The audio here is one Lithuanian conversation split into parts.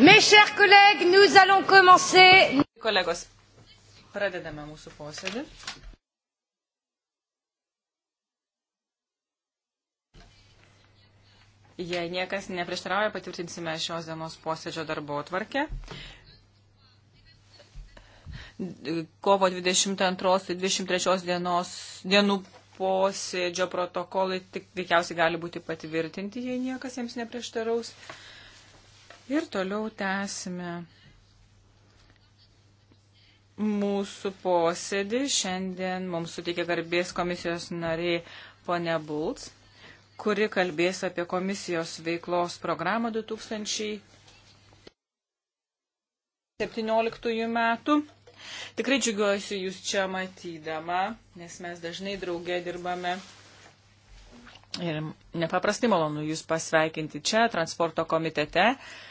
Mes chers collègues, nous allons commencer. Kolegos, pradedame mūsų posėdį. Jei niekas neprieštarauja, patvirtinsime šios dienos posėdžio darbo atvarkę. Kovo 22-23 dienos dienų posėdžio protokolai tik tikriausiai gali būti patvirtinti, jei niekas jiems neprieštaraus. Ir toliau tęsime mūsų posėdį. Šiandien mums suteikia garbės komisijos nariai ponė Bulc, kuri kalbės apie komisijos veiklos programą 2017 metų. Tikrai džiugiuosi jūs čia matydama, nes mes dažnai draugė dirbame. Ir nepaprastai malonu jūs pasveikinti čia, transporto komitete. Uh,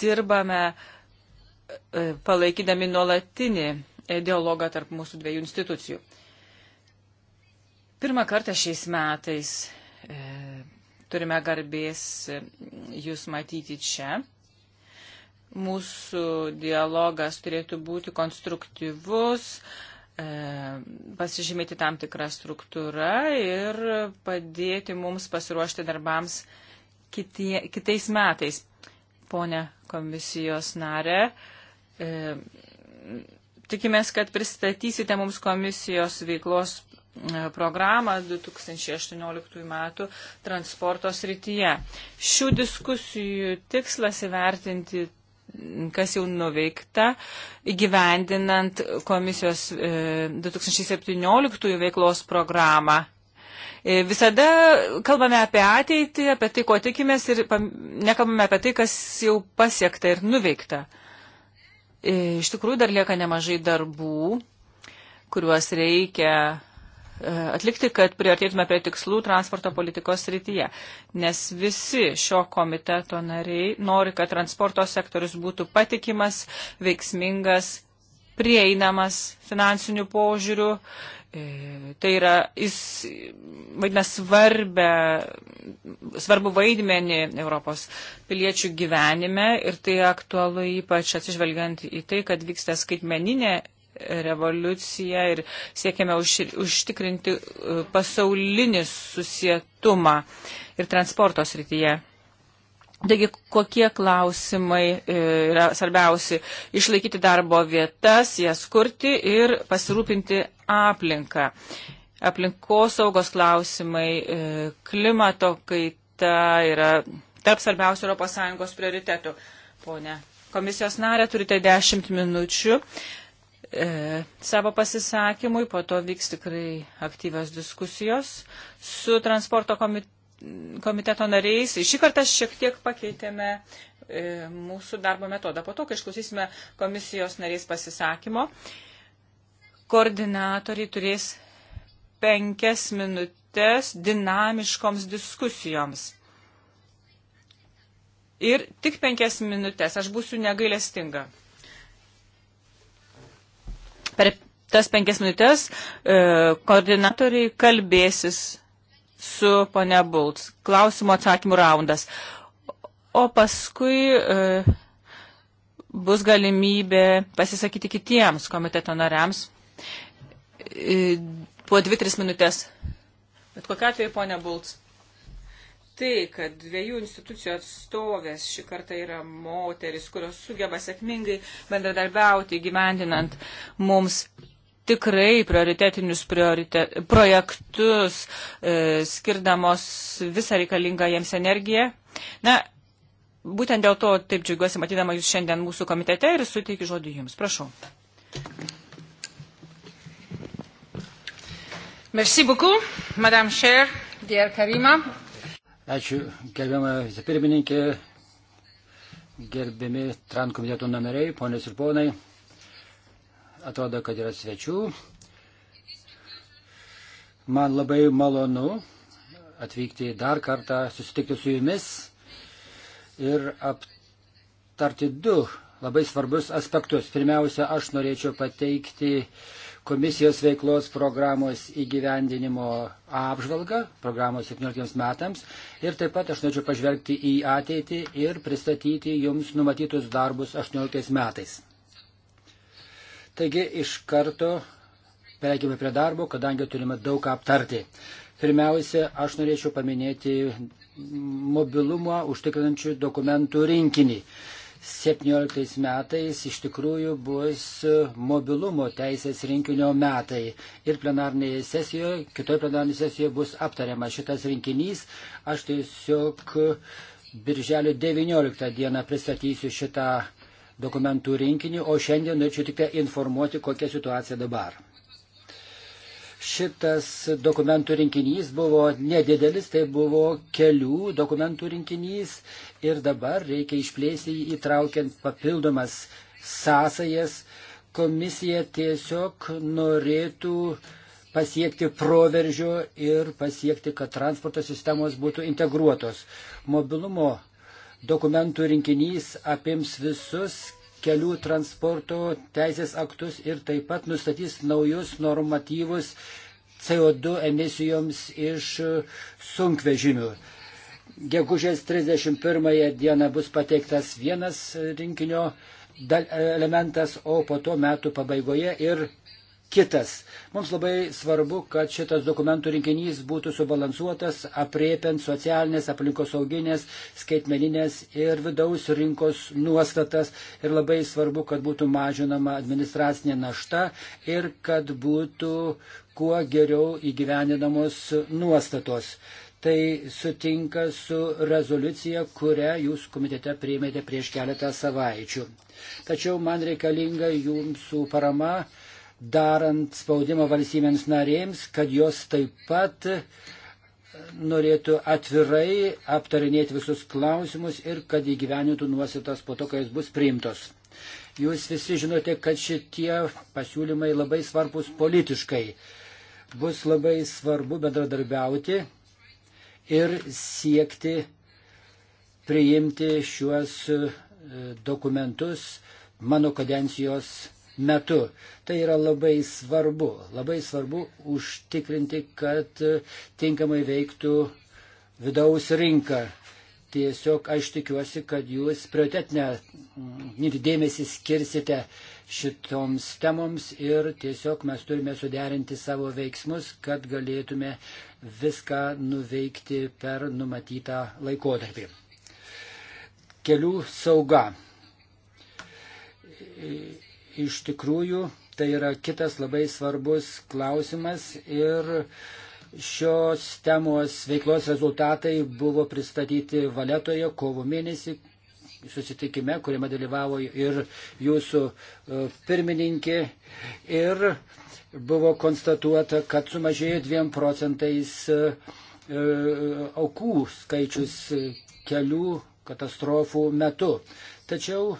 dirbame e, palaikydami nuolatinį dialogą tarp mūsų dviejų institucijų. Pirmą kartą šiais metais e, turime garbės e, jūs matyti čia. Mūsų dialogas turėtų būti konstruktyvus, e, pasižymėti tam tikrą struktūrą ir padėti mums pasiruošti darbams kitie, kitais metais ponę komisijos narę. E, tikimės, kad pristatysite mums komisijos veiklos e, programą 2018 metų transporto srityje. Šių diskusijų tikslas įvertinti kas jau nuveikta, įgyvendinant komisijos 2017 e, veiklos programą E, visada kalbame apie ateitį, apie tai, ko tikimės ir nekalbame apie tai, kas jau pasiekta ir nuveikta. E, iš tikrųjų dar lieka nemažai darbų, kuriuos reikia e, atlikti, kad priartėtume prie tikslų transporto politikos srityje. Nes visi šio komiteto nariai nori, kad transporto sektorius būtų patikimas, veiksmingas, prieinamas finansinių požiūrių E, tai yra, jis vaidina svarbę, svarbu vaidmenį Europos piliečių gyvenime ir tai aktualu ypač atsižvelgiant į tai, kad vyksta skaitmeninė revoliucija ir siekiame už, užtikrinti e, pasaulinį susietumą ir transporto srityje. Taigi, kokie klausimai e, yra svarbiausi - išlaikyti darbo vietas, jas kurti ir pasirūpinti aplinką. Aplinkosaugos klausimai, e, klimato kaita yra tarp svarbiausių ES prioritetų. Pone, komisijos narė, turite 10 minučių e, savo pasisakymui, po to vyks tikrai aktyvios diskusijos su transporto komitetu komiteto nariais. Šį kartą šiek tiek pakeitėme e, mūsų darbo metodą. Po to, kai išklausysime komisijos nariais pasisakymo, koordinatoriai turės penkias minutės dinamiškoms diskusijoms. Ir tik penkias minutės, aš būsiu negailestinga. Per tas penkias minutės e, koordinatoriai kalbėsis su ponia Bults. Klausimų atsakymų raundas. O paskui e, bus galimybė pasisakyti kitiems komiteto nariams e, po 2-3 minutės. Bet kokia atveju, ponia Bults, tai, kad dviejų institucijų atstovės šį kartą yra moteris, kurios sugeba sėkmingai bendradarbiauti, gyvendinant mums tikrai prioritetinius priorite, projektus, e, skirdamos visą reikalingą jiems energiją. Na, būtent dėl to taip džiaugiuosi matydama jūs šiandien mūsų komitete ir suteikiu žodį jums. Prašau. Merci beaucoup, Madame Cher, dear Karima. Ačiū, gerbiama vicepirmininkė, gerbiami Tran komiteto nariai, ponės ir ponai atrodo, kad yra svečių. Man labai malonu atvykti dar kartą, susitikti su jumis ir aptarti du labai svarbius aspektus. Pirmiausia, aš norėčiau pateikti komisijos veiklos programos įgyvendinimo apžvalgą, programos 17 metams. Ir taip pat aš norėčiau pažvelgti į ateitį ir pristatyti jums numatytus darbus 18 metais. Taigi iš karto pereikime prie darbo, kadangi turime daug ką aptarti. Pirmiausia, aš norėčiau paminėti mobilumą užtikrinančių dokumentų rinkinį. 17 metais iš tikrųjų bus mobilumo teisės rinkinio metai. Ir plenarnėje sesijoje, kitoje plenarnėje sesijoje bus aptariama šitas rinkinys. Aš tiesiog birželio 19 dieną pristatysiu šitą dokumentų rinkinį, o šiandien norėčiau tik tai informuoti, kokia situacija dabar. Šitas dokumentų rinkinys buvo nedidelis, tai buvo kelių dokumentų rinkinys ir dabar reikia išplėsti jį įtraukiant papildomas sąsajas. Komisija tiesiog norėtų pasiekti proveržio ir pasiekti, kad transporto sistemos būtų integruotos. Mobilumo Dokumentų rinkinys apims visus kelių transporto teisės aktus ir taip pat nustatys naujus normatyvus CO2 emisijoms iš sunkvežimių. Gegužės 31 dieną bus pateiktas vienas rinkinio elementas, o po to metų pabaigoje ir kitas. Mums labai svarbu, kad šitas dokumentų rinkinys būtų subalansuotas, apriepiant socialinės, aplinkosauginės, skaitmeninės ir vidaus rinkos nuostatas. Ir labai svarbu, kad būtų mažinama administracinė našta ir kad būtų kuo geriau įgyveninamos nuostatos. Tai sutinka su rezoliucija, kurią jūs komitete priėmėte prieš keletą savaičių. Tačiau man reikalinga jūsų parama darant spaudimą valstybėms narėms, kad jos taip pat norėtų atvirai aptarinėti visus klausimus ir kad įgyvenintų nuostatas po to, kai jos bus priimtos. Jūs visi žinote, kad šitie pasiūlymai labai svarbus politiškai. Bus labai svarbu bendradarbiauti ir siekti priimti šiuos e, dokumentus mano kadencijos metu. Tai yra labai svarbu. Labai svarbu užtikrinti, kad tinkamai veiktų vidaus rinka. Tiesiog aš tikiuosi, kad jūs prioritetinę dėmesį skirsite šitoms temoms ir tiesiog mes turime suderinti savo veiksmus, kad galėtume viską nuveikti per numatytą laikotarpį. Kelių sauga iš tikrųjų tai yra kitas labai svarbus klausimas ir šios temos veiklos rezultatai buvo pristatyti Valetoje kovo mėnesį susitikime, kuriame dalyvavo ir jūsų e, pirmininkė. Ir buvo konstatuota, kad sumažėjo 2 procentais e, e, aukų skaičius kelių katastrofų metu. Tačiau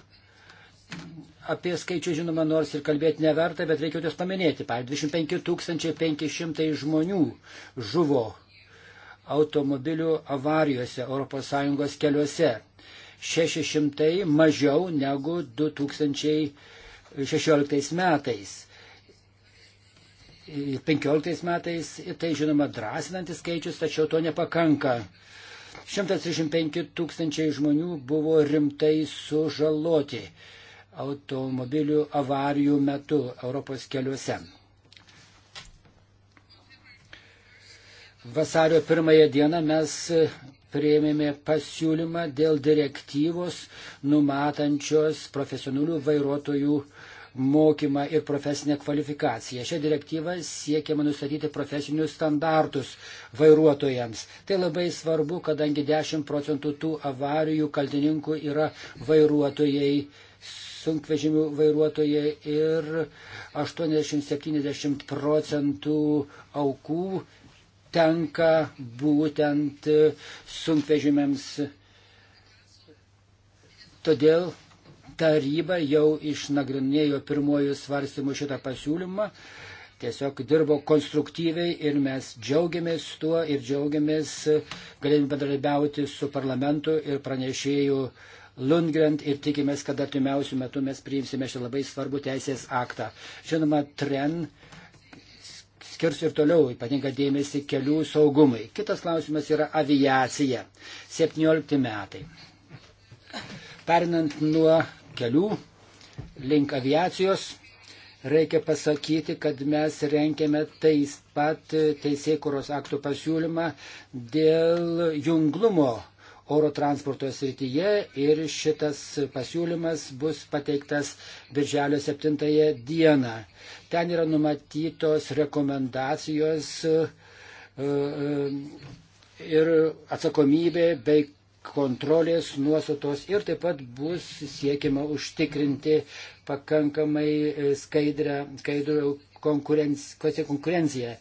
apie skaičių žinoma nors ir kalbėti neverta, bet reikia juos paminėti. Pavyzdžiui, 25 500 žmonių žuvo automobilių avarijose ES keliuose. 600 mažiau negu 2016 metais. 15 metais tai žinoma drąsinantis skaičius, tačiau to nepakanka. 135 tūkstančiai žmonių buvo rimtai sužaloti automobilių avarijų metu Europos keliuose. Vasario pirmąją dieną mes prieimėme pasiūlymą dėl direktyvos numatančios profesionalių vairuotojų mokymą ir profesinę kvalifikaciją. Šią direktyvą siekiama nustatyti profesinius standartus vairuotojams. Tai labai svarbu, kadangi 10 procentų tų avarijų kaltininkų yra vairuotojai sunkvežimių vairuotojai ir 80-70 procentų aukų tenka būtent sunkvežimiams. Todėl taryba jau išnagrinėjo pirmojų svarstymų šitą pasiūlymą, tiesiog dirbo konstruktyviai ir mes džiaugiamės tuo ir džiaugiamės, galim bendradarbiauti su parlamentu ir pranešėjų Lundgren ir tikimės, kad artimiausių metų mes priimsime šią labai svarbų teisės aktą. Žinoma, TREN skirs ir toliau ypatingą dėmesį kelių saugumui. Kitas klausimas yra aviacija. 17 metai. Perinant nuo kelių link aviacijos, reikia pasakyti, kad mes renkėme tais pat teisėkuros aktų pasiūlymą dėl junglumo oro transporto srityje ir šitas pasiūlymas bus pateiktas birželio 7 dieną. Ten yra numatytos rekomendacijos e, e, ir atsakomybė bei kontrolės nuostatos ir taip pat bus siekiama užtikrinti pakankamai e, skaidrę, skaidrų konkurenc, konkurenciją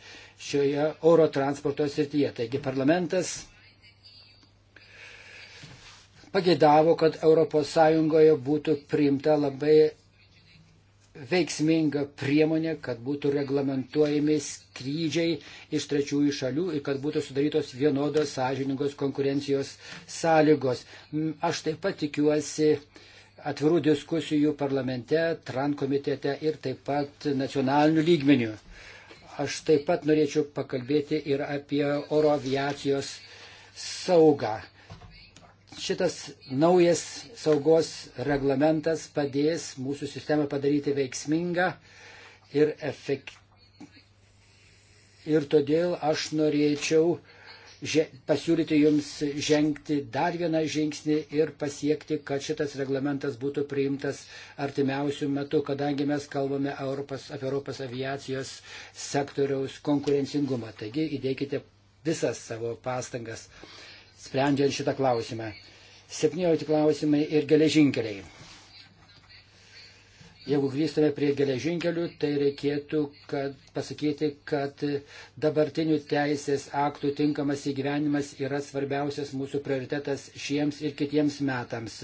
šioje oro transporto srityje. Taigi parlamentas pagėdavo, kad ES būtų priimta labai veiksminga priemonė, kad būtų reglamentuojami skrydžiai iš trečiųjų šalių ir kad būtų sudarytos vienodos sąžiningos konkurencijos sąlygos. Aš taip pat tikiuosi atvirų diskusijų parlamente, TRAN komitete ir taip pat nacionaliniu lygmeniu. Aš taip pat norėčiau pakalbėti ir apie oro aviacijos saugą šitas naujas saugos reglamentas padės mūsų sistemą padaryti veiksmingą ir efektyvę. Ir todėl aš norėčiau pasiūlyti jums žengti dar vieną žingsnį ir pasiekti, kad šitas reglamentas būtų priimtas artimiausių metų, kadangi mes kalbame Europos, apie Europos aviacijos sektoriaus konkurencingumą. Taigi įdėkite visas savo pastangas sprendžiant šitą klausimą. 17 klausimai ir geležinkeliai. Jeigu grįžtume prie geležinkelių, tai reikėtų kad, pasakyti, kad dabartinių teisės aktų tinkamas įgyvenimas yra svarbiausias mūsų prioritetas šiems ir kitiems metams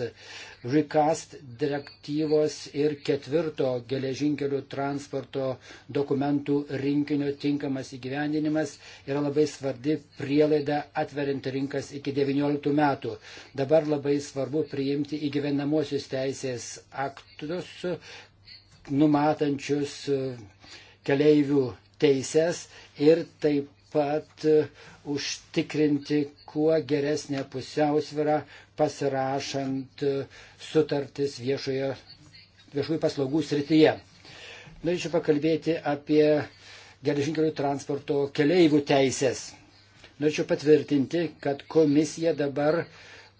recast direktyvos ir ketvirto geležinkelių transporto dokumentų rinkinio tinkamas įgyvendinimas yra labai svarbi prielaida atveriant rinkas iki 19 metų. Dabar labai svarbu priimti įgyvenamosius teisės aktus, numatančius e, keleivių teises ir taip pat e, užtikrinti kuo geresnę pusiausvyrą pasirašant sutartis viešoje, viešųjų paslaugų srityje. Norėčiau pakalbėti apie geležinkelių transporto keleivių teisės. Norėčiau patvirtinti, kad komisija dabar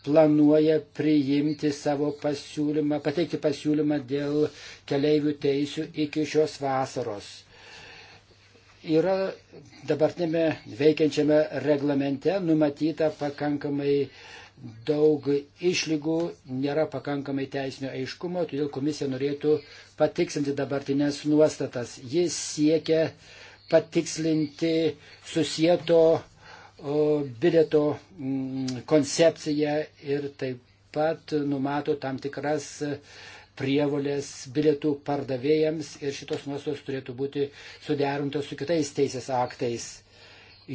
planuoja priimti savo pasiūlymą, pateikti pasiūlymą dėl keleivių teisių iki šios vasaros. Yra dabartinėme veikiančiame reglamente numatyta pakankamai uh, daug išlygų, nėra pakankamai teisinio aiškumo, todėl komisija norėtų patiksinti dabartinės nuostatas. Jis siekia patikslinti susieto bilieto mm, koncepciją ir taip pat numato tam tikras prievolės bilietų pardavėjams ir šitos nuostatos turėtų būti suderintos su kitais teisės aktais.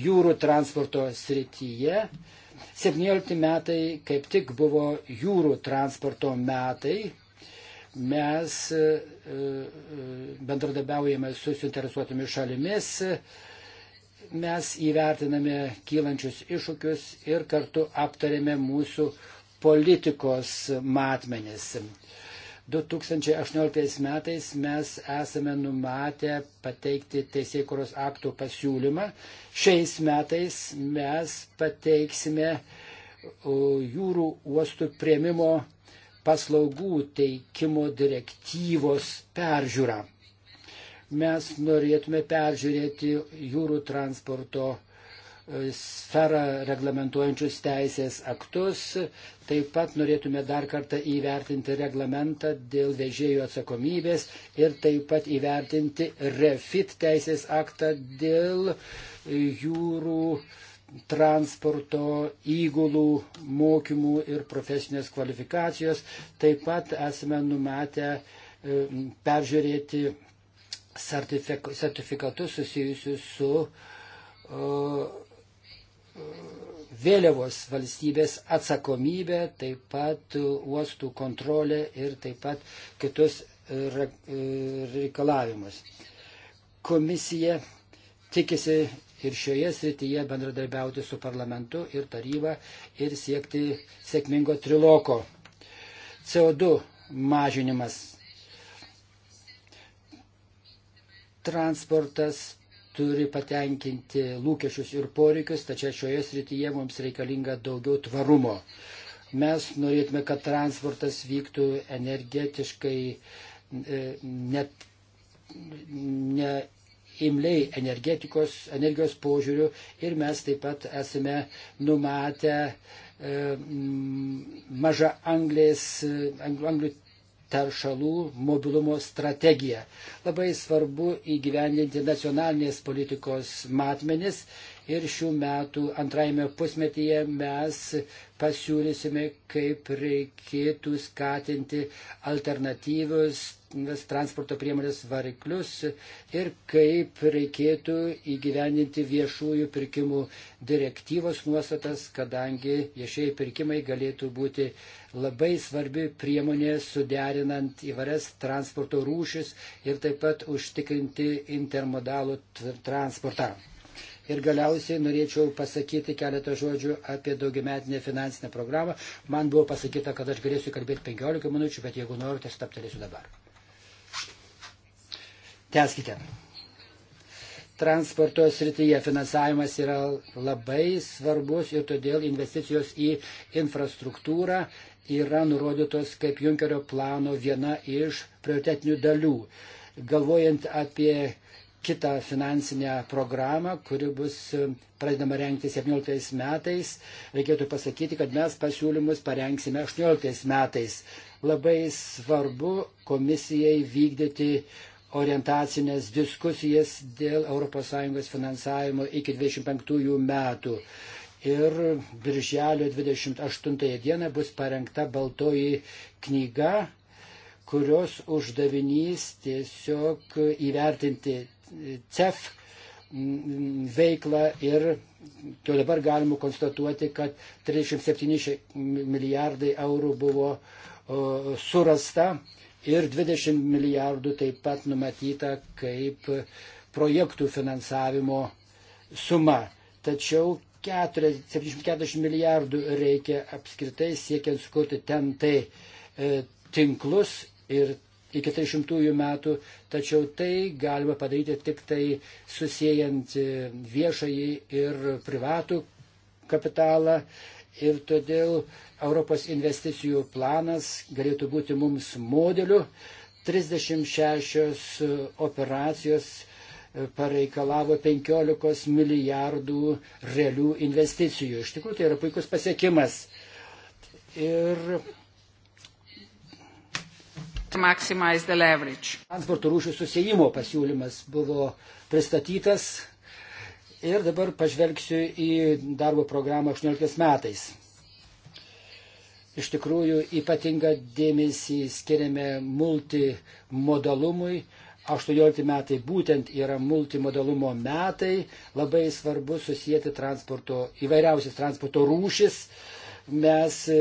Jūrų transporto srityje 17 metai kaip tik buvo jūrų transporto metai. Mes e, e, bendradabiaujame su suinteresuotomis šalimis, mes įvertiname kylančius iššūkius ir kartu aptarėme mūsų politikos matmenis. 2018 metais mes esame numatę pateikti teisėkuros aktų pasiūlymą. Šiais metais mes pateiksime jūrų uostų prieimimo paslaugų teikimo direktyvos peržiūrą. Mes norėtume peržiūrėti jūrų transporto sferą reglamentuojančius teisės aktus. Taip pat norėtume dar kartą įvertinti reglamentą dėl vežėjų atsakomybės ir taip pat įvertinti refit teisės aktą dėl jūrų transporto įgulų mokymų ir profesinės kvalifikacijos. Taip pat esame numatę e, peržiūrėti sertifikatus susijusius su uh, vėliavos valstybės atsakomybę, taip pat uostų kontrolę ir taip pat kitus reikalavimus. Komisija tikisi ir šioje srityje bendradarbiauti su parlamentu ir taryba ir siekti sėkmingo triloko. CO2 mažinimas. Transportas turi patenkinti lūkesčius ir poreikius, tačiau šioje srityje mums reikalinga daugiau tvarumo. Mes norėtume, kad transportas vyktų energetiškai e, net neimliai energetikos, energijos požiūrių ir mes taip pat esame numatę e, mažą anglės, e, anglių teršalų mobilumo strategiją. Labai svarbu įgyvendinti nacionalinės politikos matmenis ir šių metų antrajame pusmetyje mes pasiūlysime, kaip reikėtų skatinti alternatyvius transporto priemonės variklius ir kaip reikėtų įgyvendinti viešųjų pirkimų direktyvos nuostatas, kadangi viešieji pirkimai galėtų būti labai svarbi priemonė suderinant įvairias transporto rūšis ir taip pat užtikrinti intermodalų transportą. Ir galiausiai norėčiau pasakyti keletą žodžių apie daugiametinę finansinę programą. Man buvo pasakyta, kad aš galėsiu kalbėti 15 minučių, bet jeigu norite, staptelėsiu dabar. Teskite. Transporto srityje finansavimas yra labai svarbus ir todėl investicijos į infrastruktūrą yra nurodytos kaip Junkerio plano viena iš prioritetinių dalių. Galvojant apie kitą finansinę programą, kuri bus e, pradedama renkti 17 metais. Reikėtų pasakyti, kad mes pasiūlymus parengsime 18 metais. Labai svarbu komisijai vykdyti orientacinės diskusijas dėl ES finansavimo iki 25 metų. Ir birželio 28 dieną bus parengta baltoji knyga, kurios uždavinys tiesiog įvertinti CEF mm, veiklą ir jau dabar galima konstatuoti, kad 37 milijardai eurų buvo surasta ir 20 milijardų taip pat numatyta kaip projektų finansavimo suma. Tačiau 740 milijardų reikia apskritai siekiant sukurti ten tai tinklus ir iki 300 metų, tačiau tai galima padaryti tik tai susijęjant e, viešąjį ir privatų kapitalą ir todėl Europos investicijų planas galėtų būti mums modeliu. 36 operacijos e, pareikalavo 15 milijardų realių investicijų. Iš tikrųjų, tai yra puikus pasiekimas. Ir Transporto rūšių susijimo pasiūlymas buvo pristatytas ir dabar pažvelgsiu į darbo programą 18 metais. Iš tikrųjų, ypatingą dėmesį skiriame multimodalumui. 18 metai būtent yra multimodalumo metai, labai svarbu susijęti transporto, įvairiausias transporto rūšis. Mes e, e,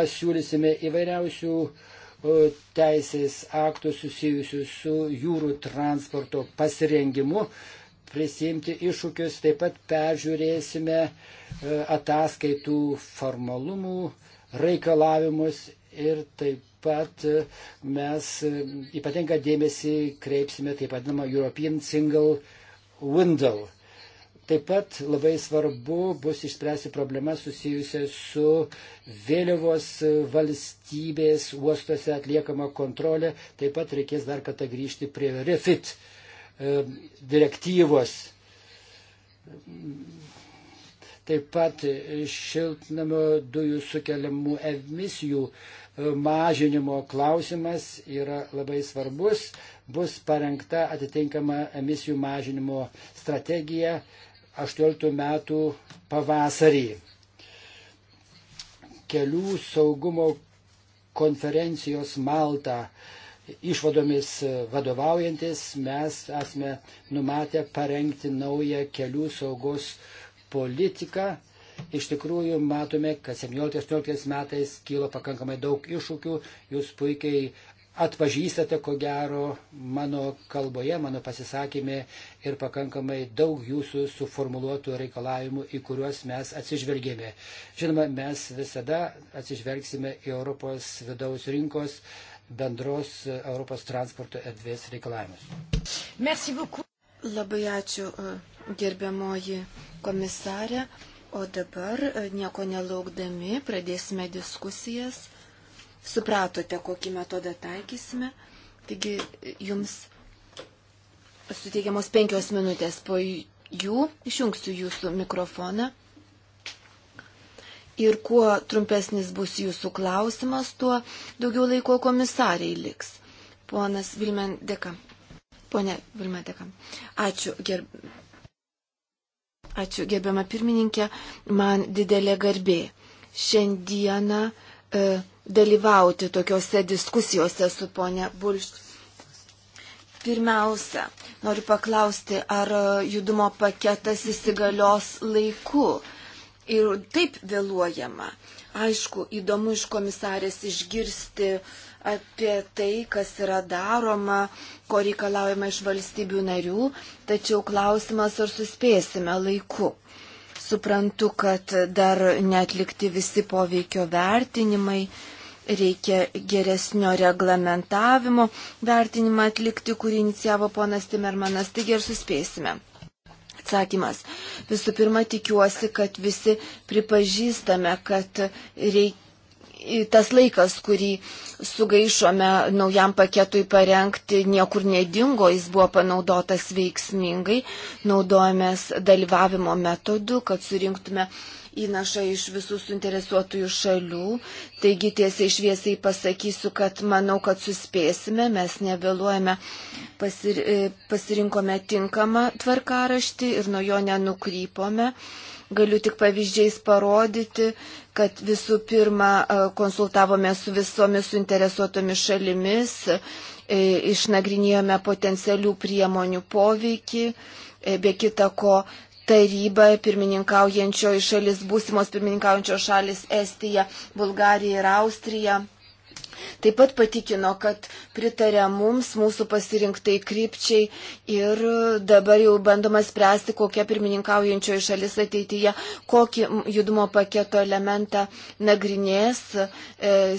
pasiūlysime įvairiausių uh, teisės aktų susijusių su jūrų transporto pasirengimu prisimti iššūkius, taip pat peržiūrėsime e, ataskaitų formalumų reikalavimus ir taip pat e, mes e, ypatingą dėmesį kreipsime taip vadinamą European Single Window Taip pat labai svarbu bus išspręsti problemas susijusias su vėliavos valstybės uostuose atliekama kontrolė. Taip pat reikės dar kartą grįžti prie refit e, direktyvos. Taip pat šiltnamio dujų sukeliamų emisijų e, mažinimo klausimas yra labai svarbus. Bus parengta atitinkama emisijų mažinimo strategija 18 metų pavasarį. Kelių saugumo konferencijos Malta išvadomis vadovaujantis mes esame numatę parengti naują kelių saugos politiką. Iš tikrųjų matome, kad 17-18 metais kilo pakankamai daug iššūkių. Jūs puikiai atpažįstate, ko gero, mano kalboje, mano pasisakymė ir pakankamai daug jūsų suformuluotų reikalavimų, į kuriuos mes atsižvelgėme. Žinoma, mes visada atsižvelgsime į Europos vidaus rinkos bendros Europos transporto erdvės reikalavimus. Merci beaucoup. Labai ačiū, e, gerbiamoji komisarė. O dabar, e, nieko nelaukdami, pradėsime diskusijas supratote, kokį metodą taikysime. Taigi jums suteikiamos penkios minutės po jų, išjungsiu jūsų mikrofoną. Ir kuo trumpesnis bus jūsų klausimas, tuo daugiau laiko komisariai liks. Ponas Vilmen Deka. Pone Vilmen Deka. Ačiū, gerb... Ačiū gerbiama pirmininkė. Man didelė garbė. Šiandieną. E, dalyvauti tokiuose diskusijose su ponia Bulš. Pirmiausia, noriu paklausti, ar judumo paketas įsigalios laiku. Ir taip vėluojama. Aišku, įdomu iš komisarės išgirsti apie tai, kas yra daroma, ko reikalaujama iš valstybių narių, tačiau klausimas, ar suspėsime laiku. Suprantu, kad dar netlikti visi poveikio vertinimai reikia geresnio reglamentavimo vertinimą atlikti, kurį inicijavo ponas Timermanas, taigi ir suspėsime. Atsakymas. Visų pirma, tikiuosi, kad visi pripažįstame, kad reikia. Tas laikas, kurį sugaišome naujam paketui parengti, niekur nedingo, jis buvo panaudotas veiksmingai, naudojomės dalyvavimo metodu, kad surinktume uh, įnašą iš visų suinteresuotųjų šalių. Taigi tiesiai šviesiai pasakysiu, kad manau, kad suspėsime, mes nevėluojame, pasir, e, pasirinkome tinkamą tvarkaraštį ir nuo jo nenukrypome. Galiu tik pavyzdžiais parodyti, kad visų pirma e, konsultavome su visomis suinteresuotomis šalimis, e, išnagrinėjome potencialių priemonių poveikį, be kita ko taryba pirmininkaujančioji šalis, būsimos pirmininkaujančios šalis Estija, Bulgarija ir Austrija Taip pat patikino, kad pritarė mums, mūsų pasirinktai krypčiai ir dabar jau bandoma spręsti, kokia pirmininkaujančioji šalis ateityje, kokį judumo paketo elementą nagrinės, e,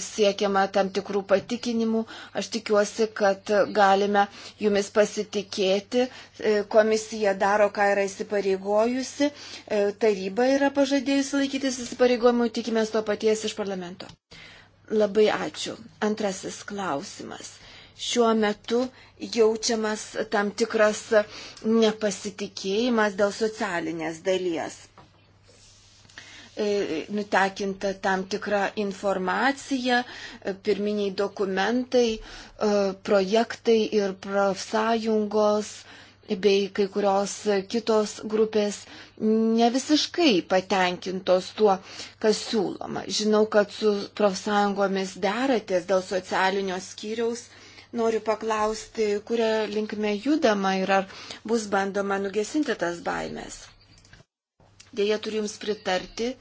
siekiama tam tikrų patikinimų. Aš tikiuosi, kad galime jumis pasitikėti. E, komisija daro, ką yra įsipareigojusi. E, taryba yra pažadėjusi laikytis įsipareigojimų, tikimės to paties iš parlamento. Labai ačiū. Antrasis klausimas. Šiuo metu jaučiamas tam tikras nepasitikėjimas dėl socialinės dalies. E, nutekinta tam tikra informacija, e, pirminiai dokumentai, e, projektai ir profsąjungos bei kai kurios kitos grupės ne visiškai patenkintos tuo, kas siūloma. Žinau, kad su profsąjungomis deratės dėl socialinio skyriaus. Noriu paklausti, kuria linkme judama ir ar bus bandoma nugesinti tas baimės. Dėja, turiu Jums pritarti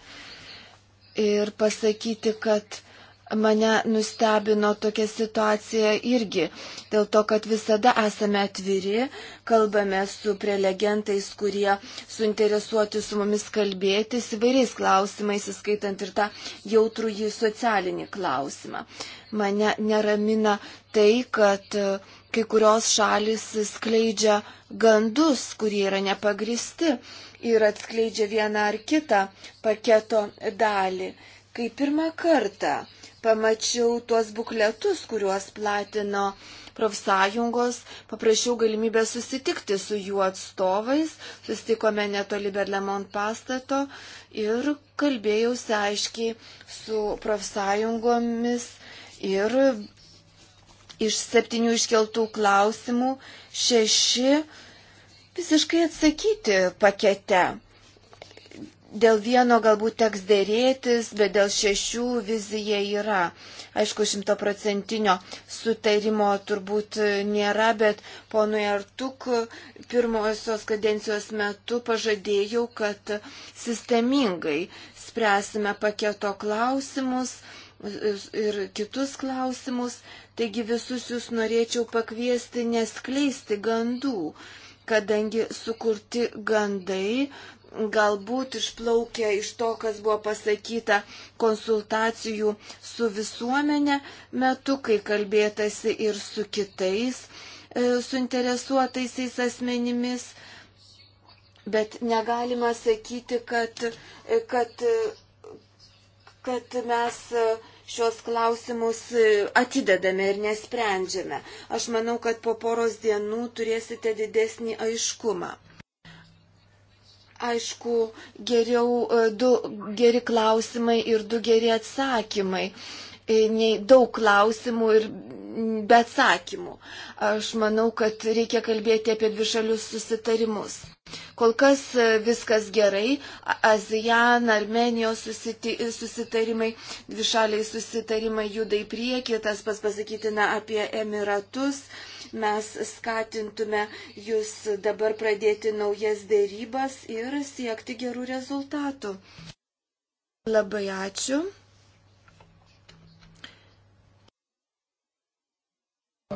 ir pasakyti, kad mane nustebino tokia situacija irgi, dėl to, kad visada esame atviri, kalbame su prelegentais, kurie suinteresuoti su mumis kalbėtis įvairiais klausimais, įskaitant ir tą jautrų jį socialinį klausimą. Mane neramina tai, kad e, kai kurios šalis skleidžia gandus, kurie yra nepagristi ir atskleidžia vieną ar kitą paketo dalį. Kai pirmą kartą pamačiau tuos bukletus, kuriuos platino profsąjungos, paprašiau galimybę susitikti su jų atstovais, susitikome netoli Berlemont pastato ir kalbėjausi aiškiai su profsąjungomis ir iš septynių iškeltų klausimų šeši visiškai atsakyti pakete dėl vieno galbūt teks dėrėtis, bet dėl šešių vizija yra. Aišku, šimtoprocentinio sutarimo turbūt nėra, bet ponui Artuk pirmosios kadencijos metu pažadėjau, kad sistemingai spręsime paketo klausimus ir kitus klausimus, taigi visus jūs norėčiau pakviesti neskleisti gandų kadangi sukurti gandai galbūt išplaukia iš to, kas buvo pasakyta konsultacijų su visuomenė metu, kai kalbėtasi ir su kitais e, suinteresuotaisiais asmenimis. Bet negalima sakyti, kad, e, kad, e, kad mes e, šios klausimus atidedame ir nesprendžiame. Aš manau, kad po poros dienų turėsite didesnį aiškumą aišku, geriau e, du geri klausimai ir du geri atsakymai e, nei daug klausimų ir be atsakymų. Aš manau, kad reikia kalbėti apie dvišalius susitarimus. Kol kas e, viskas gerai, ASEAN, Armenijos susiti, susitarimai, dvišaliai susitarimai juda į priekį, tas pas pasakytina apie Emiratus. Uh, Mes skatintume jūs dabar pradėti naujas dėrybas ir siekti gerų rezultatų. Labai ačiū.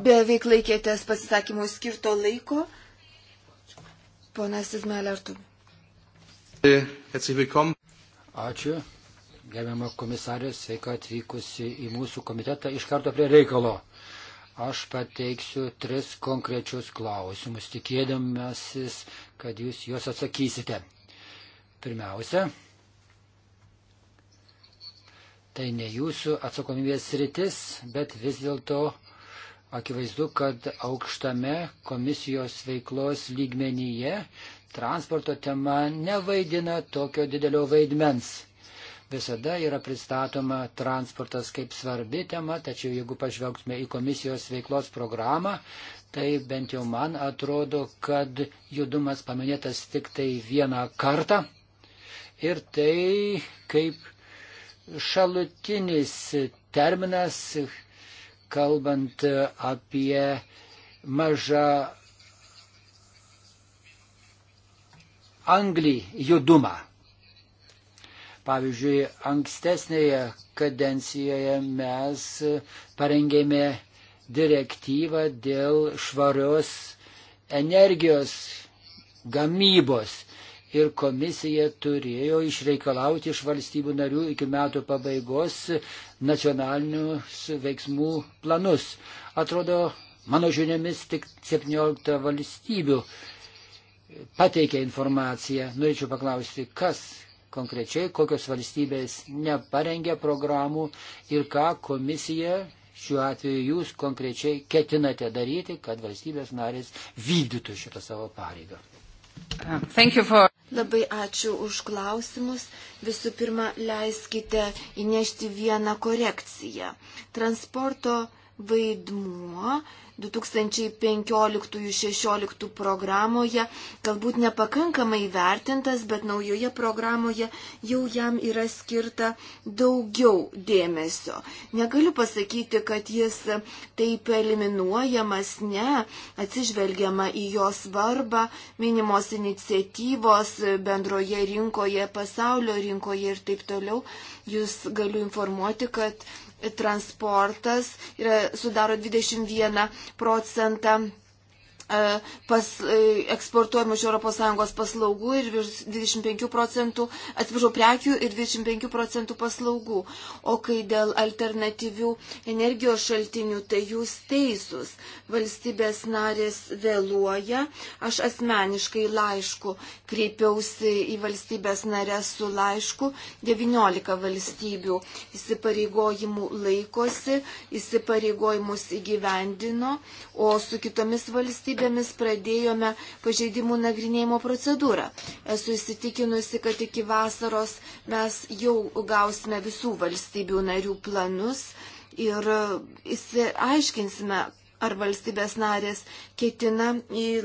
Beveik laikėtės pasisakymų skirto laiko. Ponas Izmail Artu. Ačiū. Gerbiama komisarė, sveika atvykusi į mūsų komitetą iš karto prie reikalo. Aš pateiksiu tris konkrečius klausimus, tikėdamasis, kad jūs juos atsakysite. Pirmiausia, tai ne jūsų atsakomybės sritis, bet vis dėlto akivaizdu, kad aukštame komisijos veiklos lygmenyje transporto tema nevaidina tokio didelio vaidmens. Visada yra pristatoma transportas kaip svarbi tema, tačiau jeigu pažvelgtume į komisijos veiklos programą, tai bent jau man atrodo, kad judumas paminėtas tik tai vieną kartą. Ir tai kaip šalutinis terminas, kalbant apie mažą anglį judumą. Pavyzdžiui, ankstesnėje kadencijoje mes parengėme direktyvą dėl švarios energijos gamybos ir komisija turėjo išreikalauti iš valstybių narių iki metų pabaigos nacionalinius veiksmų planus. Atrodo, mano žiniomis tik 17 valstybių pateikė informaciją. Norėčiau paklausti, kas konkrečiai, kokios valstybės neparengė programų ir ką komisija, šiuo atveju jūs konkrečiai ketinate daryti, kad valstybės narės vykdytų šitą savo pareigą. For... Labai ačiū už klausimus. Visų pirma, leiskite įnešti vieną korekciją. Transporto vaidmuo 2015-2016 programoje galbūt nepakankamai vertintas, bet naujoje programoje jau jam yra skirta daugiau dėmesio. Negaliu pasakyti, kad jis taip eliminuojamas, ne, atsižvelgiama į jo svarbą, minimos iniciatyvos bendroje rinkoje, pasaulio rinkoje ir taip toliau. Jūs galiu informuoti, kad transportas yra, sudaro 21 procentą E, pas, e, eksportuojama iš ES paslaugų ir 25 procentų, atsiprašau, prekių ir 25 procentų paslaugų. O kai dėl alternatyvių energijos šaltinių, tai jūs teisūs. Valstybės narės vėluoja. Aš asmeniškai laišku kreipiausi į valstybės narės su laišku. 19 valstybių įsipareigojimų laikosi, įsipareigojimus įgyvendino, o su kitomis valstybėmis pareigomis pradėjome pažeidimų nagrinėjimo procedūrą. Esu įsitikinusi, kad iki vasaros mes jau gausime visų valstybių narių planus ir įsiaiškinsime, ar valstybės narės ketina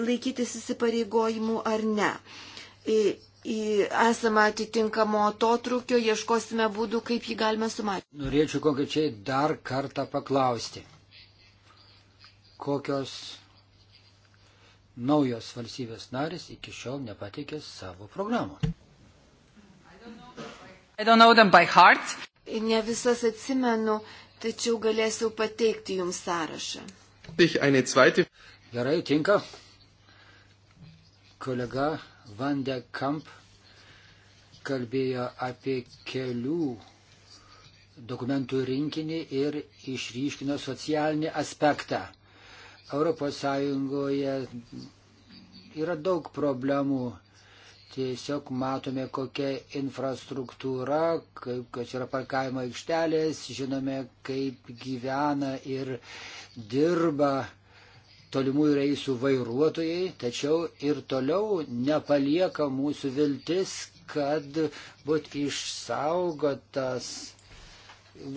laikytis įsipareigojimų ar ne. Į, į esamą atitinkamo atotrukio ieškosime būdų, kaip jį galime sumažinti. Norėčiau konkrečiai dar kartą paklausti, kokios naujos valstybės narės iki šiol nepateikė savo programų. Ne visas atsimenu, tačiau galėsiu pateikti jums sąrašą. Gerai, tinka. Kolega Vande Kamp kalbėjo apie kelių dokumentų rinkinį ir išryškino socialinį aspektą. ES yra daug problemų. Tiesiog matome, kokia infrastruktūra, kaip, kas yra parkavimo aikštelės, žinome, kaip gyvena ir dirba tolimųjų reisų vairuotojai, tačiau ir toliau nepalieka mūsų viltis, kad būtų išsaugotas,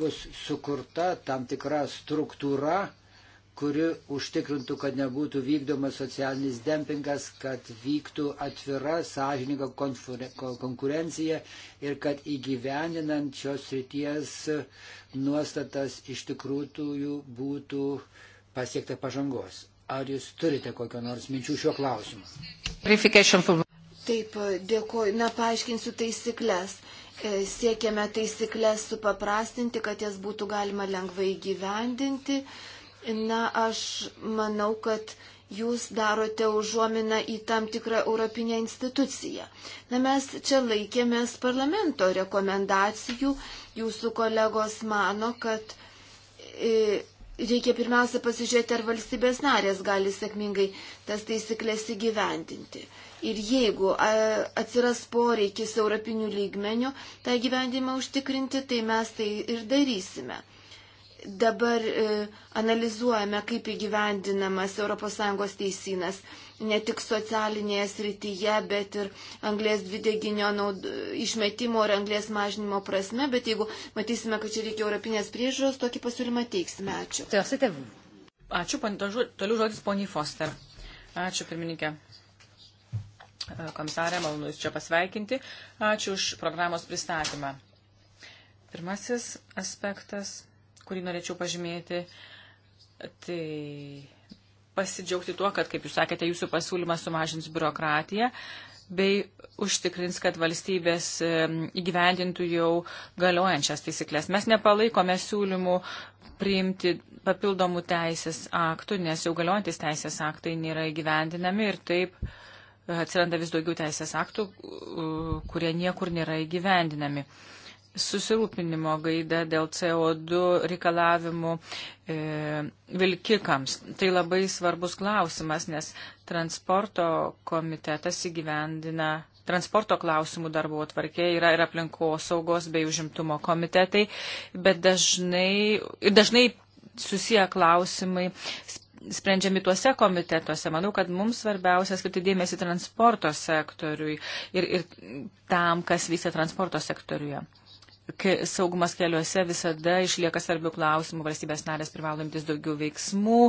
bus sukurta tam tikra struktūra, kuri užtikrintų, kad nebūtų vykdomas socialinis dempingas, kad vyktų atvira sąžininga konkurencija ir kad įgyveninant šios ryties nuostatas iš tikrųjų būtų pasiekta pažangos. Ar jūs turite kokią nors minčių šiuo klausimu? Taip, dėkuoju. Na, paaiškinsiu taisyklės. E, siekiame taisyklės supaprastinti, kad jas būtų galima lengvai gyvendinti. Na, aš manau, kad jūs darote užuominą į tam tikrą europinę instituciją. Na, mes čia laikėmės parlamento rekomendacijų. Jūsų kolegos mano, kad e, reikia pirmiausia pasižiūrėti, ar valstybės narės gali sėkmingai tas taisyklės įgyvendinti. Ir jeigu e, atsiras poreikis europinių lygmenių tą gyvendimą užtikrinti, tai mes tai ir darysime dabar e, analizuojame, kaip įgyvendinamas ES teisinas ne tik socialinėje srityje, bet ir anglės dvideginio naud... išmetimo ir anglės mažinimo prasme, bet jeigu matysime, kad čia reikia europinės priežiūros, tokį pasiūlymą teiksime. Ačiū. Tai Ačiū, toliau žodis poniai Foster. Ačiū, pirmininkė. E, komisarė, malonu Jūs čia pasveikinti. Ačiū už programos pristatymą. Pirmasis aspektas kurį norėčiau pažymėti, tai pasidžiaugti tuo, kad, kaip jūs sakėte, jūsų pasiūlymas sumažins biurokratiją bei užtikrins, kad valstybės įgyvendintų jau galiojančias taisyklės. Mes nepalaikome siūlymų priimti papildomų teisės aktų, nes jau galiojantis teisės aktai nėra įgyvendinami ir taip e, atsiranda vis daugiau teisės aktų, kurie niekur nėra įgyvendinami susirūpinimo gaida dėl CO2 reikalavimų e, vilkikams. Tai labai svarbus klausimas, nes transporto komitetas įgyvendina. Transporto klausimų darbo atvarkė yra ir aplinkosaugos bei užimtumo komitetai, bet dažnai, dažnai susiję klausimai sprendžiami tuose komitetuose. Manau, kad mums svarbiausia skirti dėmesį transporto sektoriui ir, ir tam, kas vyksta transporto sektoriuje saugumas keliuose visada išlieka svarbių klausimų, valstybės narės privalomtis daugiau veiksmų.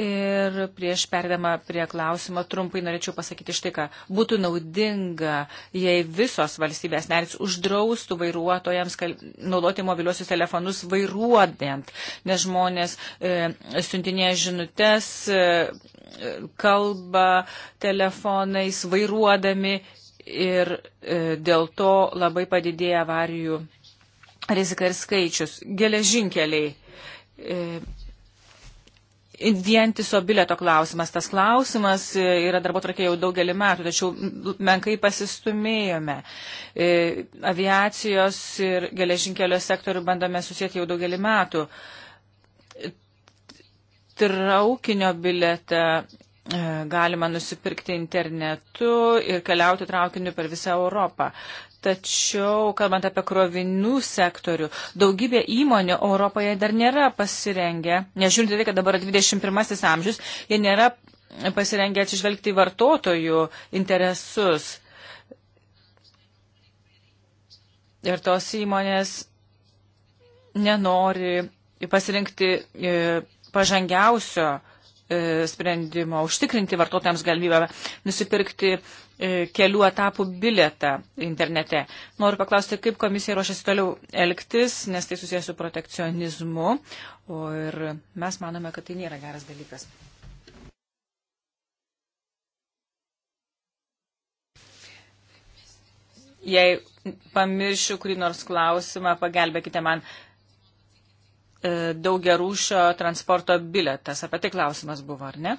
Ir prieš perdama prie klausimo trumpai norėčiau pasakyti štai ką. Būtų naudinga, jei visos valstybės narys uždraustų vairuotojams kal... naudoti mobiliuosius telefonus vairuodant, nes žmonės e, siuntinė žinutės, e, kalba telefonais vairuodami ir e, dėl to labai padidėja avarijų rizika ir skaičius. Geležinkeliai. E, vientiso bileto klausimas. Tas klausimas e, yra darbo trakė jau daugelį metų, tačiau menkai pasistumėjome. Aviacijos ir geležinkelio sektorių bandome susijęti jau daugelį metų. Traukinio biletą E, galima nusipirkti internetu ir keliauti traukiniu per visą Europą. Tačiau, kalbant apie krovinių sektorių, daugybė įmonių Europoje dar nėra pasirengę, nežiūrint tai, kad dabar 21 amžius, jie nėra pasirengę atsižvelgti į vartotojų interesus. Ir tos įmonės nenori pasirinkti e, pažangiausio E, sprendimo užtikrinti vartotojams galimybę nusipirkti e, kelių etapų biletą internete. Noriu paklausti, kaip komisija ruošiasi toliau elgtis, nes tai susijęs su protekcionizmu o ir mes manome, kad tai nėra geras dalykas. Jei pamiršiu kurį nors klausimą, pagelbėkite man. Uh, E, daugiarūšio transporto biletas. Apie tai klausimas buvo, ar ne?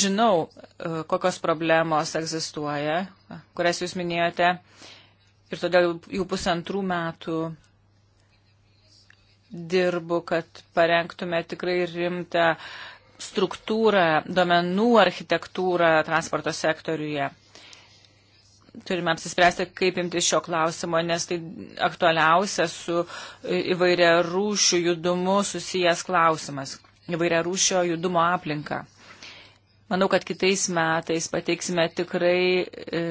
Žinau, e, kokios problemos egzistuoja, kurias jūs minėjote, ir todėl jau pusantrų metų dirbu, kad parengtume tikrai rimtą struktūrą, domenų architektūrą transporto sektoriuje turime apsispręsti, kaip imti šio klausimo, nes tai aktualiausia su įvairia rūšių judumu susijęs klausimas, įvairia rūšio judumo aplinka. Manau, kad kitais metais pateiksime tikrai e,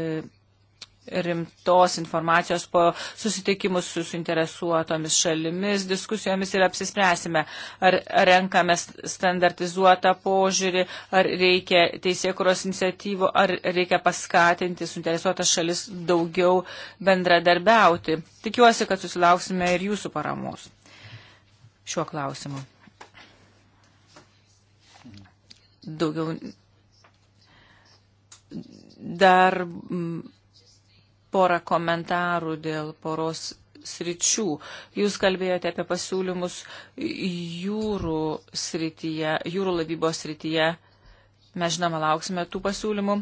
rimtos informacijos po susitikimus su suinteresuotomis šalimis, diskusijomis ir apsispręsime, ar renkame standartizuotą požiūrį, ar reikia teisėkuros iniciatyvų, ar reikia paskatinti suinteresuotas šalis daugiau bendradarbiauti. Tikiuosi, kad susilauksime ir jūsų paramos šiuo klausimu. Daugiau dar porą komentarų dėl poros sričių. Jūs kalbėjote apie pasiūlymus jūrų srityje, jūrų laivybos srityje. Mes žinoma lauksime tų pasiūlymų.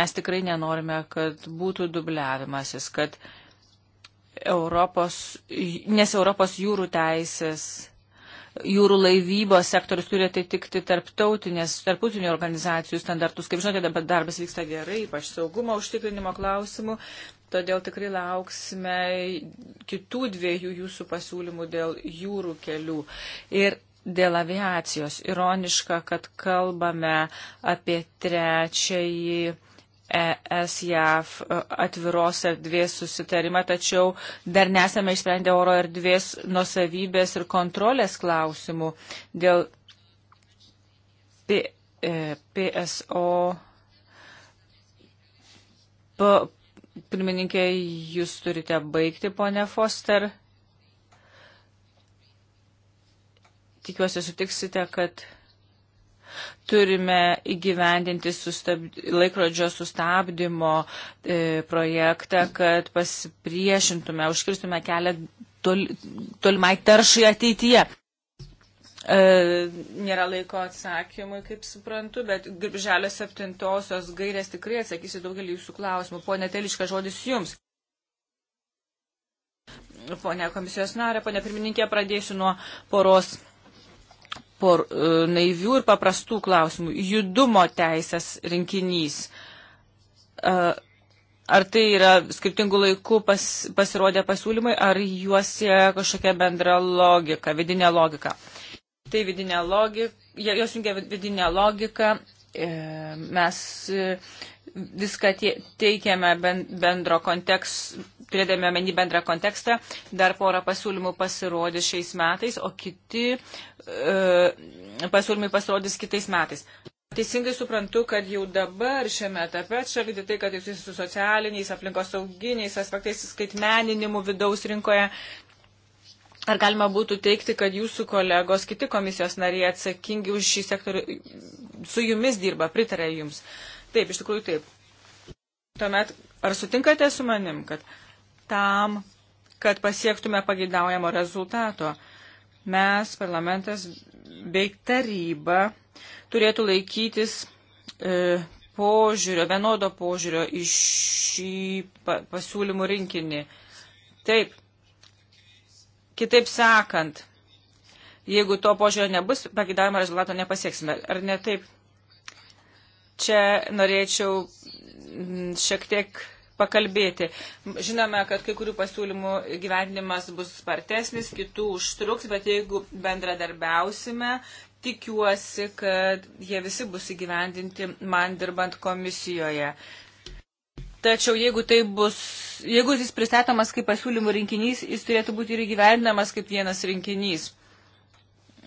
Mes tikrai nenorime, kad būtų dubliavimasis, kad Europos, nes Europos jūrų teisės jūrų laivybos sektorius turi atitikti tarptautinės, tarptautinių organizacijų standartus. Kaip žinote, dabar darbas vyksta gerai, ypač saugumo užtikrinimo klausimų. Todėl tikrai lauksime kitų dviejų jūsų pasiūlymų dėl jūrų kelių. Ir dėl aviacijos. Ironiška, kad kalbame apie trečiąjį ES-JAF e, atviros erdvės susitarimą, tačiau dar nesame išsprendę oro erdvės nusavybės ir kontrolės klausimų dėl P, e, PSO. P, pirmininkė, jūs turite baigti, ponė Foster. Tikiuosi sutiksite, kad Turime įgyvendinti sustabd... laikrodžio sustabdymo e, projektą, kad pasipriešintume, užkirstume kelią tol... tolimai taršai ateityje. E, nėra laiko atsakymui, kaip suprantu, bet birželio septintosios gairės tikrai atsakysiu daugelį jūsų klausimų. Pone Teliška, žodis jums. Pone komisijos narė, pone pirmininkė, pradėsiu nuo poros por, e, naivių ir paprastų klausimų. Judumo teisės rinkinys. E, ar tai yra skirtingų laikų pas, pasirodę pasiūlymai, ar juos kažkokia bendra logika, vidinė logika. Tai vidinė logika, jos jungia vidinė logika, e, mes viską tie, teikiame bendro kontekst, turėdami omeny bendrą kontekstą, dar porą pasiūlymų pasirodys šiais metais, o kiti e, pasiūlymai pasirodys kitais metais. Teisingai suprantu, kad jau dabar šiame etape atšalyti tai, kad jūs su socialiniais, aplinkos sauginiais aspektais, skaitmeninimu vidaus rinkoje. Ar galima būtų teikti, kad jūsų kolegos, kiti komisijos nariai atsakingi už šį sektorių, su jumis dirba, pritarė jums? Uh, Taip, iš tikrųjų taip. Tuomet, ar sutinkate su manim, kad tam, kad pasiektume pagidaujamo rezultato, mes, parlamentas bei taryba, turėtų laikytis e, požiūrio, vienodo požiūrio į šį pasiūlymų rinkinį. Taip, kitaip sakant, jeigu to požiūrio nebus, pagidavimo rezultato nepasieksime. Ar ne taip? čia norėčiau mm, šiek tiek pakalbėti. Žinome, kad kai kurių pasiūlymų gyvendinimas bus spartesnis, kitų užtruks, bet jeigu bendradarbiausime, tikiuosi, kad jie visi bus įgyvendinti man dirbant komisijoje. Tačiau jeigu tai bus, jeigu jis pristatomas kaip pasiūlymų rinkinys, jis turėtų būti ir įgyvendinamas kaip vienas rinkinys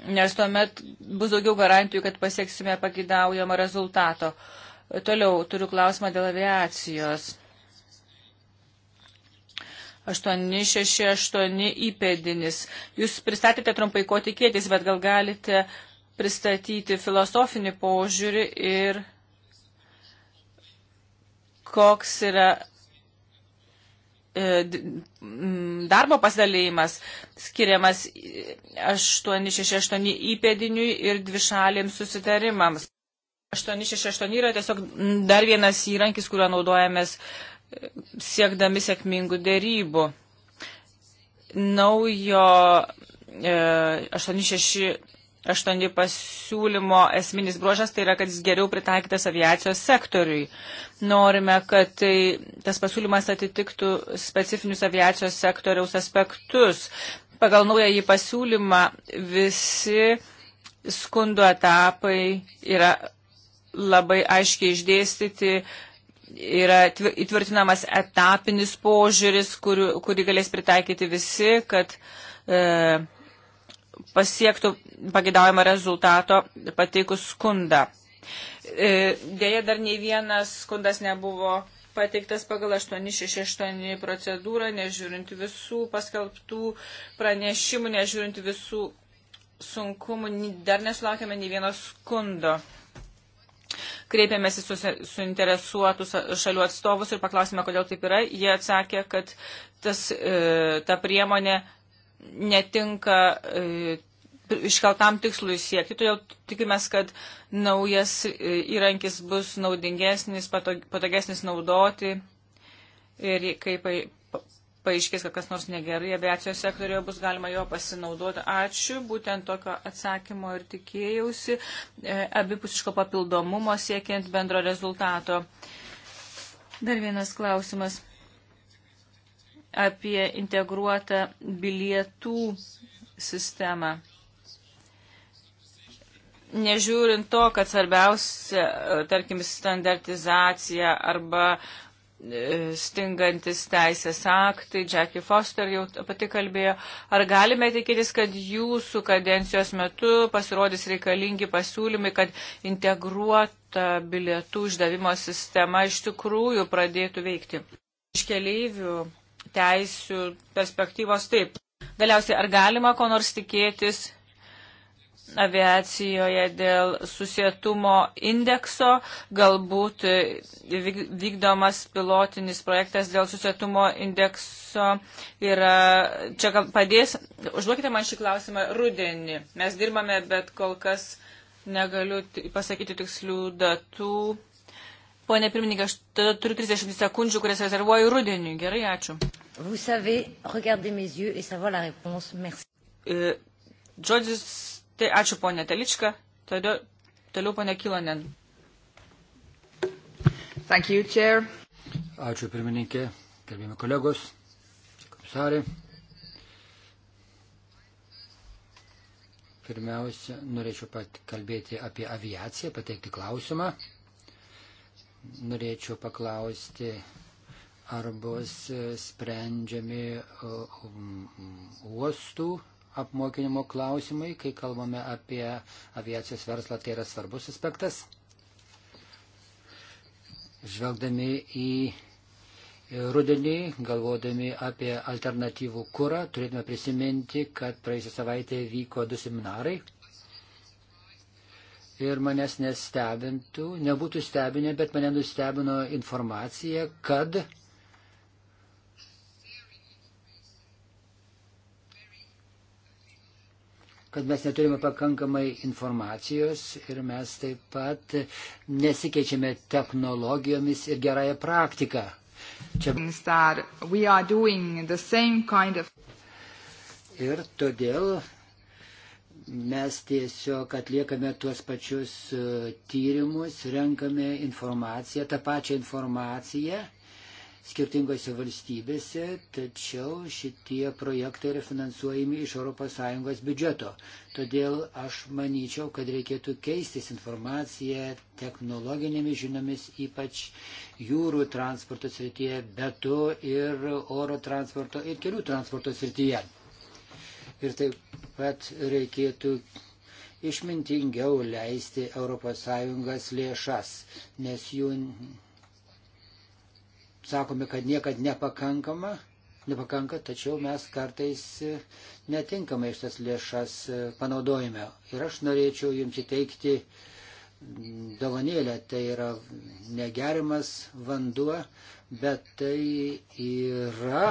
nes tuomet bus daugiau garantijų, kad pasieksime pagidaujamą rezultato. Toliau turiu klausimą dėl aviacijos. 868 įpėdinis. Jūs pristatėte trumpai, ko tikėtis, bet gal galite pristatyti filosofinį požiūrį ir koks yra E, darbo pasidalėjimas skiriamas 868 įpėdiniui ir dvišalėms susitarimams. 868 yra tiesiog dar vienas įrankis, kuriuo naudojamės e, siekdami sėkmingų dėrybų. Naujo 86 e, aštuoni pasiūlymo esminis bruožas tai yra, kad jis geriau pritaikytas aviacijos sektoriui. Norime, kad tai, tas pasiūlymas atitiktų specifinius aviacijos sektoriaus aspektus. Pagal naują jį pasiūlymą visi skundo etapai yra labai aiškiai išdėstyti yra įtvirtinamas etapinis požiūris, kur, kurį galės pritaikyti visi, kad e, pasiektų pagidaujamą rezultato pateikus skundą. E, dėja, dar nei vienas skundas nebuvo pateiktas pagal 868 procedūrą, nežiūrint visų paskelbtų pranešimų, nežiūrint visų sunkumų, dar nesulaukėme nei vieno skundo. Kreipėmės į suinteresuotus šalių atstovus ir paklausėme, kodėl taip yra. Jie atsakė, kad tas, e, ta priemonė netinka e, iškeltam tikslui siekti. Todėl tikimės, kad naujas e, įrankis bus naudingesnis, patogesnis naudoti ir kaip paaiškės, kad kas nors negerai aviacijos sektorijoje bus galima jo pasinaudoti. Ačiū, būtent tokio atsakymo ir tikėjausi, e, abipusiško papildomumo siekiant bendro rezultato. Dar vienas klausimas apie integruotą bilietų sistemą. Nežiūrint to, kad svarbiausia, tarkim, standartizacija arba e, stingantis teisės aktai, Jackie Foster jau apie tai kalbėjo, ar galime tikėtis, kad jūsų kadencijos metu pasirodys reikalingi pasiūlymai, kad integruota bilietų uždavimo sistema iš tikrųjų pradėtų veikti? Iš keleivių teisių perspektyvos taip. Galiausiai, ar galima ko nors tikėtis aviacijoje dėl susietumo indekso, galbūt vykdomas pilotinis projektas dėl susietumo indekso yra, čia padės, užduokite man šį klausimą rudenį. Mes dirbame, bet kol kas negaliu pasakyti tikslių datų Pone pirmininkė, aš tada turiu 30 sekundžių, kurias rezervuoju rudeniui. Gerai, ačiū. E, Žodis, tai ačiū ponė Telička, tada toliau ponė Kilonen. Thank you, chair. Ačiū pirmininkė, gerbėmi kolegos, komisarė. Pirmiausia, norėčiau pat kalbėti apie aviaciją, pateikti klausimą norėčiau paklausti, ar bus sprendžiami uostų apmokinimo klausimai, kai kalbame apie aviacijos verslą, tai yra svarbus aspektas. Žvelgdami į rudenį, galvodami apie alternatyvų kurą, turėtume prisiminti, kad praėjusią savaitę vyko du seminarai ir manęs nestebintų, nebūtų stebinę, bet mane nustebino informacija, kad kad mes neturime pakankamai informacijos ir mes taip pat nesikeičiame technologijomis ir gerąją praktiką. Čia... Kind of... Ir todėl mes tiesiog atliekame tuos pačius e, tyrimus, renkame informaciją, tą pačią informaciją skirtingose valstybėse, tačiau šitie projektai yra finansuojami iš ES biudžeto. Todėl aš manyčiau, kad reikėtų keistis informaciją technologinėmis žiniomis, ypač jūrų transporto srityje, bet to ir oro transporto ir kelių transporto srityje ir taip pat reikėtų išmintingiau leisti ES lėšas, nes jų sakome, kad niekad nepakankama, nepakanka, tačiau mes kartais netinkamai šitas lėšas e, panaudojame. Ir aš norėčiau jums įteikti dovanėlę, tai yra negerimas vanduo, bet tai yra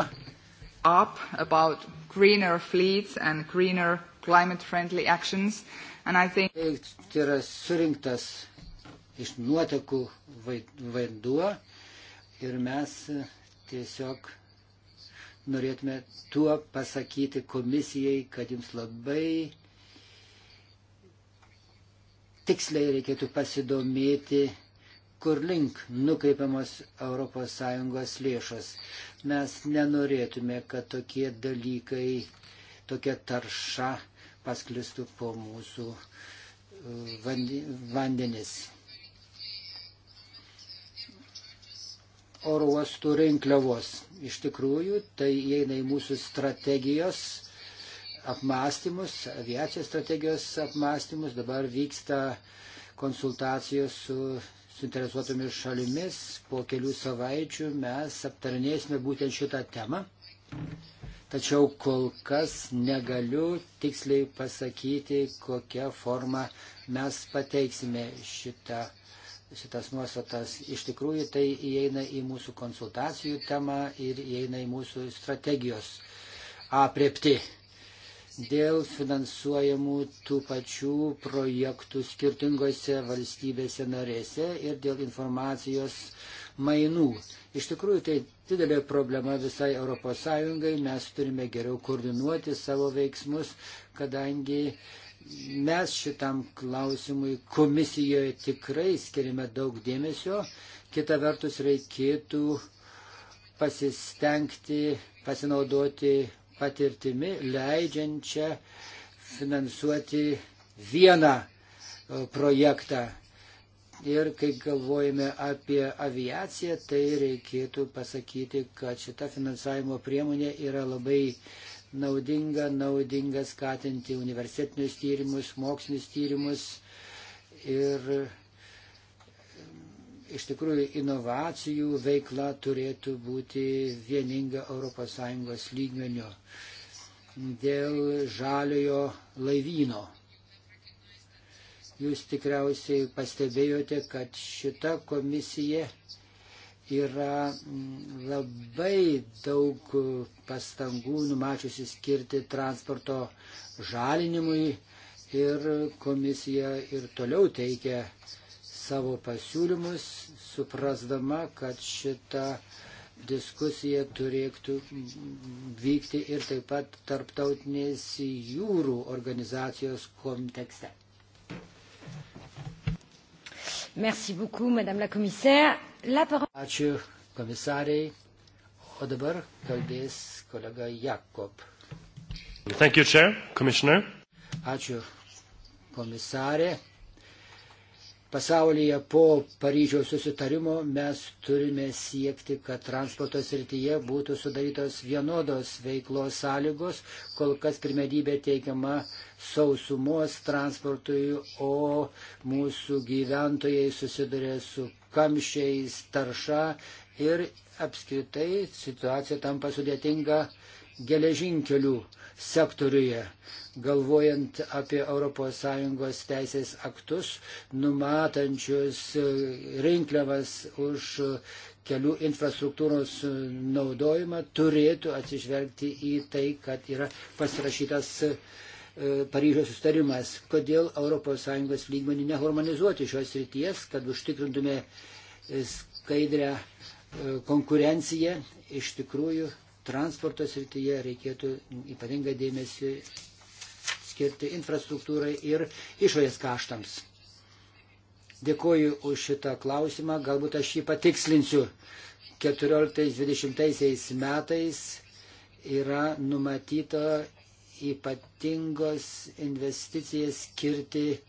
up about greener fleets and greener climate-friendly actions. And I think... Tai yra surinktas iš nuotekų vanduo ir mes tiesiog norėtume tuo pasakyti komisijai, kad jums labai tiksliai reikėtų pasidomėti kur link nukreipiamos ES lėšos. Mes nenorėtume, kad tokie dalykai, tokia tarša pasklistų po mūsų uh, vandenis. Oro uostų rinkliavos. Iš tikrųjų, tai įeina į mūsų strategijos apmąstymus, aviacijos strategijos apmąstymus. Dabar vyksta konsultacijos su suinteresuotomis šalimis. Po kelių savaičių mes aptarinėsime būtent šitą temą. Tačiau kol kas negaliu tiksliai pasakyti, kokią formą mes pateiksime šitą, šitas nuostatas. Iš tikrųjų, tai įeina į mūsų konsultacijų temą ir įeina į mūsų strategijos apriepti dėl finansuojamų tų pačių projektų skirtingose valstybėse narėse ir dėl informacijos mainų. Iš tikrųjų, tai didelė problema visai ES, mes turime geriau koordinuoti savo veiksmus, kadangi mes šitam klausimui komisijoje tikrai skirime daug dėmesio, kita vertus reikėtų pasistengti pasinaudoti patirtimi, leidžiančia finansuoti vieną e, projektą. Ir kai galvojame apie aviaciją, tai reikėtų pasakyti, kad šita finansavimo priemonė yra labai naudinga, naudinga skatinti universitetinius tyrimus, mokslinius tyrimus ir iš tikrųjų inovacijų veikla turėtų būti vieninga ES lygmeniu dėl žaliojo laivyno. Jūs tikriausiai pastebėjote, kad šita komisija yra mm, labai daug pastangų numačiusi skirti transporto žalinimui ir komisija ir toliau teikia uh, savo pasiūlymus, suprasdama, kad šita diskusija turėtų vykti ir taip pat tarptautinės jūrų organizacijos kontekste. Merci beaucoup, Madame la Commissaire. La parole... Ačiū komisariai. O dabar kalbės kolega Jakob. Thank you, Chair, Commissioner. Ačiū komisarė pasaulyje po Paryžiaus susitarimo mes turime siekti, kad transporto srityje būtų sudarytos vienodos veiklos sąlygos, kol kas pirmedybė teikiama sausumos transportui, o mūsų gyventojai susiduria su kamščiais, tarša ir apskritai situacija tampa sudėtinga geležinkelių sektoriuje. Galvojant apie ES teisės aktus, numatančius e, rinkliavas už kelių infrastruktūros naudojimą, turėtų atsižvelgti į tai, kad yra pasirašytas e, Paryžiaus sustarimas. Kodėl ES lygmenį neharmonizuoti šios ryties, kad užtikrintume skaidrę e, konkurenciją, iš tikrųjų transporto srityje reikėtų ypatingą dėmesį skirti infrastruktūrai ir išorės kaštams. Dėkuoju už šitą klausimą, galbūt aš jį patikslinsiu. 14-20 metais yra numatyta ypatingos investicijas skirti e,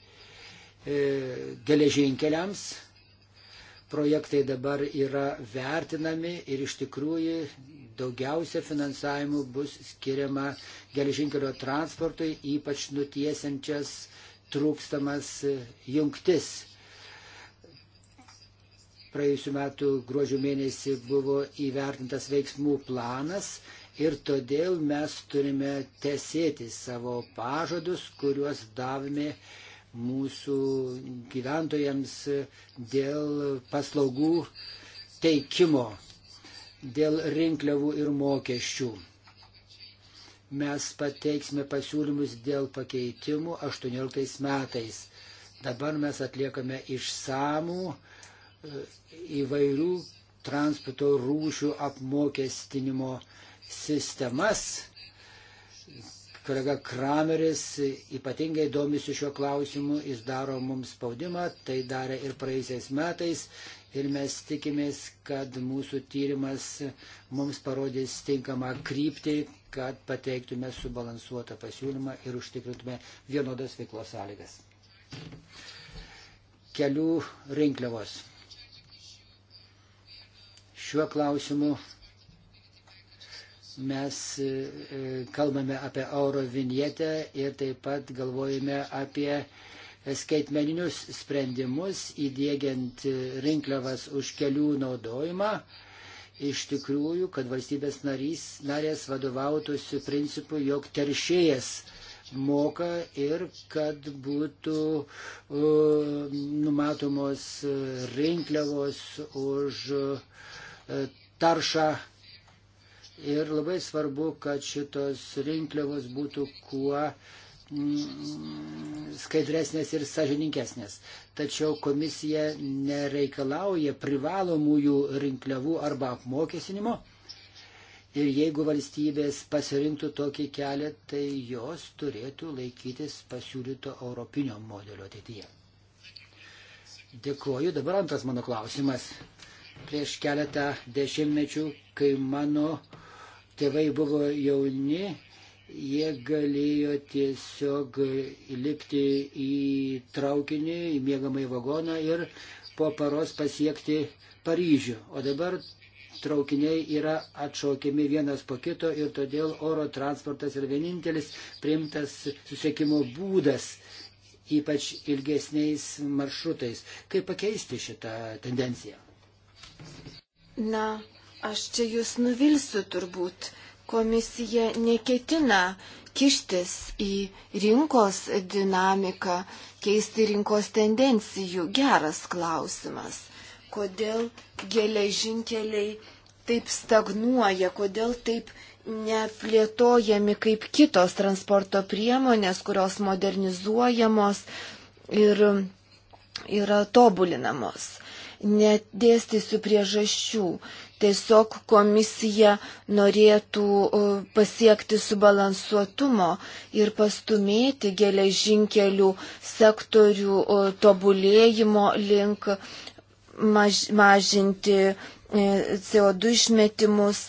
geležinkeliams projektai dabar yra vertinami ir iš tikrųjų daugiausia finansavimų bus skiriama geležinkelio transportui, ypač nutiesiančias trūkstamas jungtis. Praėjusiu metu gruodžio mėnesį buvo įvertintas veiksmų planas ir todėl mes turime tesėti savo pažadus, kuriuos davime mūsų gyventojams dėl paslaugų teikimo, dėl rinkliavų ir mokesčių. Mes pateiksime pasiūlymus dėl pakeitimų 18 metais. Dabar mes atliekame išsamų e, įvairių transporto rūšių apmokestinimo sistemas kolega Krameris ypatingai domisi šiuo klausimu, jis daro mums spaudimą, tai darė ir praeisiais metais ir mes tikimės, kad mūsų tyrimas mums parodys tinkamą kryptį, kad pateiktume subalansuotą pasiūlymą ir užtikrintume vienodas veiklos sąlygas. Kelių rinkliavos. Šiuo klausimu Mes e, e, kalbame apie euro vinietę ir taip pat galvojame apie skaitmeninius sprendimus, įdėgiant rinkliavas už kelių naudojimą. Iš tikrųjų, kad valstybės narys, narės vadovautųsi principu, jog teršėjas moka ir kad būtų uh, numatomos rinkliavos už uh, taršą Ir labai svarbu, kad šitos rinkliavos būtų kuo mm, skaidresnės ir sažininkesnės. Tačiau komisija nereikalauja privalomųjų rinkliavų arba apmokesinimo. Ir jeigu valstybės pasirinktų tokį kelią, tai jos turėtų laikytis pasiūlyto europinio modelio ateityje. Dėkuoju. Dabar antras mano klausimas. Prieš keletą dešimtmečių, kai mano uh, tėvai buvo jauni, jie galėjo tiesiog lipti į traukinį, į mėgamąjį vagoną ir po paros pasiekti Paryžių. O dabar traukiniai yra atšaukiami vienas po kito ir todėl oro transportas yra vienintelis priimtas susiekimo būdas, ypač ilgesniais maršrutais. Kaip pakeisti šitą tendenciją? Na, Aš čia jūs nuvilsiu turbūt. Komisija neketina kištis į rinkos dinamiką, keisti rinkos tendencijų. Geras klausimas. Kodėl geležinkeliai taip stagnuoja, kodėl taip neplėtojami kaip kitos transporto priemonės, kurios modernizuojamos ir yra tobulinamos. Nedėstysiu priežasčių. Tiesiog komisija norėtų e, pasiekti subalansuotumo ir pastumėti geležinkelių sektorių e, tobulėjimo link, maž, mažinti e, CO2 išmetimus.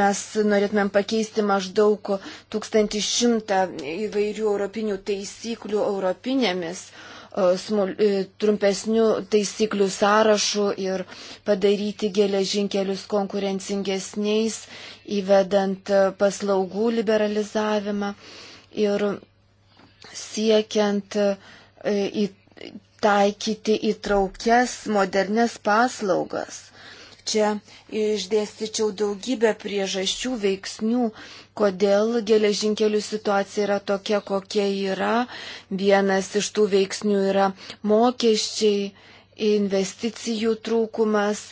Mes norėtumėm pakeisti maždaug 1100 įvairių europinių taisyklių europinėmis smul, e, trumpesnių taisyklių sąrašų ir padaryti geležinkelius konkurencingesniais, įvedant e, paslaugų liberalizavimą ir siekiant e, taikyti įtraukias modernes paslaugas. Čia išdėstyčiau daugybę priežasčių veiksnių, kodėl geležinkelių situacija yra tokia, kokia yra. Vienas iš tų veiksnių yra mokesčiai, investicijų trūkumas,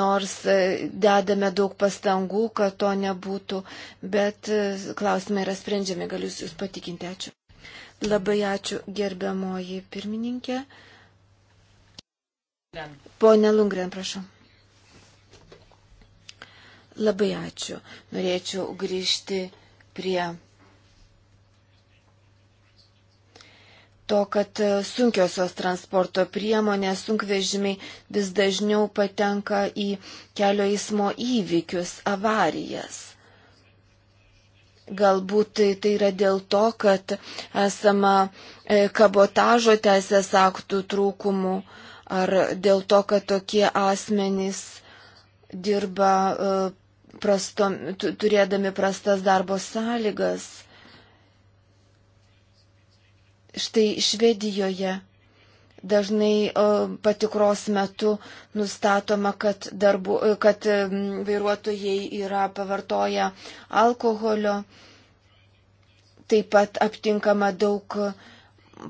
nors e, dedame daug pastangų, kad to nebūtų, bet e, klausimai yra sprendžiami, galiu Jūs patikinti. Ačiū. Labai ačiū gerbiamoji pirmininkė. Pone Lungren, prašau. Labai ačiū. Norėčiau grįžti prie to, kad sunkiosios transporto priemonės, sunkvežimiai vis dažniau patenka į kelio eismo įvykius, avarijas. Galbūt tai yra dėl to, kad esama e, kabotažo teisės aktų trūkumų ar dėl to, kad tokie asmenys dirba e, prastom, turėdami prastas darbo sąlygas. Štai Švedijoje dažnai patikros metu nustatoma, kad, darbu, kad vairuotojai yra pavartoję alkoholio. Taip pat aptinkama daug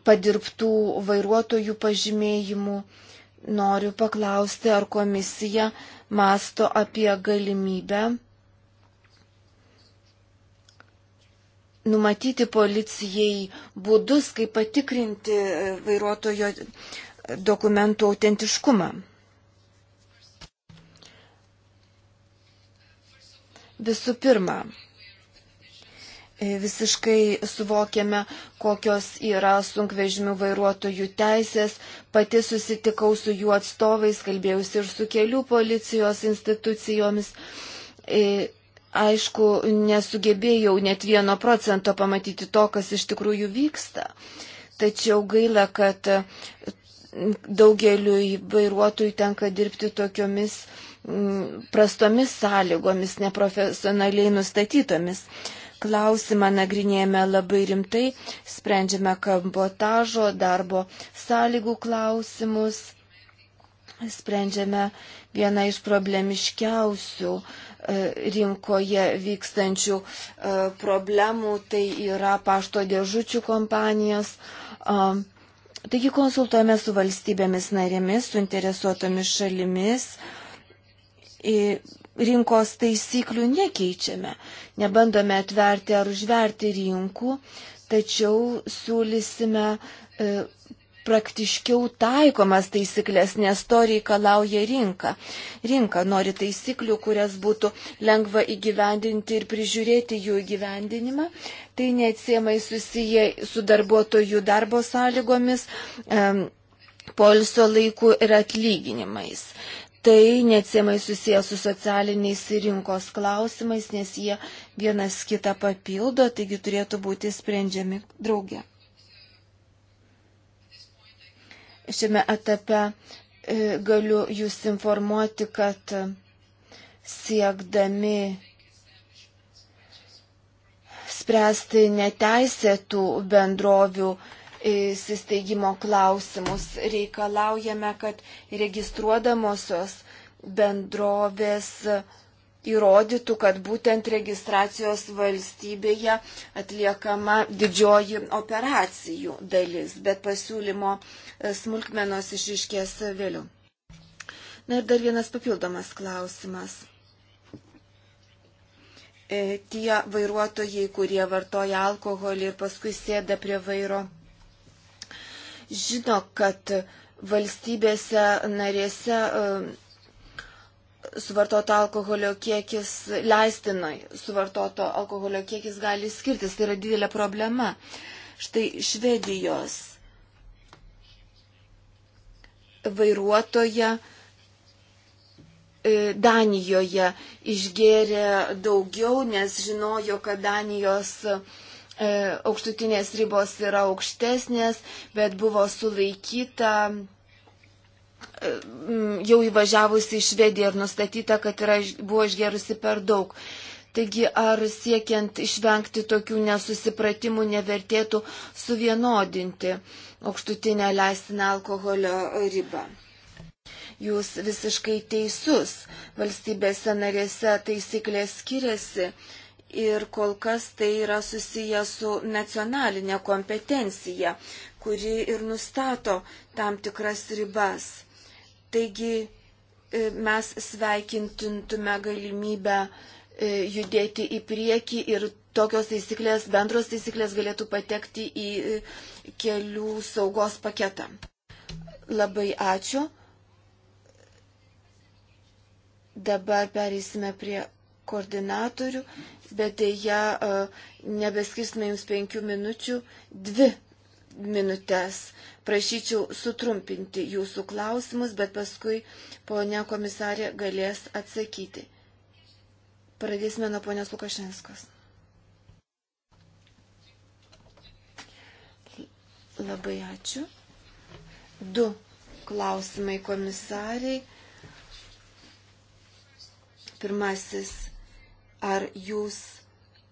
padirbtų vairuotojų pažymėjimų. Noriu paklausti, ar komisija masto apie galimybę numatyti policijai būdus, kaip patikrinti e, vairuotojo dokumentų autentiškumą. Visų pirma, E, visiškai suvokėme, kokios yra sunkvežimių vairuotojų teisės. Pati susitikau su jų atstovais, kalbėjausi ir su kelių policijos institucijomis. E, aišku, nesugebėjau net vieno procento pamatyti to, kas iš tikrųjų vyksta. Tačiau gaila, kad daugeliu vairuotojų tenka dirbti tokiomis prastomis sąlygomis, neprofesionaliai nustatytomis klausimą nagrinėjame labai rimtai, sprendžiame kambotažo, darbo sąlygų klausimus, sprendžiame vieną iš problemiškiausių e, rinkoje vykstančių e, problemų, tai yra pašto dėžučių kompanijos. Taigi konsultuojame su valstybėmis narėmis, su interesuotomis šalimis rinkos taisyklių nekeičiame, nebandome atverti ar užverti rinkų, tačiau siūlysime e, praktiškiau taikomas taisyklės, nes to reikalauja rinka. Rinka nori taisyklių, kurias būtų lengva įgyvendinti ir prižiūrėti jų įgyvendinimą. Tai neatsiemai susiję su darbuotojų darbo sąlygomis. Um, polsio laiku ir atlyginimais tai neatsiemai susijęs su socialiniais rinkos klausimais, nes jie vienas kitą papildo, taigi turėtų būti sprendžiami draugė. Šiame etape e, galiu jūs informuoti, kad e, siekdami spręsti neteisėtų bendrovių įsisteigimo klausimus. Reikalaujame, kad registruodamosios bendrovės įrodytų, kad būtent registracijos valstybėje atliekama didžioji operacijų dalis, bet pasiūlymo smulkmenos išiškės vėliau. Na ir dar vienas papildomas klausimas. E, tie vairuotojai, kurie vartoja alkoholį ir paskui sėda prie vairo žino, kad valstybėse narėse e, suvartoto alkoholio kiekis leistinai, suvartoto alkoholio kiekis gali skirtis, tai yra didelė problema. Štai Švedijos vairuotoja e, Danijoje išgėrė daugiau, nes žinojo, kad Danijos uh, E, aukštutinės ribos yra aukštesnės, bet buvo sulaikyta e, jau įvažiavusi į Švediją ir nustatyta, kad yra, buvo išgerusi per daug. Taigi, ar siekiant išvengti tokių nesusipratimų nevertėtų suvienodinti aukštutinę leistiną alkoholio ribą? Jūs visiškai teisus. Valstybėse narėse taisyklės skiriasi. Uh, ir kol kas tai yra susiję su nacionalinė kompetencija, kuri ir nustato tam tikras ribas. Taigi e, mes sveikintintume galimybę e, judėti į priekį ir tokios taisyklės, bendros taisyklės galėtų patekti į e, kelių saugos paketą. Labai ačiū. Dabar perėsime prie koordinatorių, bet dėja e, nebeskirsime jums penkių minučių, dvi minutės. Prašyčiau sutrumpinti jūsų klausimus, bet paskui ponia komisarė galės atsakyti. Pradėsime nuo ponios Lukašenskos. Labai ačiū. Du klausimai komisariai. Pirmasis ar jūs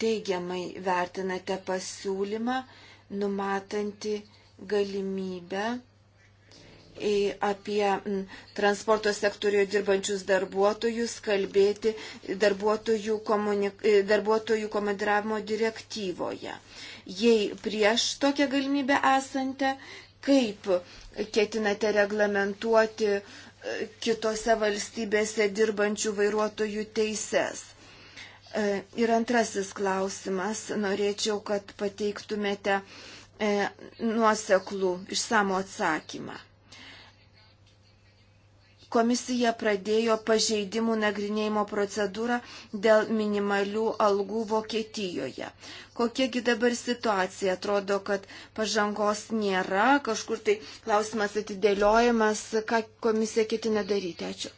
teigiamai vertinate pasiūlymą, numatantį galimybę e, apie transporto sektorijoje dirbančius darbuotojus kalbėti darbuotojų, komunik... E, darbuotojų komandiravimo direktyvoje. Jei prieš tokią galimybę esate, kaip ketinate reglamentuoti e, kitose valstybėse dirbančių vairuotojų teises? E, ir antrasis klausimas, norėčiau, kad pateiktumėte e, nuoseklų išsamo atsakymą. Komisija pradėjo pažeidimų nagrinėjimo procedūrą dėl minimalių algų Vokietijoje. Kokiagi dabar situacija? Atrodo, kad pažangos nėra, kažkur tai klausimas atidėliojamas, ką komisija ketina daryti. Ačiū.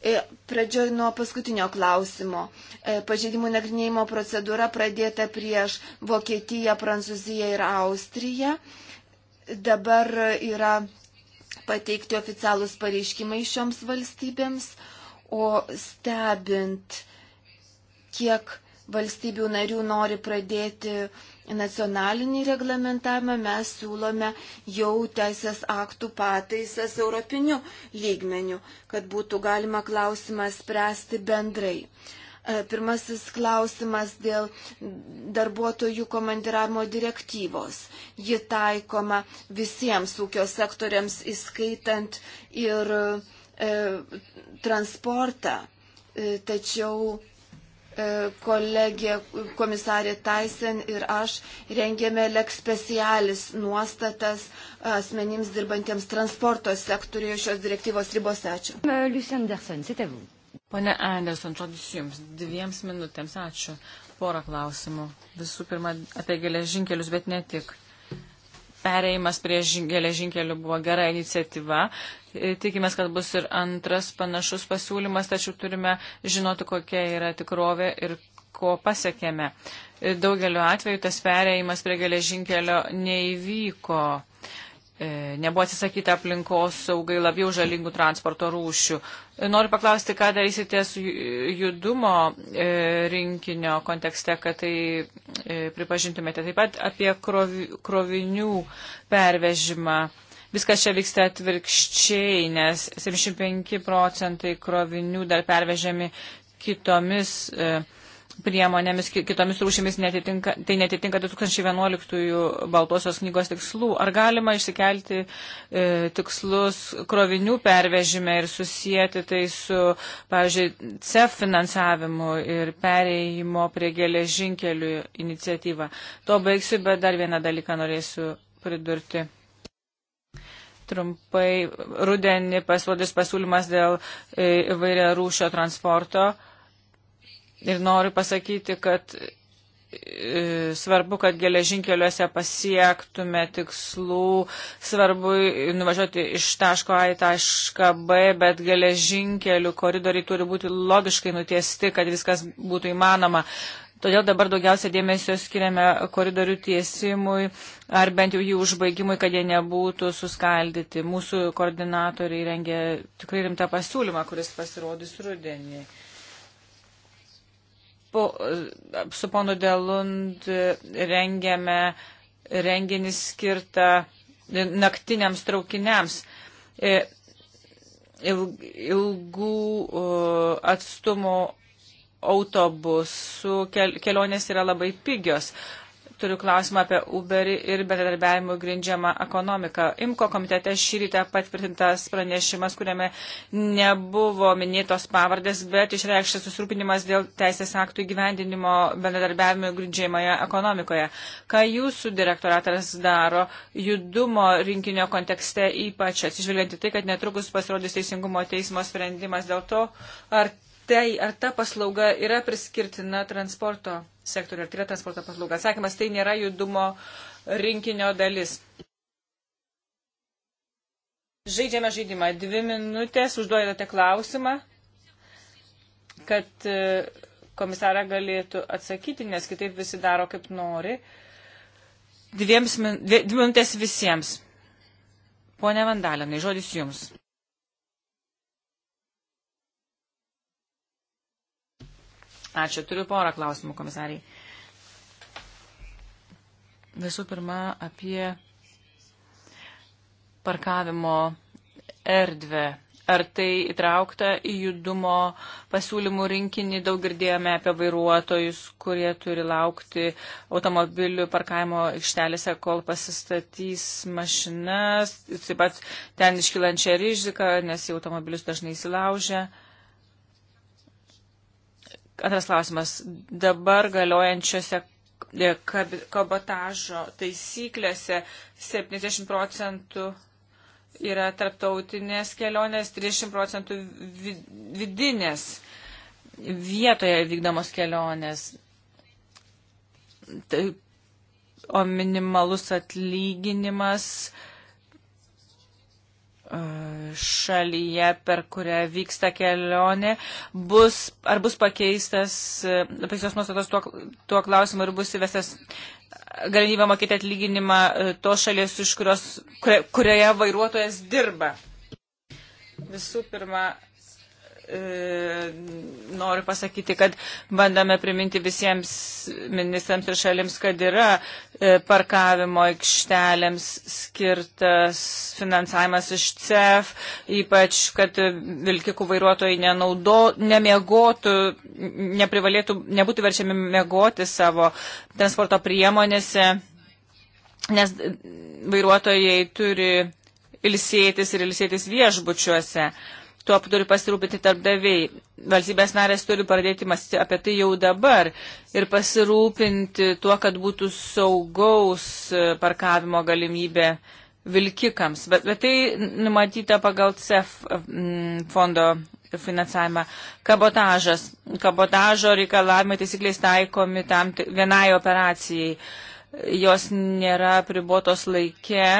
E, pradžioj nuo paskutinio klausimo. E, pažeidimų nagrinėjimo procedūra pradėta prieš Vokietiją, Prancūziją ir Austriją. Dabar yra pateikti oficialūs pareiškimai šioms valstybėms, o stebint, kiek valstybių narių nori pradėti nacionalinį reglamentavimą, mes siūlome jau teisės aktų pataisas europiniu lygmeniu, kad būtų galima klausimą spręsti bendrai. E, pirmasis klausimas dėl darbuotojų komandiravimo direktyvos. Ji taikoma visiems ūkio sektoriams, įskaitant ir e, transportą. E, tačiau E, kolegė komisarė Taisen ir aš rengėme leks specialis nuostatas asmenims dirbantiems transporto sektoriuje šios direktyvos ribose. Ačiū. E, Pone Anderson, žodis Jums. Dviems minutėms ačiū. Porą klausimų. Visų pirma, apie geležinkelius, bet ne tik. Pereimas prie geležinkelių buvo gera iniciatyva. E, tikimės, kad bus ir antras panašus pasiūlymas, tačiau turime žinoti, kokia yra tikrovė ir ko pasiekėme. E, daugeliu atveju tas pereimas prie geležinkelio neįvyko. E, nebuvo atsisakyta aplinkos saugai labiau žalingų transporto rūšių. E, noriu paklausti, ką darysite su judumo e, rinkinio kontekste, kad tai pripažintumėte. Taip pat apie krovinių pervežimą. Viskas čia vyksta atvirkščiai, nes 75 procentai krovinių dar pervežiami kitomis. E, priemonėmis, kitomis rūšimis netitinka, tai netitinka 2011 Baltosios knygos tikslų. Ar galima išsikelti e, tikslus krovinių pervežime ir susijęti tai su, pavyzdžiui, CEF finansavimu ir pereimo prie geležinkelių iniciatyvą? To baigsiu, bet dar vieną dalyką norėsiu pridurti trumpai rudenį pasirodys pasiūlymas dėl e, įvairia rūšio transporto. Ir noriu pasakyti, kad e, svarbu, kad geležinkeliuose pasiektume tikslų, svarbu nuvažiuoti iš taško A į tašką B, bet geležinkelių koridoriai turi būti logiškai nutiesti, kad viskas būtų įmanoma. Todėl dabar daugiausia dėmesio skiriame koridorių tiesimui ar bent jau jų užbaigimui, kad jie nebūtų suskaldyti. Mūsų koordinatoriai rengia tikrai rimtą pasiūlymą, kuris pasirodys rudenį po, su ponu Delund rengiame renginį skirtą naktiniams traukiniams. E, ilgų atstumų autobusų kelionės yra labai pigios turiu klausimą apie Uberį ir bendradarbiavimų grindžiamą ekonomiką. Imko komitete šį rytą patvirtintas pranešimas, kuriame nebuvo minėtos pavardės, bet išreikštas susirūpinimas dėl teisės aktų įgyvendinimo bendradarbiavimų grindžiamoje ekonomikoje. Ką jūsų direktoratas daro judumo rinkinio kontekste, ypač atsižvelgiant į tai, kad netrukus pasirodys Teisingumo teismo sprendimas dėl to, ar, tai, ar ta paslauga yra priskirtina transporto sektorių, ar tai yra transporto paslauga. Atsakymas, tai nėra judumo rinkinio dalis. Žaidžiame žaidimą. Dvi minutės, užduodate klausimą, kad e, komisarą galėtų atsakyti, nes kitaip visi daro kaip nori. Dviems, dvi, dvi minutės visiems. Pone Vandalinai, žodis jums. Ačiū. Turiu porą klausimų, komisariai. Visų pirma, apie parkavimo erdvę. Ar tai įtraukta į judumo pasiūlymų rinkinį? Daug girdėjome apie vairuotojus, kurie turi laukti automobilių parkavimo aikštelėse, kol pasistatys mašinas. Taip pat ten iškylančia rizika, nes į automobilius dažnai įsilaužia. Uh, Antras klausimas. Dabar galiojančiose e, kabotažo taisyklėse 70 procentų yra tarptautinės kelionės, 30 procentų vidinės vietoje vykdomos kelionės. Taip, o minimalus atlyginimas šalyje, per kurią vyksta kelionė, bus, ar bus pakeistas, pakeistos nuostatos tuo, tuo klausimu, ar bus įvestas galimybė mokėti atlyginimą e, tos šalies, iš kurios, kurioje vairuotojas dirba. Visų pirma, E, noriu pasakyti, kad bandame priminti visiems ministrams ir šalims, kad yra e, parkavimo aikštelėms skirtas finansavimas iš CEF, ypač, kad vilkikų vairuotojai nenaudo, nemiegotų, neprivalėtų, nebūtų verčiami miegoti savo transporto priemonėse, nes vairuotojai turi ilsėtis ir ilsėtis viešbučiuose. Uh, Tuo turi pasirūpinti darbdaviai. Valstybės narės turi pradėti mąstyti apie tai jau dabar ir pasirūpinti tuo, kad būtų saugaus e, parkavimo galimybė vilkikams. Bet, bet tai numatyta pagal CEF e, fondo finansavimą. Kabotažas. Kabotažo reikalavimai taisyklės taikomi tam vienai operacijai. Jos nėra pribotos laike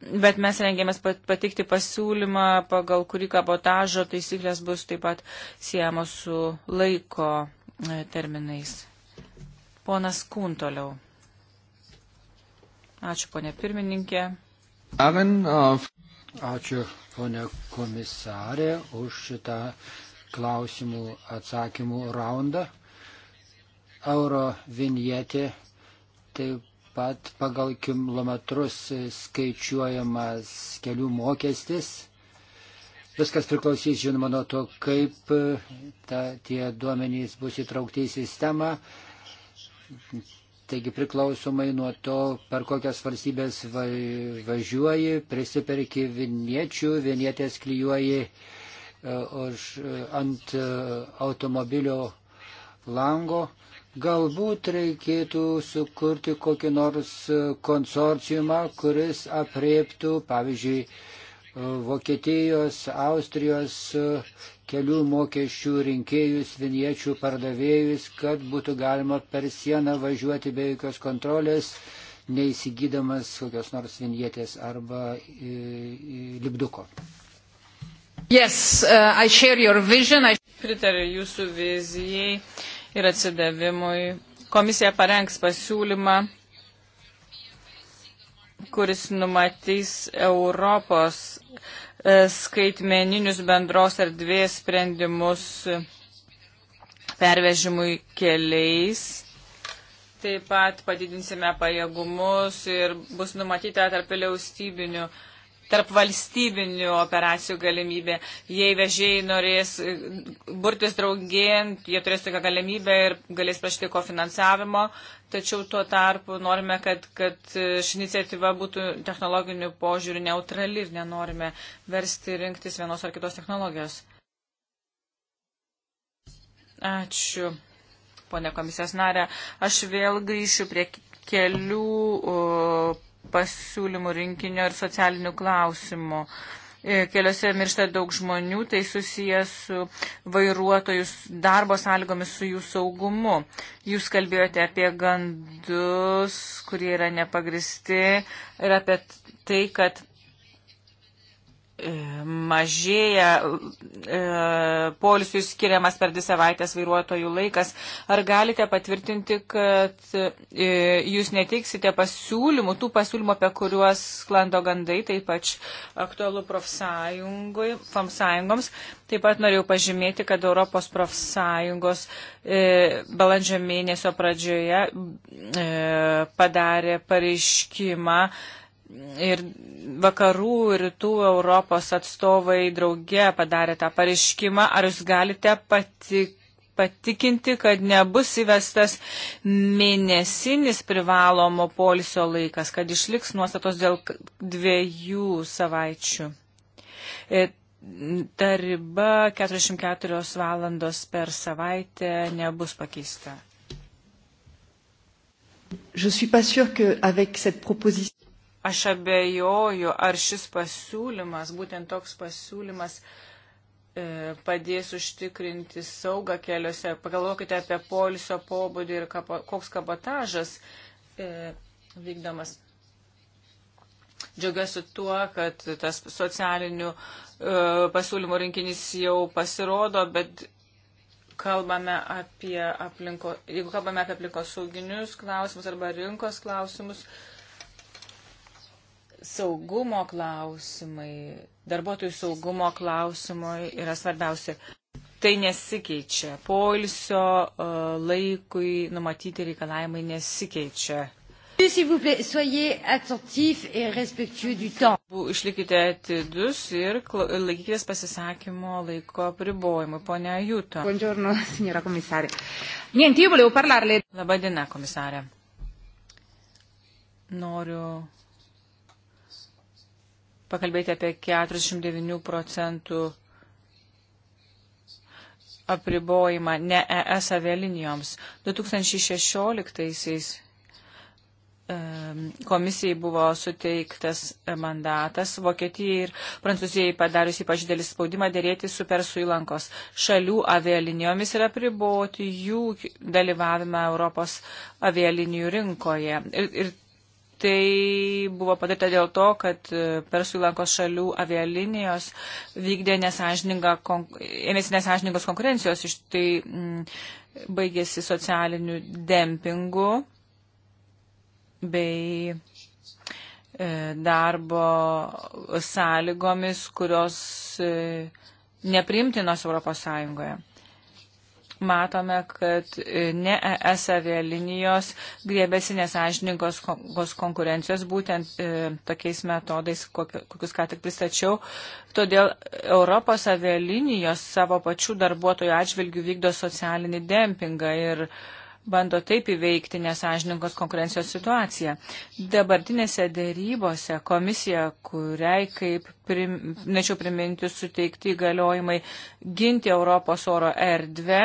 Bet mes rengėmės patikti pasiūlymą, pagal kurį kabotažo taisyklės bus taip pat siejamos su laiko e, terminais. Ponas Kūn toliau. Ačiū, ponė pirmininkė. Uh, Ačiū, ponė komisarė, už šitą klausimų atsakymų raundą. Euro vinietė taip pat pagal kilometrus skaičiuojamas kelių mokestis. Viskas priklausys, žinoma, nuo to, kaip e, ta, tie duomenys bus įtraukti į sistemą. Taigi priklausomai nuo to, per kokias valstybės va, važiuoji, prisiperki viniečių, vinietės klyjuoji uh, e, už, e, ant uh, automobilio lango Galbūt reikėtų sukurti kokį nors konsorciumą, kuris apriektų, pavyzdžiui, Vokietijos, Austrijos kelių mokesčių rinkėjus, viniečių pardavėjus, kad būtų galima per sieną važiuoti be jokios kontrolės, neįsigydamas kokios nors vinietės arba į, į lipduko. Yes, uh, I share your vision. I... Pritariu jūsų vizijai. Uh, ir atsidavimui. Komisija parengs pasiūlymą, kuris numatys Europos e, skaitmeninius bendros erdvės sprendimus pervežimui keliais. Taip pat padidinsime pajėgumus ir bus numatyta tarp liaustybinių uh, tarp valstybinių operacijų galimybė. Jei vežėjai norės e, burtis draugien, jie turės tokią galimybę ir galės prašyti kofinansavimo, tačiau tuo tarpu norime, kad, kad ši iniciatyva būtų technologinių požiūrių neutrali ir nenorime versti rinktis vienos ar kitos technologijos. Ačiū, ponė komisijos narė. Aš vėl grįšiu prie kelių. Uh, pasiūlymų rinkinio ir socialinių klausimų. E, keliuose miršta daug žmonių, tai susijęs su vairuotojus darbo sąlygomis, su jų saugumu. Jūs kalbėjote apie gandus, kurie yra nepagristi ir apie tai, kad E, mažėja e, polisui skiriamas per dvi savaitės vairuotojų laikas. Ar galite patvirtinti, kad e, jūs neteiksite pasiūlymų, tų pasiūlymų, apie kuriuos sklando gandai, taip pat aktualu profsąjungoms. Taip pat norėjau pažymėti, kad Europos profsąjungos e, balandžio mėnesio pradžioje e, padarė pareiškimą, e, ir vakarų ir rytų Europos atstovai drauge padarė tą pareiškimą. Ar jūs galite patik, patikinti, kad nebus įvestas mėnesinis privalomo polisio laikas, kad išliks nuostatos dėl dviejų savaičių? E, ta riba 44 valandos per savaitę nebus pakeista. Je suis pas sûr qu'avec cette proposition. Aš abejoju, ar šis pasiūlymas, būtent toks pasiūlymas, e, padės užtikrinti saugą keliuose. Pagalvokite apie poliso pobūdį ir kapo, koks kabotažas e, vykdomas. Džiaugiuosi tuo, kad tas socialinių e, pasiūlymų rinkinys jau pasirodo, bet kalbame apie aplinko, jeigu kalbame apie aplinkosauginius klausimus arba rinkos klausimus, e, saugumo klausimai, darbuotojų saugumo klausimai yra svarbiausia. Tai nesikeičia. Poilsio e, laikui numatyti reikalavimai nesikeičia. Išlikite atidus ir laikykitės pasisakymo laiko pribojimui. Pone Jūto. Labadiena, komisarė. Noriu pakalbėti apie 49 procentų apribojimą ne ES avialinijoms. 2016-aisiais komisijai buvo suteiktas mandatas Vokietijai ir Prancūzijai padarius ypač dėlį spaudimą dėrėti su Persų įlankos šalių avialinijomis ir apriboti jų dalyvavimą Europos avialinijų rinkoje. Ir, ir tai buvo padaryta dėl to, kad e, Persų įlankos šalių avialinijos vykdė nesažininga, ėmėsi nesažiningos konkurencijos, iš tai m, mm, baigėsi socialiniu dempingu bei e, darbo sąlygomis, kurios e, nepriimtinos Europos Sąjungoje matome, kad e, ne ES avialinijos griebėsi nesažininkos konkurencijos būtent e, tokiais metodais, kokius ką tik pristačiau. Todėl Europos avialinijos savo pačių darbuotojų atžvilgių vykdo socialinį dempingą ir uh, bando taip įveikti nesažininkos konkurencijos situaciją. Dabartinėse dėrybose komisija, kuriai, kaip prim, nečiau priminti, suteikti įgaliojimai ginti Europos oro erdvę,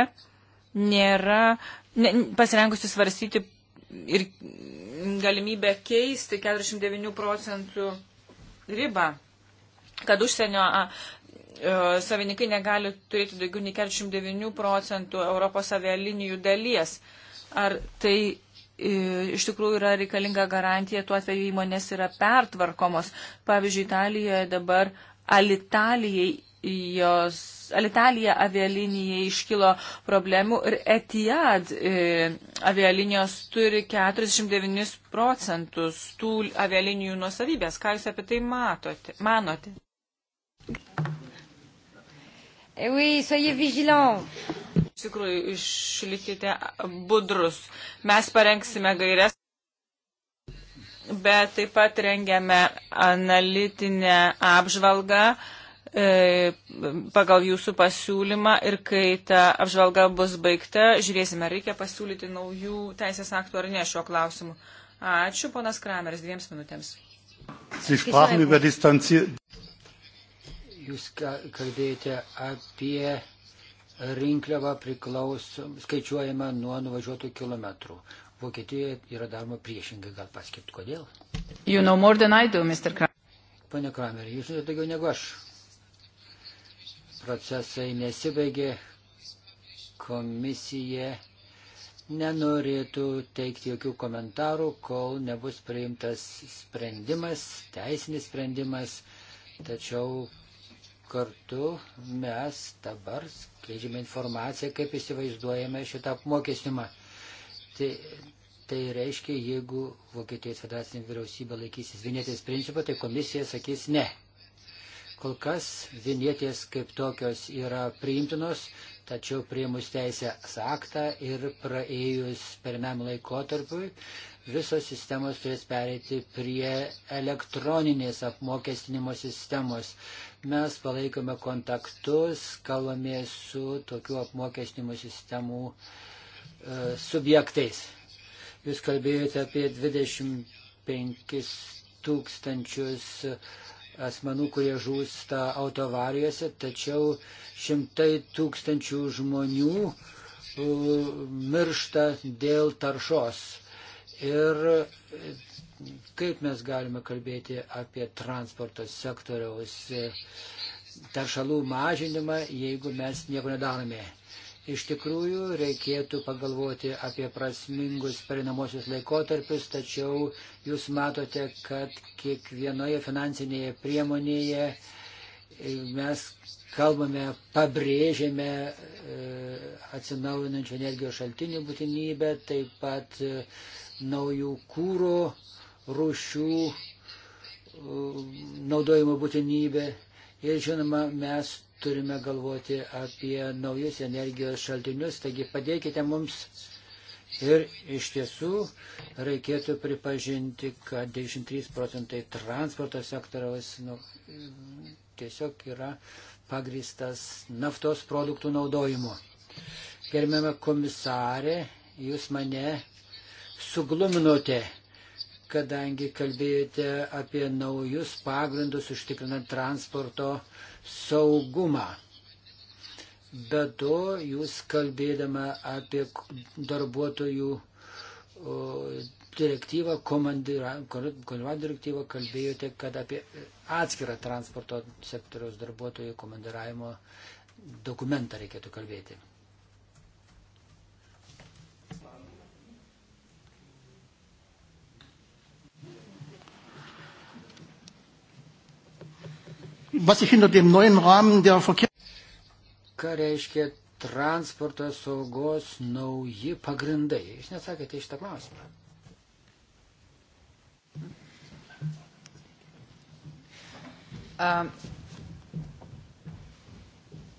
nėra ne, pasirengusi svarstyti ir galimybę keisti 49 procentų ribą, kad užsienio e, savininkai negali turėti daugiau nei 49 procentų Europos avialinijų dalies. Uh, Ar tai e, iš tikrųjų yra reikalinga garantija, tuo atveju įmonės yra pertvarkomos. Pavyzdžiui, Italijoje dabar Alitalijai jos. Alitalija avialinijai iškilo problemų ir Etihad e, avialinijos turi 49 procentus tų avialinijų nuosavybės. Ką Jūs apie tai matote, manote? Eh oui, soyez vigilants. Iš tikrųjų, išlikite budrus. Mes parengsime gairias, bet taip pat rengiame analitinę apžvalgą e, pagal jūsų pasiūlymą ir kai ta apžvalga bus baigta, žiūrėsime, reikia pasiūlyti naujų teisės aktų ar ne šiuo klausimu. Ačiū, ponas Krameris, dviems minutėms. Jūs kalbėjote apie rinkliava priklauso, skaičiuojama nuo nuvažiuotų kilometrų. Vokietijoje yra daroma priešingai, gal paskirt kodėl? You know more than I do, Mr. Kramer. Pane Kramer, jūs žinote daugiau negu aš. Procesai nesibaigė, komisija nenorėtų teikti jokių komentarų, kol nebus priimtas sprendimas, teisinis sprendimas, tačiau kartu mes dabar skleidžiame informaciją, kaip įsivaizduojame šitą apmokestimą. Tai, tai reiškia, jeigu Vokietijos federacinė vyriausybė laikysis vienėtės principą, tai komisija sakys ne. Kol kas vienėtės kaip tokios yra priimtinos, Tačiau prieimus teisės aktą ir praėjus pirmiam laikotarpiui visos sistemos turės pereiti prie elektroninės apmokestinimo sistemos. Mes palaikome kontaktus, kalbame su tokių apmokestinimo sistemų e, subjektais. Jūs kalbėjote apie 25 tūkstančius. E, asmenų, kurie žūsta autovarijose, tačiau šimtai tūkstančių žmonių miršta dėl taršos. Ir kaip mes galime kalbėti apie transporto sektoriaus taršalų mažinimą, jeigu mes nieko nedarome. Iš tikrųjų, reikėtų pagalvoti apie prasmingus perinamosius laikotarpius, tačiau jūs matote, kad kiekvienoje finansinėje priemonėje e, mes kalbame, pabrėžėme e, atsinaujinančių energijos šaltinių būtinybę, taip pat e, naujų kūro rūšių naudojimo būtinybę. Ir žinoma, mes turime galvoti apie naujus energijos šaltinius, taigi padėkite mums. Ir iš tiesų reikėtų pripažinti, kad 93 procentai transporto sektoriaus nu, tiesiog yra pagristas naftos produktų naudojimu. Gerbiame komisarė, jūs mane sugluminote kadangi kalbėjote apie naujus pagrindus užtikrinant transporto saugumą. Be to, jūs kalbėdama apie darbuotojų direktyvą, komandiravimo direktyvą, kalbėjote, kad apie atskirą transporto sektoriaus darbuotojų komandiravimo dokumentą reikėtų kalbėti. Ką reiškia transporto saugos nauji pagrindai? Jūs nesakėte iš tą klausimą. Um,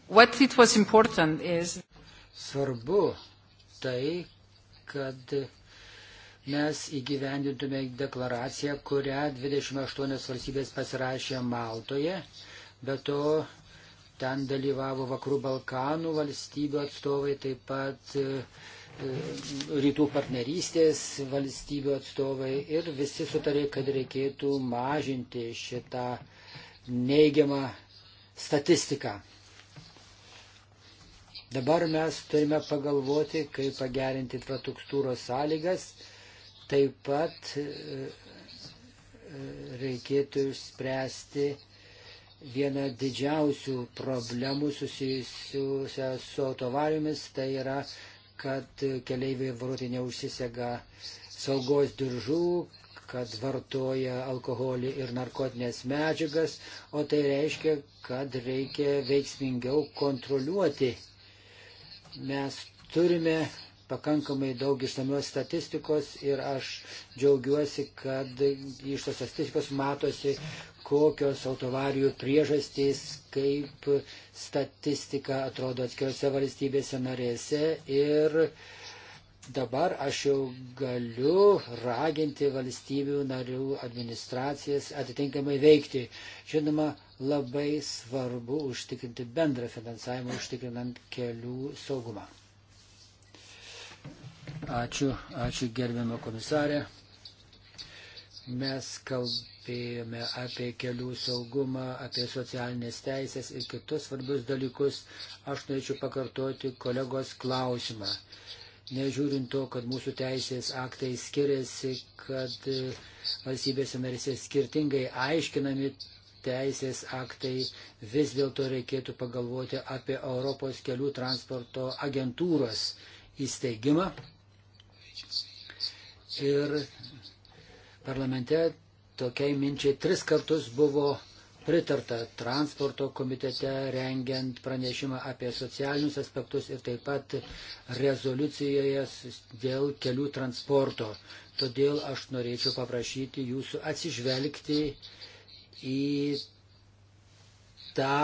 what it was important is... Svarbu tai, kad mes įgyvendintume deklaraciją, kurią 28 valstybės pasirašė Maltoje, bet to ten dalyvavo Vakarų Balkanų valstybių atstovai, taip pat e, e, rytų partnerystės valstybių atstovai ir visi sutarė, kad reikėtų mažinti šitą neigiamą statistiką. Dabar mes turime pagalvoti, kaip pagerinti infrastruktūros sąlygas Taip pat e, e, reikėtų išspręsti vieną didžiausių problemų susijusių su autovariomis, tai yra, kad keleiviai vairuotojai neužsisega saugos diržų, kad vartoja alkoholį ir narkotinės medžiagas, o tai reiškia, kad reikia veiksmingiau kontroliuoti. Mes turime pakankamai daug išsamios statistikos ir aš džiaugiuosi, kad iš tos statistikos matosi, kokios autovarijų priežastys, kaip statistika atrodo atskiriuose valstybėse narėse ir dabar aš jau galiu raginti valstybių narių administracijas atitinkamai veikti. Žinoma, labai svarbu užtikrinti bendrą finansavimą, užtikrinant kelių saugumą. Ačiū, ačiū gerbiamą komisarę. Mes kalbėjome apie kelių saugumą, apie socialinės teisės ir kitus svarbius dalykus. Aš norėčiau pakartoti kolegos klausimą. Nežiūrint to, kad mūsų teisės aktai skiriasi, kad e, valstybėse narėse skirtingai aiškinami teisės aktai, vis dėlto reikėtų pagalvoti apie Europos kelių transporto agentūros įsteigimą ir parlamente tokiai minčiai tris kartus buvo pritarta transporto komitete rengiant pranešimą apie socialinius aspektus ir taip pat rezoliucijoje dėl kelių transporto. Todėl aš norėčiau paprašyti jūsų atsižvelgti į tą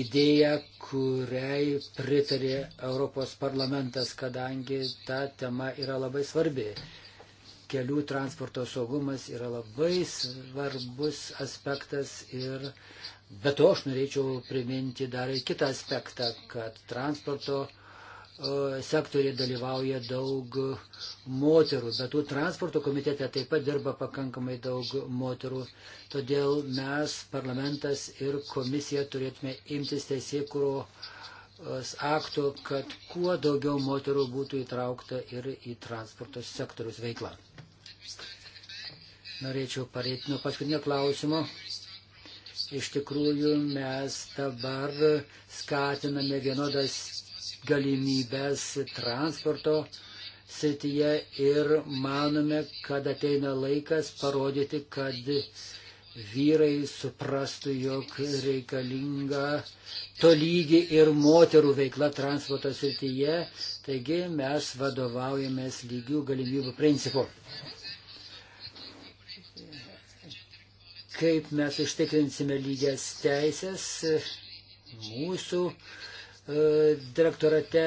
idėją, kuriai pritarė Europos parlamentas, kadangi ta tema yra labai svarbi kelių transporto saugumas yra labai svarbus aspektas ir be to aš norėčiau priminti dar ir kitą aspektą, kad transporto e, sektoriai dalyvauja daug moterų, bet tų transporto komitete taip pat dirba pakankamai daug moterų. Todėl mes, parlamentas ir komisija, turėtume imtis teisėkūros aktų, kad kuo daugiau moterų būtų įtraukta ir į transporto sektorius veiklą. Norėčiau pareiti nuo paskutinio klausimo. Iš tikrųjų, mes dabar skatiname vienodas galimybės transporto srityje ir manome, kad ateina laikas parodyti, kad vyrai suprastų, jog reikalinga tolygi ir moterų veikla transporto srityje. Taigi mes vadovaujamės lygių galimybių principu. kaip mes užtikrinsime lygias teisės mūsų e, direktorate,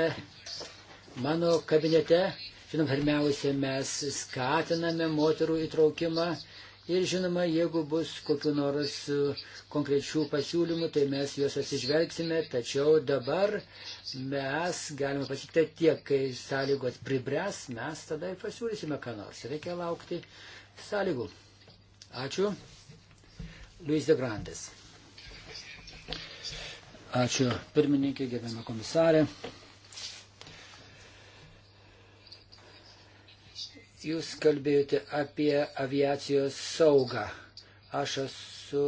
mano kabinete. Žinoma, pirmiausia, mes skatiname moterų įtraukimą ir žinoma, jeigu bus kokiu nors e, konkrečių pasiūlymų, tai mes juos atsižvelgsime, tačiau dabar mes galime pasakyti tiek, kai sąlygos pribręs, mes tada ir pasiūlysime ką nors. Reikia laukti sąlygų. Ačiū. Luis de Grandes. Ačiū pirmininkė, gerbiama komisarė. Jūs kalbėjote apie aviacijos saugą. Aš esu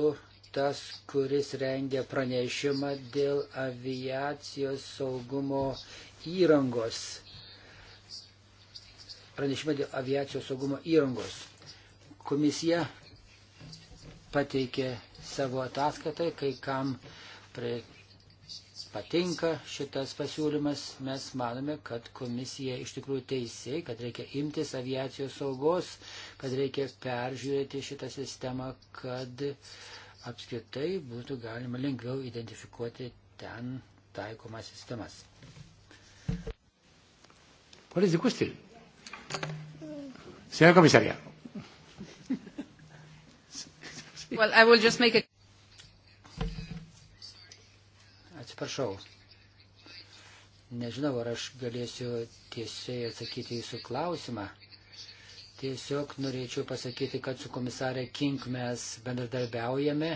tas, kuris rengia pranešimą dėl aviacijos saugumo įrangos. Pranešimą dėl aviacijos saugumo įrangos. Komisija pateikė savo ataskaitai, kai kam prie, patinka šitas pasiūlymas, mes manome, kad komisija iš tikrųjų teisė, kad reikia imtis aviacijos saugos, kad reikia peržiūrėti šitą sistemą, kad apskritai būtų galima lengviau identifikuoti ten taikomas sistemas. Ponas Dikustil. Señora comisaria, Well, a... Atsiprašau. Nežinau, ar aš galėsiu tiesiai atsakyti jūsų klausimą. Tiesiog norėčiau pasakyti, kad su komisarė Kink mes bendradarbiaujame.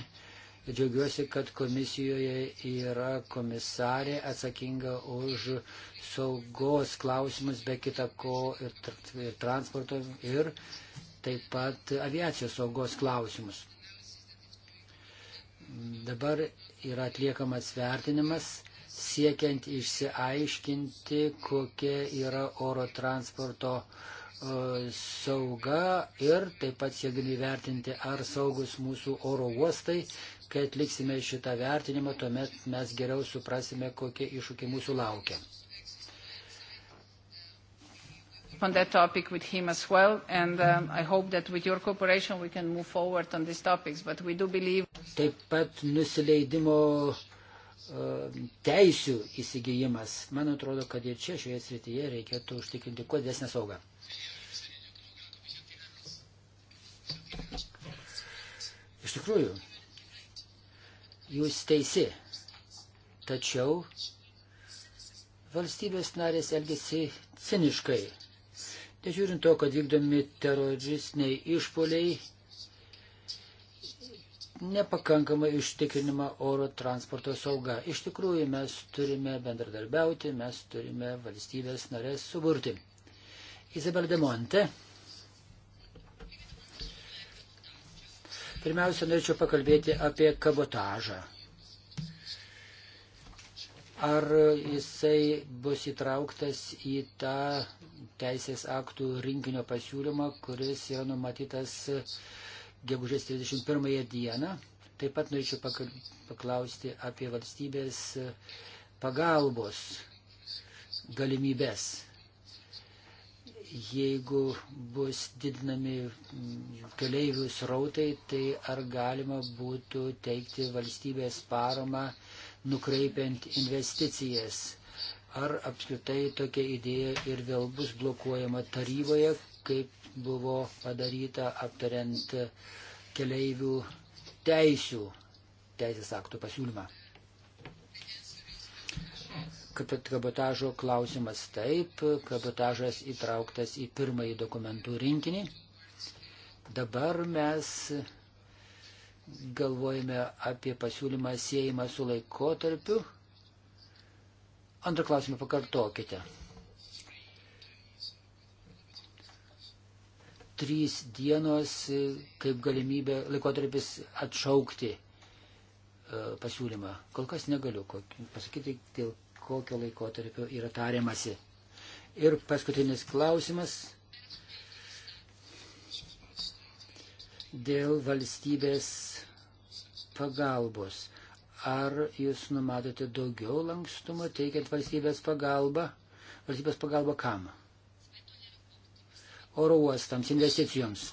Džiaugiuosi, kad komisijoje yra komisarė atsakinga už saugos klausimus, be kita ko ir, ir transporto, ir taip pat aviacijos saugos klausimus. Dabar yra atliekamas vertinimas siekiant išsiaiškinti, kokia yra oro transporto e, sauga ir taip pat siekdami vertinti, ar saugus mūsų oro uostai. Kai atliksime šitą vertinimą, tuomet mes geriau suprasime, kokie iššūkiai mūsų laukia on that topic with him as well, and um, I hope that with your cooperation we can move forward on these topics, but we do believe... Taip pat nusileidimo uh, teisių įsigijimas. Man atrodo, kad ir čia šioje srityje reikėtų užtikrinti kuo didesnę saugą. Iš tikrųjų, jūs teisi, tačiau valstybės narės elgesi ciniškai. Nežiūrint to, kad vykdomi teroristiniai išpoliai, nepakankamai ištikrinama oro transporto sauga. Iš tikrųjų, mes turime bendradarbiauti, mes turime valstybės narės suburti. Izabel de Monte. Pirmiausia, norėčiau pakalbėti apie kabotažą. Ar jisai bus įtrauktas į tą teisės aktų rinkinio pasiūlymą, kuris yra numatytas gegužės 31 dieną? Taip pat norėčiau paklausti apie valstybės pagalbos galimybės jeigu bus didinami keleivių srautai, tai ar galima būtų teikti valstybės paramą nukreipiant investicijas. Ar apskritai tokia idėja ir vėl bus blokuojama taryboje, kaip buvo padaryta aptariant keleivių teisių teisės aktų pasiūlymą kabotažo klausimas taip, kabotažas įtrauktas į pirmąjį dokumentų rinkinį. Dabar mes galvojame apie pasiūlymą siejimą su laikotarpiu. Antrą klausimą pakartokite. Trys dienos e, kaip galimybė laikotarpis atšaukti e, pasiūlymą. Kol kas negaliu pasakyti, dėl kokio laikotarpio yra tariamasi. Ir paskutinis klausimas dėl valstybės pagalbos. Ar jūs numatote daugiau lankstumo teikiant valstybės pagalbą? Valstybės pagalba kam? Oro uostams, investicijoms.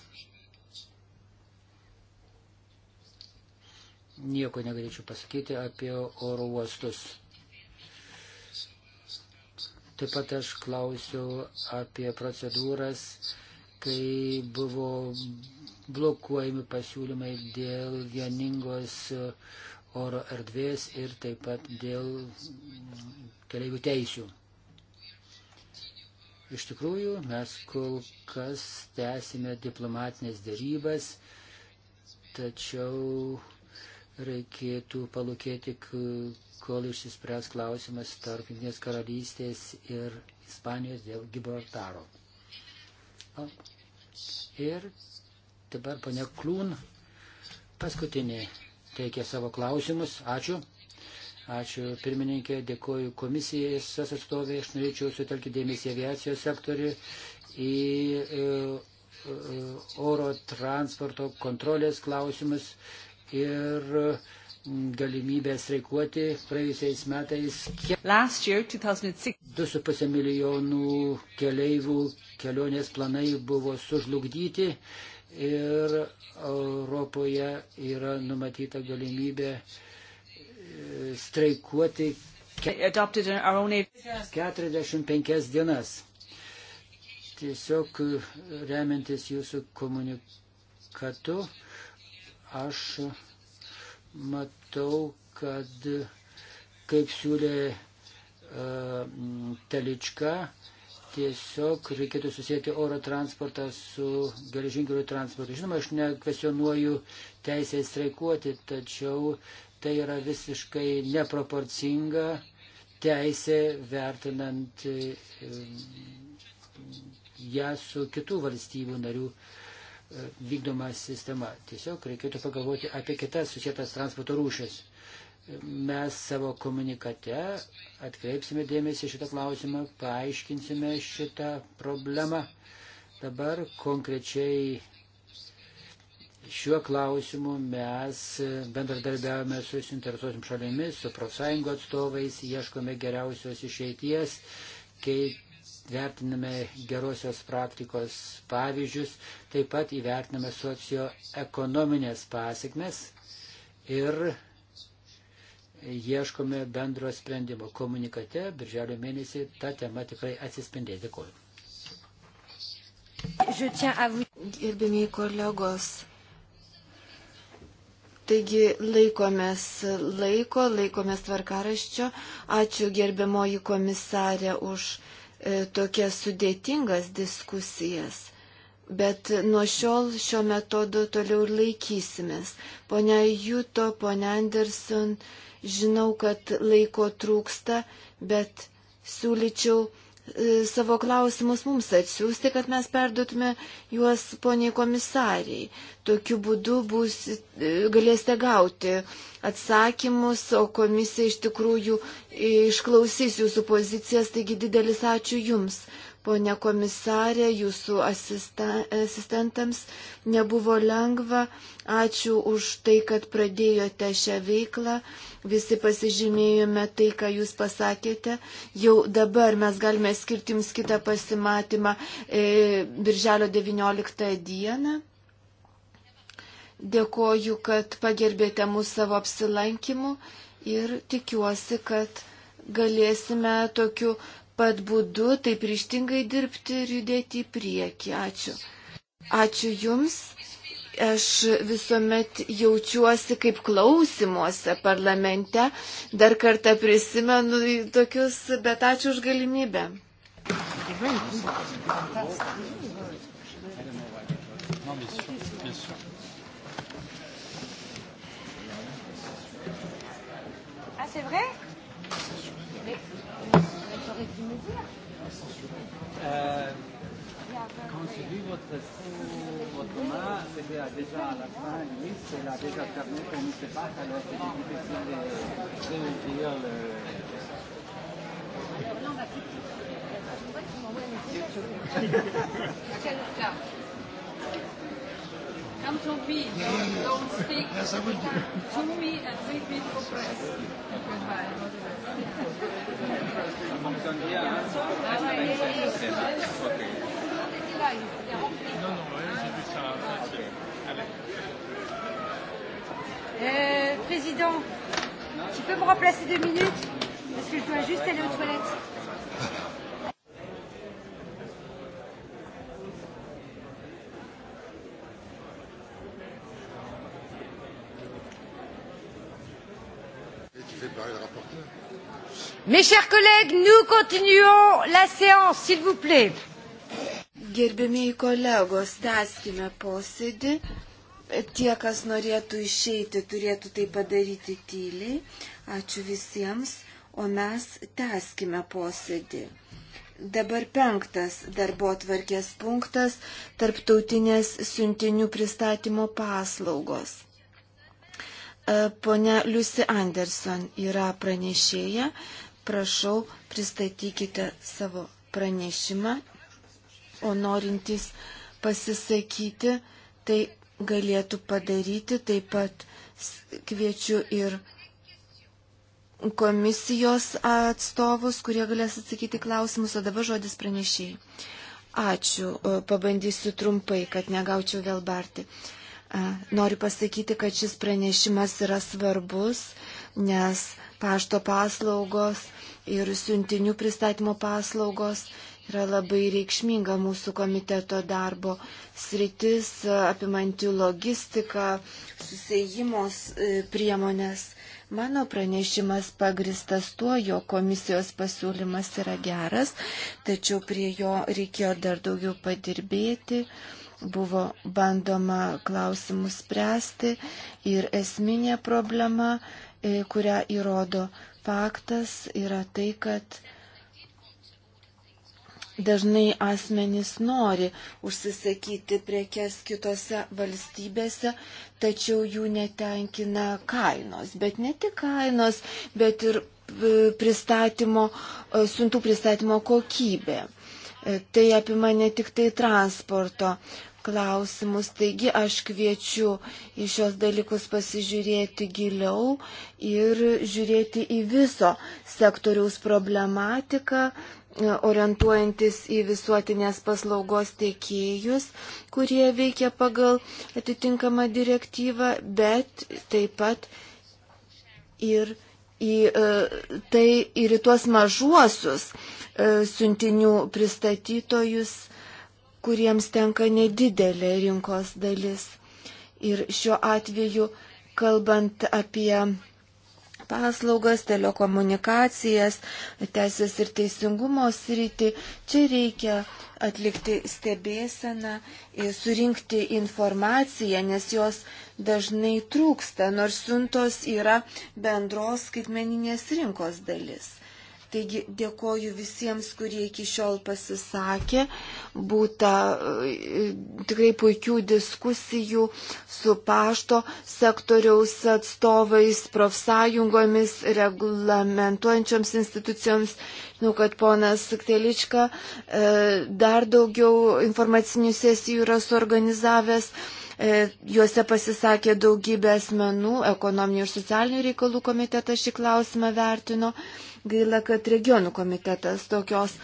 Nieko negalėčiau pasakyti apie oro uostus. Taip pat aš klausiau apie procedūras kai buvo blokuojami pasiūlymai dėl vieningos oro erdvės ir taip pat dėl keliaivių teisių. Iš tikrųjų, mes kol kas tęsime diplomatinės dėrybas, tačiau reikėtų palūkėti, kol išsispręs klausimas tarp Junktinės karalystės ir Ispanijos dėl Gibraltaro. Ir dabar ponia Klūn paskutinė teikė savo klausimus. Ačiū. Ačiū pirmininkė, dėkoju komisijai, sas atstovė, aš norėčiau sutelkti dėmesį aviacijos sektoriui į e, e, e, oro transporto kontrolės klausimus ir galimybę streikuoti praėjusiais metais. Last year, 2006. 2,5 milijonų keleivių kelionės planai buvo sužlugdyti ir Europoje yra numatyta galimybė e, streikuoti 45 dienas. Tiesiog e, remiantis jūsų komunikatu, aš matau, kad kaip siūlė uh, Telička, tiesiog reikėtų susijęti oro transportą su geležinkeliu transportu. Žinoma, aš nekvesionuoju teisę streikuoti, tačiau tai yra visiškai neproporcinga teisė vertinant e, ją su kitų valstybių narių uh, E, vykdoma sistema. Tiesiog reikėtų pagalvoti apie kitas susietas transporto rūšis. E, mes savo komunikate atkreipsime dėmesį šitą klausimą, paaiškinsime šitą problemą. Dabar konkrečiai šiuo klausimu mes bendradarbiavome su suinteresuotim šalimis, su profsąjungo atstovais, ieškome geriausios išeities, keit, vertiname gerosios praktikos pavyzdžius, taip pat įvertiname socioekonominės pasiekmes ir ieškome bendro sprendimo. Komunikate birželio mėnesį ta tema tikrai atsispindės. Dėkuoju. Gerbimiai kolegos, Taigi laikomės laiko, laikomės tvarkaraščio. Ačiū gerbiamoji komisarė už E, tokias sudėtingas diskusijas. Bet nuo šiol šio metodo toliau ir laikysimės. Pone Juto, pone Anderson, žinau, kad laiko trūksta, bet siūlyčiau E, savo klausimus mums atsiųsti, kad mes perduotume juos poniai komisariai. Tokiu būdu bus, e, galėsite gauti atsakymus, o komisija iš tikrųjų išklausys jūsų pozicijas, taigi didelis ačiū Jums ponė komisarė, jūsų asista, asistentams nebuvo lengva. Ačiū už tai, kad pradėjote šią veiklą. Visi pasižymėjome tai, ką jūs pasakėte. Jau dabar mes galime skirti jums kitą pasimatymą e, birželio 19 dieną. Dėkoju, kad pagerbėte mūsų savo apsilankimu ir tikiuosi, kad galėsime tokiu pat būdu taip ryštingai dirbti ir judėti į priekį. Ačiū. Ačiū Jums. Aš visuomet jaučiuosi kaip klausimuose parlamente. Dar kartą prisimenu tokius, bet ačiū už galimybę. Ah, c'est vrai? Mais et de me dire. Euh, quand j'ai vu votre, votre main, c'était déjà à la fin, Nice, elle a déjà permis qu'on nous sépare, alors c'est difficile de, de dire le. Alors là, on va quitter. En fait, tu m'envoies un message. Quelle heure come to me. Don't, don't speak. Yes, I will. Come to me and read me for press. Goodbye. Euh, président, tu peux me remplacer deux minutes Parce que je dois juste aller aux toilettes. Et tu fais parler le rapporteur Mes chers collègues, nous continuons la séance, s'il vous plaît. Gerbėmiai kolegos, tęskime posėdį. Tie, kas norėtų išeiti, turėtų tai padaryti tyliai. Ačiū visiems, o mes tęskime posėdį. Dabar penktas darbo atvarkės punktas - tarptautinės siuntinių pristatymo paslaugos. E, Pone Liusi Anderson yra pranešėja, Prašau, pristatykite savo pranešimą, o norintys pasisakyti, tai galėtų padaryti. Taip pat kviečiu ir komisijos atstovus, kurie galės atsakyti klausimus, o dabar žodis pranešėjai. Ačiū, pabandysiu trumpai, kad negaučiau vėl barti. Noriu pasakyti, kad šis pranešimas yra svarbus, nes pašto paslaugos ir siuntinių pristatymo paslaugos yra labai reikšminga mūsų komiteto darbo sritis, apimanti logistiką, susijimos e, priemonės. Mano pranešimas pagristas tuo, jo komisijos pasiūlymas yra geras, tačiau prie jo reikėjo dar daugiau padirbėti buvo bandoma klausimus spręsti ir esminė problema, e, kurią įrodo paktas yra tai, kad dažnai asmenys nori užsisakyti prekes kitose valstybėse, tačiau jų netenkina kainos. Bet ne tik kainos, bet ir e, pristatymo, e, siuntų pristatymo kokybė. E, tai apima ne tik tai transporto klausimus. Taigi aš kviečiu į šios dalykus pasižiūrėti giliau ir žiūrėti į viso sektoriaus problematiką, orientuojantis į visuotinės paslaugos tiekėjus, kurie veikia pagal atitinkamą direktyvą, bet taip pat ir į, e, tai, ir į tuos mažuosius e, siuntinių pristatytojus kuriems tenka nedidelė rinkos dalis. Ir šiuo atveju, kalbant apie paslaugas, telekomunikacijas, teisės ir teisingumo sritį, čia reikia atlikti stebėseną, surinkti informaciją, nes jos dažnai trūksta, nors siuntos yra bendros skaitmeninės rinkos dalis. Taigi dėkoju visiems, kurie iki šiol pasisakė. Būta e, tikrai puikių diskusijų su pašto sektoriaus atstovais, profsąjungomis, reglamentuojančioms institucijoms. Žinau, kad ponas Telička e, dar daugiau informacinių sesijų yra suorganizavęs e, juose pasisakė daugybė asmenų, ekonominių ir socialinių reikalų komitetas šį klausimą vertino. Gaila, kad regionų komitetas tokios,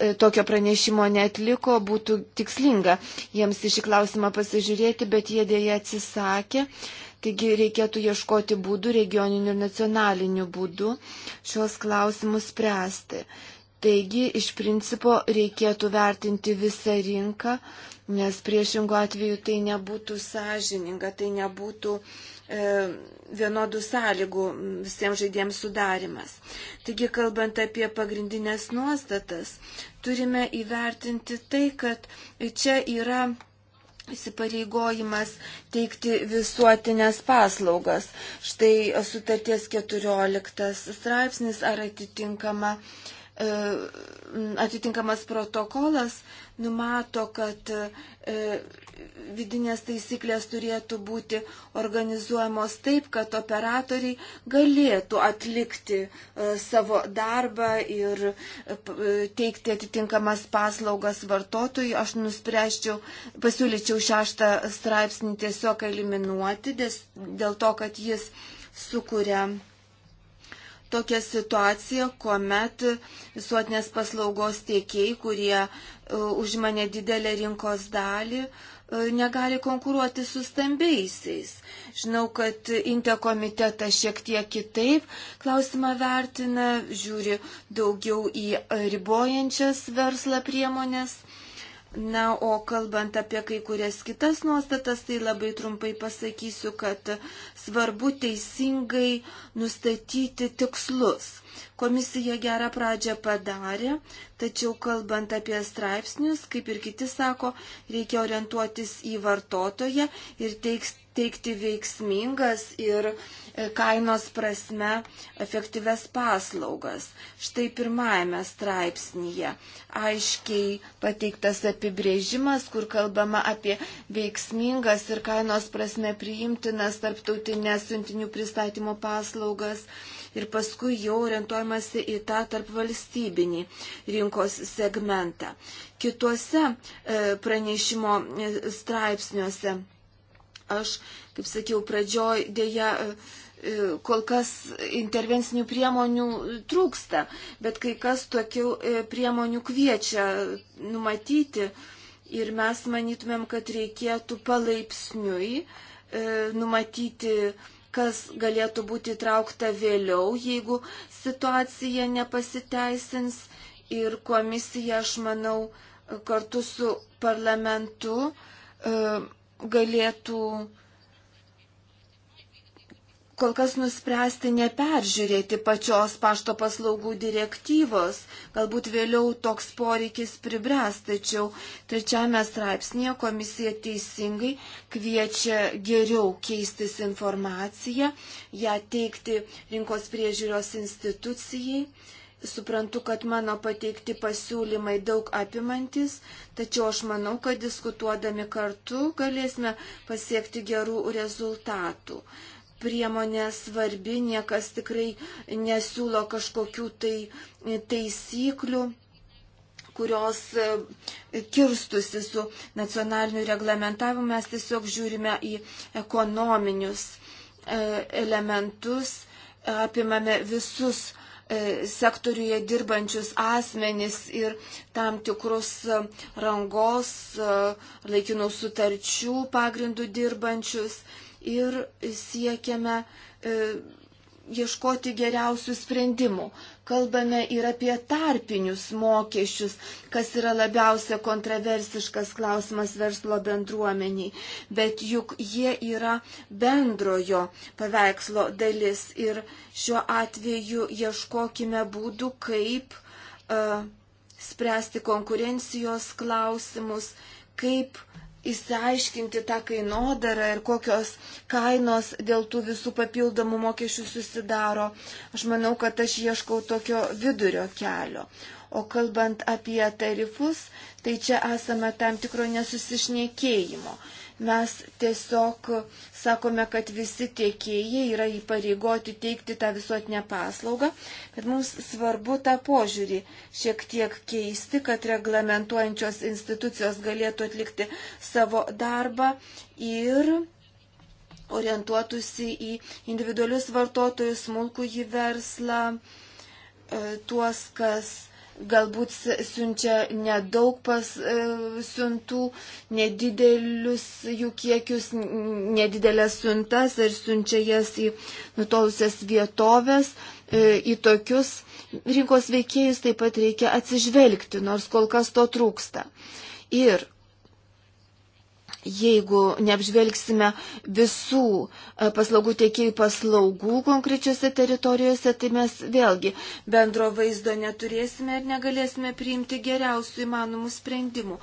e, tokio pranešimo netliko, būtų tikslinga jiems į šį klausimą pasižiūrėti, bet jie dėja atsisakė. Taigi reikėtų ieškoti būdų, regioninių ir nacionalinių būdų, šios klausimus spręsti. Taigi, iš principo, reikėtų vertinti visą rinką, nes priešingų atveju tai nebūtų sąžininga, tai nebūtų uh, E, vienodų sąlygų visiems žaidėjams sudarimas. Taigi, kalbant apie pagrindinės nuostatas, turime įvertinti tai, kad čia yra įsipareigojimas teikti visuotinės paslaugas. Štai sutarties 14 straipsnis ar atitinkama uh, E, atitinkamas protokolas numato, kad e, vidinės taisyklės turėtų būti organizuojamos taip, kad operatoriai galėtų atlikti e, savo darbą ir teikti atitinkamas paslaugas vartotojui. Aš nuspręščiau, pasiūlyčiau šeštą straipsnį tiesiog eliminuoti dėl to, kad jis sukuria tokia situacija, kuomet visuotinės paslaugos tiekiai, kurie uh, užima nedidelę rinkos dalį, uh, negali konkuruoti su stambiaisiais. Žinau, kad Inte komitetas šiek tiek kitaip klausimą vertina, žiūri daugiau į ribojančias verslą priemonės. Uh, Na, o kalbant apie kai kurias kitas nuostatas, tai labai trumpai pasakysiu, kad svarbu teisingai nustatyti tikslus. Komisija gerą pradžią padarė, tačiau kalbant apie straipsnius, kaip ir kiti sako, reikia orientuotis į vartotoją ir teiks, teikti veiksmingas ir e, kainos prasme efektyves paslaugas. Štai pirmajame straipsnyje aiškiai pateiktas apibrėžimas, kur kalbama apie veiksmingas ir kainos prasme priimtinas tarptautinės siuntinių pristatymo paslaugas. Ir paskui jau orientuojamasi į tą tarp valstybinį rinkos segmentą. Kituose e, pranešimo e, straipsniuose Aš, kaip sakiau, pradžioj dėja e, e, kol kas intervencinių priemonių trūksta, bet kai kas tokių e, priemonių kviečia numatyti ir mes manytumėm, kad reikėtų palaipsniui numatyti kas galėtų būti įtraukta vėliau, jeigu situacija nepasiteisins. Ir komisija, aš manau, kartu su parlamentu galėtų kol kas nuspręsti neperžiūrėti pačios pašto paslaugų direktyvos. Galbūt vėliau toks poreikis pribręs, tačiau trečiame straipsnėje komisija teisingai kviečia geriau keistis informaciją, ją teikti rinkos priežiūros institucijai Suprantu, kad mano pateikti pasiūlymai daug apimantis, tačiau aš manau, kad diskutuodami kartu galėsime pasiekti gerų rezultatų. Priemonė svarbi, niekas tikrai nesiūlo kažkokių tai taisyklių kurios e, kirstusi su nacionaliniu reglamentavimu, mes tiesiog žiūrime į ekonominius e, elementus, apimame visus E, sektoriuje dirbančius asmenis ir tam tikrus e, rangos e, laikinų sutarčių pagrindų dirbančius ir siekiame ieškoti geriausių sprendimų kalbame ir apie tarpinius mokesčius, kas yra labiausia kontroversiškas klausimas verslo bendruomeniai, bet juk jie yra bendrojo paveikslo dalis ir šiuo atveju ieškokime būdų, kaip uh, spręsti konkurencijos klausimus, kaip uh, įsiaiškinti tą kainodarą ir kokios kainos dėl tų visų papildomų mokesčių susidaro. Aš manau, kad aš ieškau tokio vidurio kelio. O kalbant apie tarifus, tai čia esame tam tikro nesusišnekėjimo. Mes tiesiog sakome, kad visi tiekėjai yra įpareigoti teikti tą visuotinę paslaugą, bet mums svarbu tą požiūrį šiek tiek keisti, kad reglamentuojančios institucijos galėtų atlikti savo darbą ir orientuotųsi į individualius vartotojus, smulkų į verslą, e, tuos, kas galbūt siunčia nedaug pas e, siuntų, nedidelius jų kiekius, nedidelės siuntas ir siunčia jas į nutolusias vietovės, e, į tokius rinkos veikėjus taip pat reikia atsižvelgti, nors kol kas to trūksta. Ir jeigu neapžvelgsime visų e, paslaugų teikėjų paslaugų konkrečiose teritorijose, tai mes vėlgi bendro vaizdo neturėsime ir negalėsime priimti geriausių įmanomų sprendimų.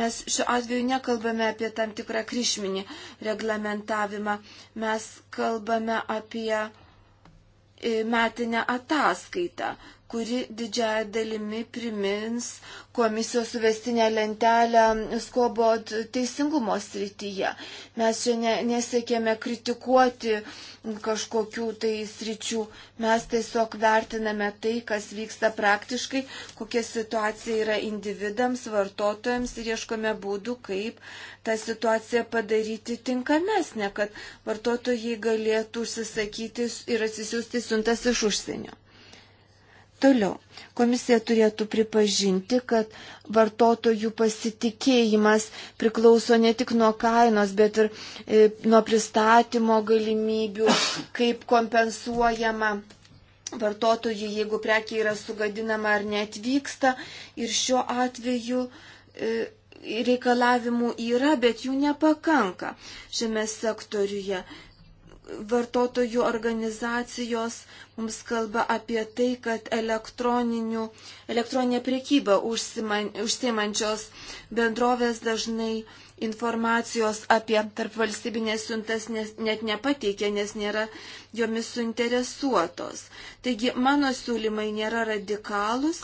Mes šiuo atveju nekalbame apie tam tikrą kryšminį reglamentavimą, mes kalbame apie e, metinę ataskaitą, kuri didžiaja dalimi primins komisijos suvestinę lentelę skobo teisingumo srityje. Mes čia ne, nesiekėme kritikuoti kažkokių tai sričių, mes tiesiog vertiname tai, kas vyksta praktiškai, kokia situacija yra individams, vartotojams ir ieškome būdų, kaip tą situaciją padaryti tinkamesnę, kad vartotojai galėtų užsisakyti ir atsisiųsti siuntas iš užsienio. Toliau, komisija turėtų pripažinti, kad vartotojų pasitikėjimas priklauso ne tik nuo kainos, bet ir e, nuo pristatymo galimybių, kaip kompensuojama vartotojų, jeigu prekia yra sugadinama ar neatvyksta. Ir šiuo atveju e, reikalavimų yra, bet jų nepakanka šiame sektoriuje vartotojų organizacijos mums kalba apie tai, kad elektroninė priekyba užsimančios bendrovės dažnai informacijos apie tarpvalstybinės siuntas net nepateikia, nes nėra jomis suinteresuotos. Taigi mano siūlymai nėra radikalūs,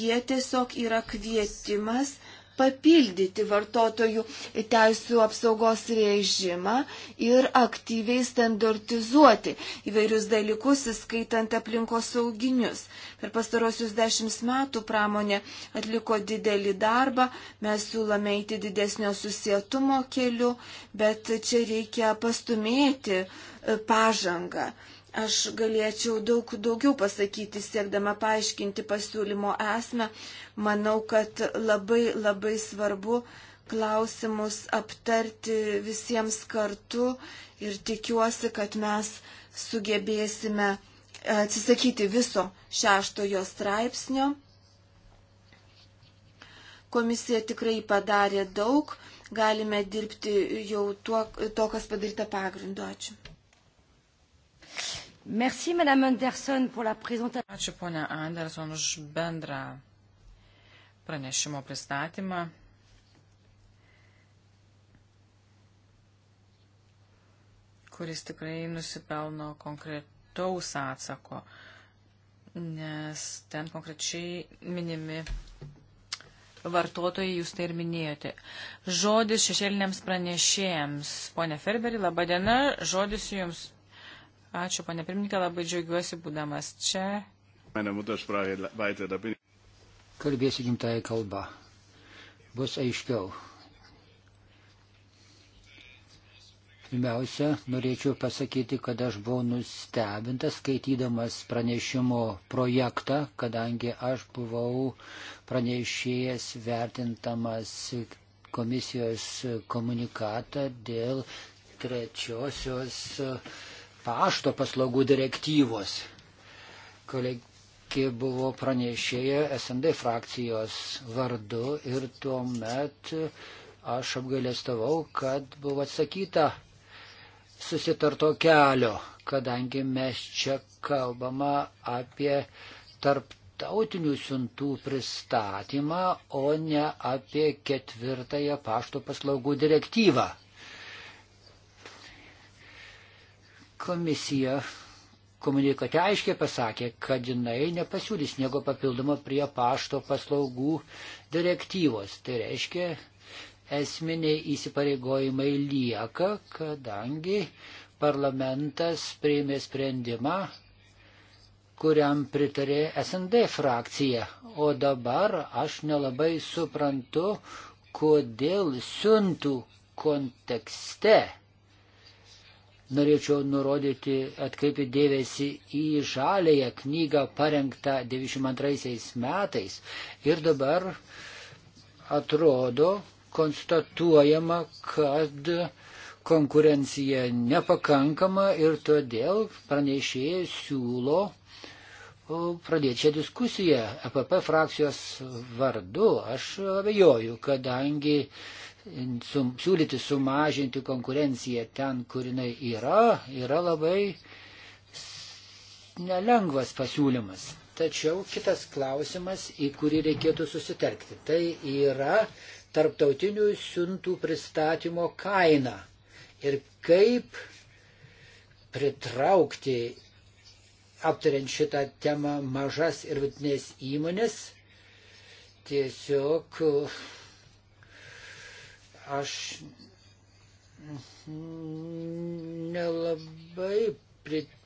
jie tiesiog yra kvietimas papildyti vartotojų teisų apsaugos režimą ir aktyviai standartizuoti įvairius dalykus, įskaitant aplinkos sauginius. Per pastarosius dešimt metų pramonė atliko didelį darbą, mes siūlome eiti didesnio susietumo keliu, bet čia reikia pastumėti e, pažangą. Aš galėčiau daug daugiau pasakyti, siekdama paaiškinti pasiūlymo esmę. Manau, kad labai labai svarbu klausimus aptarti visiems kartu ir tikiuosi, kad mes sugebėsime atsisakyti viso šeštojo straipsnio. Komisija tikrai padarė daug, galime dirbti jau tuo, to, kas padaryta pagrindu. Ačiū. Merci, Madame Anderson, pour la prezentaciją. Ačiū, ponia Anderson, už bendrą pranešimo pristatymą. kuris tikrai nusipelno konkretaus atsako, nes ten konkrečiai minimi vartotojai, jūs tai ir minėjote. Žodis šešėliniams pranešėjams. Pone Ferberi, laba diena, žodis jums. Ačiū, pane pirmininkė, labai džiaugiuosi būdamas čia. Kalbėsiu gimtąją kalbą. Bus aiškiau. Pirmiausia, norėčiau pasakyti, kad aš buvau nustebintas skaitydamas pranešimo projektą, kadangi aš buvau pranešėjęs vertintamas komisijos komunikatą dėl trečiosios uh, pašto paslaugų direktyvos. Kolegė buvo pranešėja SND frakcijos vardu ir tuo met aš apgailestavau, kad buvo atsakyta susitarto kelio, kadangi mes čia kalbama apie tarptautinių siuntų pristatymą, o ne apie ketvirtąją pašto paslaugų direktyvą. Komisija komunikate aiškiai pasakė, kad jinai nepasiūlys nieko papildomo prie pašto paslaugų direktyvos. Tai reiškia, esminiai įsipareigojimai lieka, kadangi parlamentas priėmė sprendimą, kuriam pritarė SND frakcija. O dabar aš nelabai suprantu, kodėl siuntų kontekste norėčiau nurodyti, atkreipti dėmesį į žalėją knygą parengtą 92 metais. Ir dabar atrodo, konstatuojama, kad konkurencija nepakankama ir todėl pranešėjai siūlo pradėti šią diskusiją EPP frakcijos vardu. Aš abejoju, kadangi sum, siūlyti sumažinti konkurenciją ten, kur jinai yra, yra labai nelengvas pasiūlymas. Tačiau kitas klausimas, į kurį reikėtų susitelkti, tai yra tarptautinių siuntų pristatymo kaina ir kaip pritraukti, aptariant šitą temą, mažas ir vidinės įmonės tiesiog Aš nelabai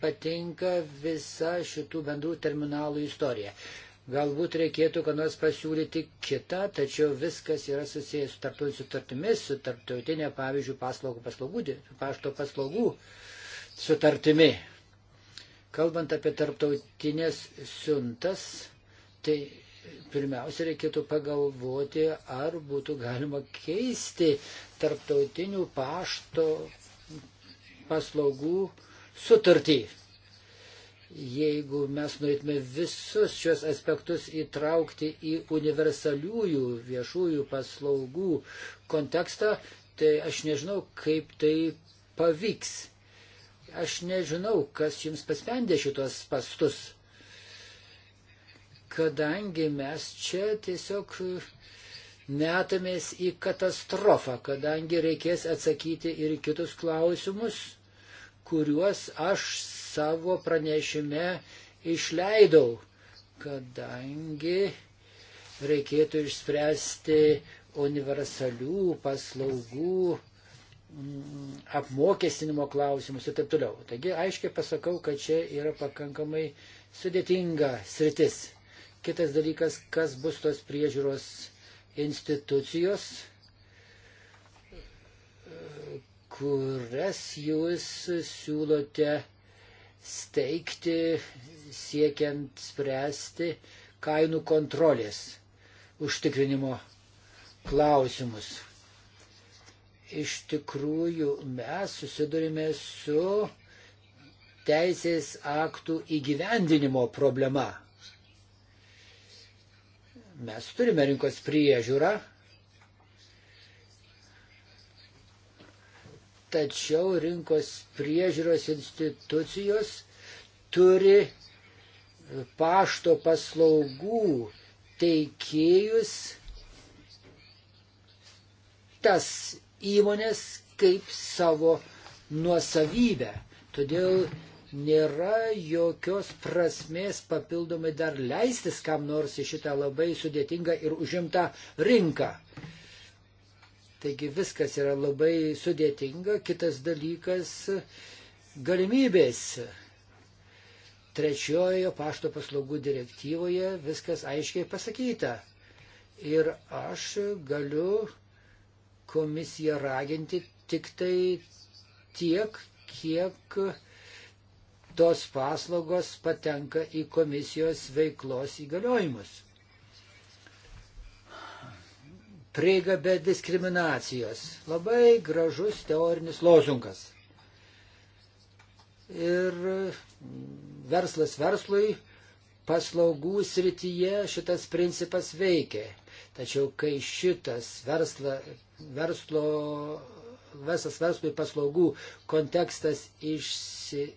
patinka visa šitų bendrų terminalų istorija. Galbūt reikėtų, kad nors pasiūlyti kitą, tačiau viskas yra susijęs su tarptautinėmis sutartimis, su tarptautinė, pavyzdžiui, paslaugų paslaugų, pašto paslaugų sutartimi. Kalbant apie tarptautinės siuntas, tai pirmiausia reikėtų pagalvoti, ar būtų galima keisti tarptautinių pašto paslaugų sutartį. Jeigu mes norėtume visus šios aspektus įtraukti į universaliųjų viešųjų paslaugų kontekstą, tai aš nežinau, kaip tai pavyks. Aš nežinau, kas jums paspendė šitos pastus kadangi mes čia tiesiog metamės į katastrofą, kadangi reikės atsakyti ir kitus klausimus, kuriuos aš savo pranešime išleidau, kadangi reikėtų išspręsti universalių paslaugų mm, apmokestinimo klausimus ir taip toliau. Taigi aiškiai pasakau, kad čia yra pakankamai sudėtinga sritis. Kitas dalykas, kas bus tos priežiūros institucijos, kurias jūs siūlote steigti siekiant spręsti kainų kontrolės užtikrinimo klausimus. Iš tikrųjų, mes susidurime su teisės aktų įgyvendinimo problema. Mes turime rinkos priežiūrą, tačiau rinkos priežiūros institucijos turi pašto paslaugų teikėjus tas įmonės kaip savo nuosavybę. Todėl nėra jokios prasmės papildomai dar leistis kam nors į šitą labai sudėtingą ir užimtą rinką. Taigi viskas yra labai sudėtinga, kitas dalykas - galimybės. Trečiojo pašto paslaugų direktyvoje viskas aiškiai pasakyta. Ir aš galiu komisiją raginti tik tai tiek, kiek uh, tos paslaugos patenka į komisijos veiklos įgaliojimus. Prieiga be diskriminacijos. Labai gražus teorinis lozungas. Ir verslas verslui paslaugų srityje šitas principas veikia. Tačiau kai šitas versla, verslo, verslas verslui paslaugų kontekstas išsi,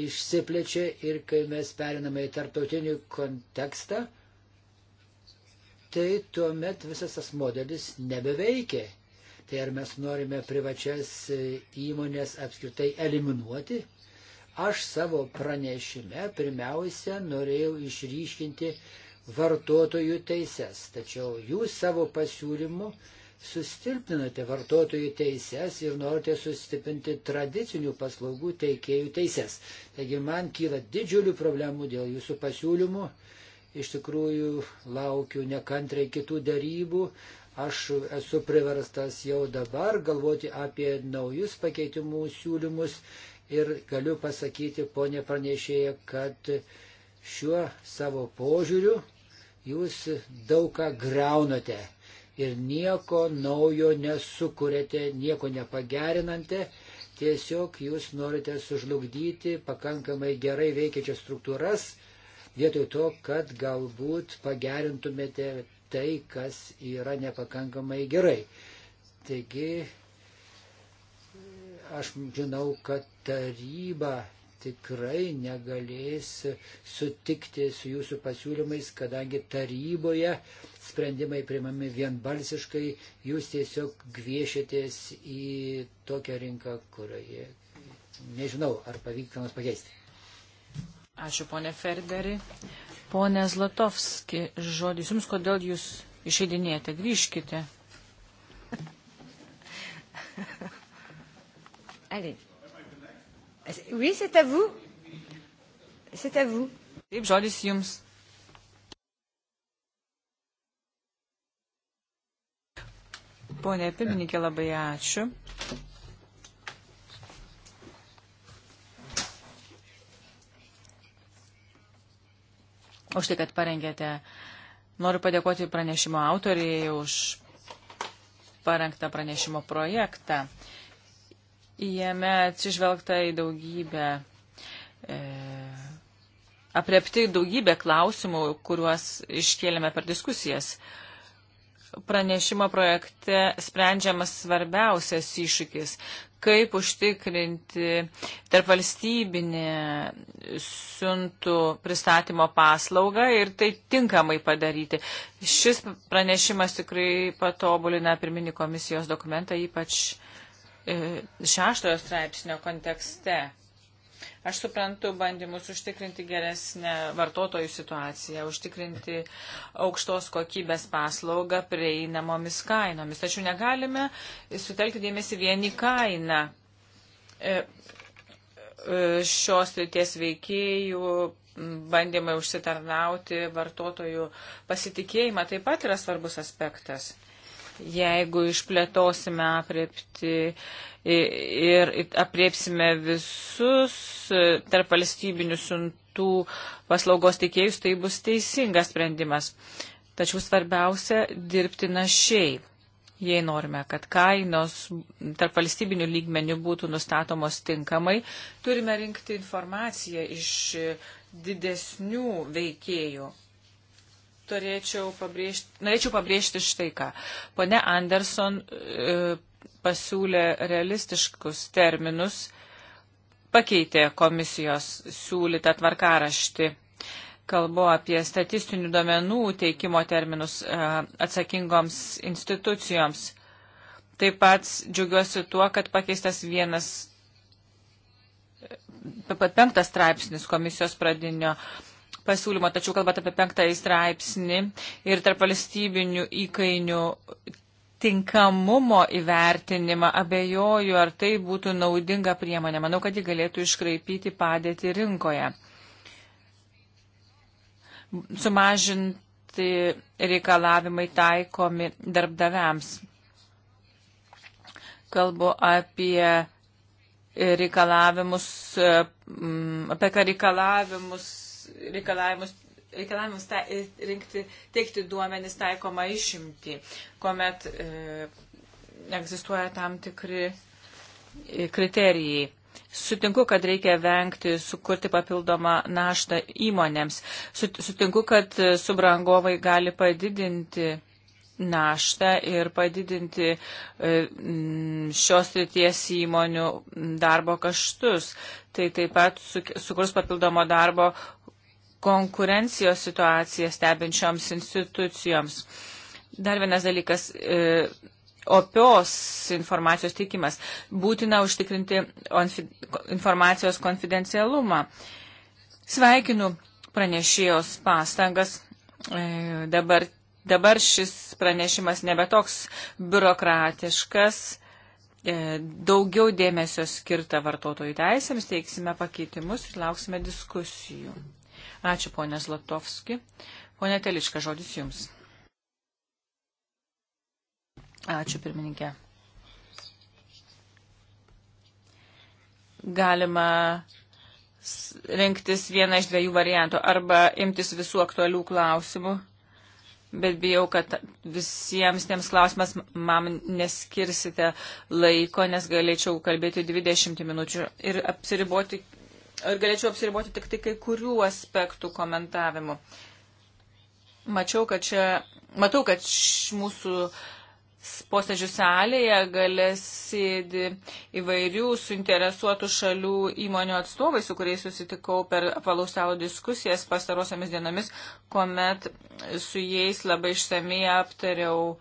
išsiplečia ir kai mes periname į tarptautinį kontekstą, tai tuomet visas tas modelis nebeveikia. Tai ar mes norime privačias įmonės apskritai eliminuoti? Aš savo pranešime pirmiausia norėjau išryškinti vartotojų teises, tačiau jūs savo pasiūlymu uh, sustilpinate vartotojų teises ir norite sustiprinti tradicinių paslaugų teikėjų teises. Taigi man kyla didžiulių problemų dėl jūsų pasiūlymų. Iš tikrųjų laukiu nekantrai kitų darybų. Aš esu priverstas jau dabar galvoti apie naujus pakeitimų siūlymus ir galiu pasakyti, ponė pranešėja, kad šiuo savo požiūriu jūs daug ką greunate ir nieko naujo nesukūrėte, nieko nepagerinate, tiesiog jūs norite sužlugdyti pakankamai gerai veikiančias struktūras, vietoj to, kad galbūt pagerintumėte tai, kas yra nepakankamai gerai. Taigi, aš žinau, kad taryba tikrai negalės sutikti su jūsų pasiūlymais, kadangi taryboje sprendimai primami vienbalsiškai, jūs tiesiog gviešitės į tokią rinką, kurioje nežinau, ar pavyktų nors pakeisti. Ačiū, ponė Ferderi. Pone Zlatovski, žodis jums, kodėl jūs išeidinėjate, grįžkite. Allez. Oui, c'est à vous. C'est à vous. Taip, žodis jums. Pone pirmininkė, labai ačiū. Už tai, kad parengėte. Noriu padėkoti pranešimo autorijai už parengtą pranešimo projektą. Jame atsižvelgta į daugybę, e, aprepti daugybę klausimų, kuriuos iškėlėme per diskusijas. E, pranešimo projekte sprendžiamas svarbiausias iššūkis, kaip užtikrinti tarp valstybinį siuntų pristatymo paslaugą ir tai tinkamai padaryti. Šis pranešimas tikrai patobulina pirminį komisijos dokumentą, ypač e, šeštojo straipsnio kontekste. Aš suprantu bandymus užtikrinti geresnę vartotojų situaciją, užtikrinti aukštos kokybės paslaugą prieinamomis kainomis. Tačiau negalime sutelkti dėmesį vieni kainą e, e, šios ryties veikėjų bandymai užsitarnauti vartotojų pasitikėjimą taip pat yra svarbus aspektas jeigu išplėtosime apriepti ir apriepsime visus tarp valstybinių suntų paslaugos teikėjus, tai bus teisingas sprendimas. Tačiau svarbiausia dirbti našiai. Jei norime, kad kainos tarp valstybinių lygmenių būtų nustatomos tinkamai, turime rinkti informaciją iš didesnių veikėjų turėčiau pabrėžti, norėčiau pabrėžti štai ką. Pone Anderson e, pasiūlė realistiškus terminus, pakeitė komisijos siūlytą tvarkaraštį. Kalbu apie statistinių duomenų teikimo terminus e, atsakingoms institucijoms. Taip pat džiugiuosi tuo, kad pakeistas vienas, e, pat penktas straipsnis komisijos pradinio pasiūlymo, tačiau kalbant apie penktąjį straipsnį ir tarp valstybinių įkainių tinkamumo įvertinimą, abejoju, ar tai būtų naudinga priemonė. Manau, kad ji galėtų iškraipyti padėtį rinkoje. Sumažinti reikalavimai taikomi darbdaviams. Kalbu apie reikalavimus, mm, apie reikalavimus reikalavimus, reikalavimus ta, rinkti, teikti duomenis taikoma išimti, kuomet e, egzistuoja tam tikri e, kriterijai. Sutinku, kad reikia vengti sukurti papildomą naštą įmonėms. Sutinku, kad subrangovai gali padidinti naštą ir padidinti e, šios ryties įmonių darbo kaštus. Tai taip pat sukurs papildomo darbo, konkurencijos situaciją stebinčioms institucijoms. Dar vienas dalykas e, - opios informacijos teikimas. Būtina užtikrinti informacijos konfidencialumą. Sveikinu pranešėjos pastangas. E, dabar, dabar šis pranešimas nebetoks biurokratiškas. E, daugiau dėmesio skirta vartotojų teisėms, teiksime pakeitimus ir lauksime diskusijų. Ačiū, ponė Zlatovski. Pone Teliška, žodis jums. Ačiū, pirmininkė. Galima rinktis vieną iš dviejų variantų arba imtis visų aktualių klausimų, bet bijau, kad visiems tiems klausimas man neskirsite laiko, nes galėčiau kalbėti 20 minučių ir apsiriboti ir galėčiau apsiriboti tik tai kai kurių aspektų komentavimu. Mačiau, kad čia, matau, kad š, mūsų posėdžių salėje galės sėdi įvairių suinteresuotų šalių įmonių atstovai, su kuriais susitikau per apvalaus savo diskusijas pastarosiamis dienomis, kuomet su jais labai išsamei aptariau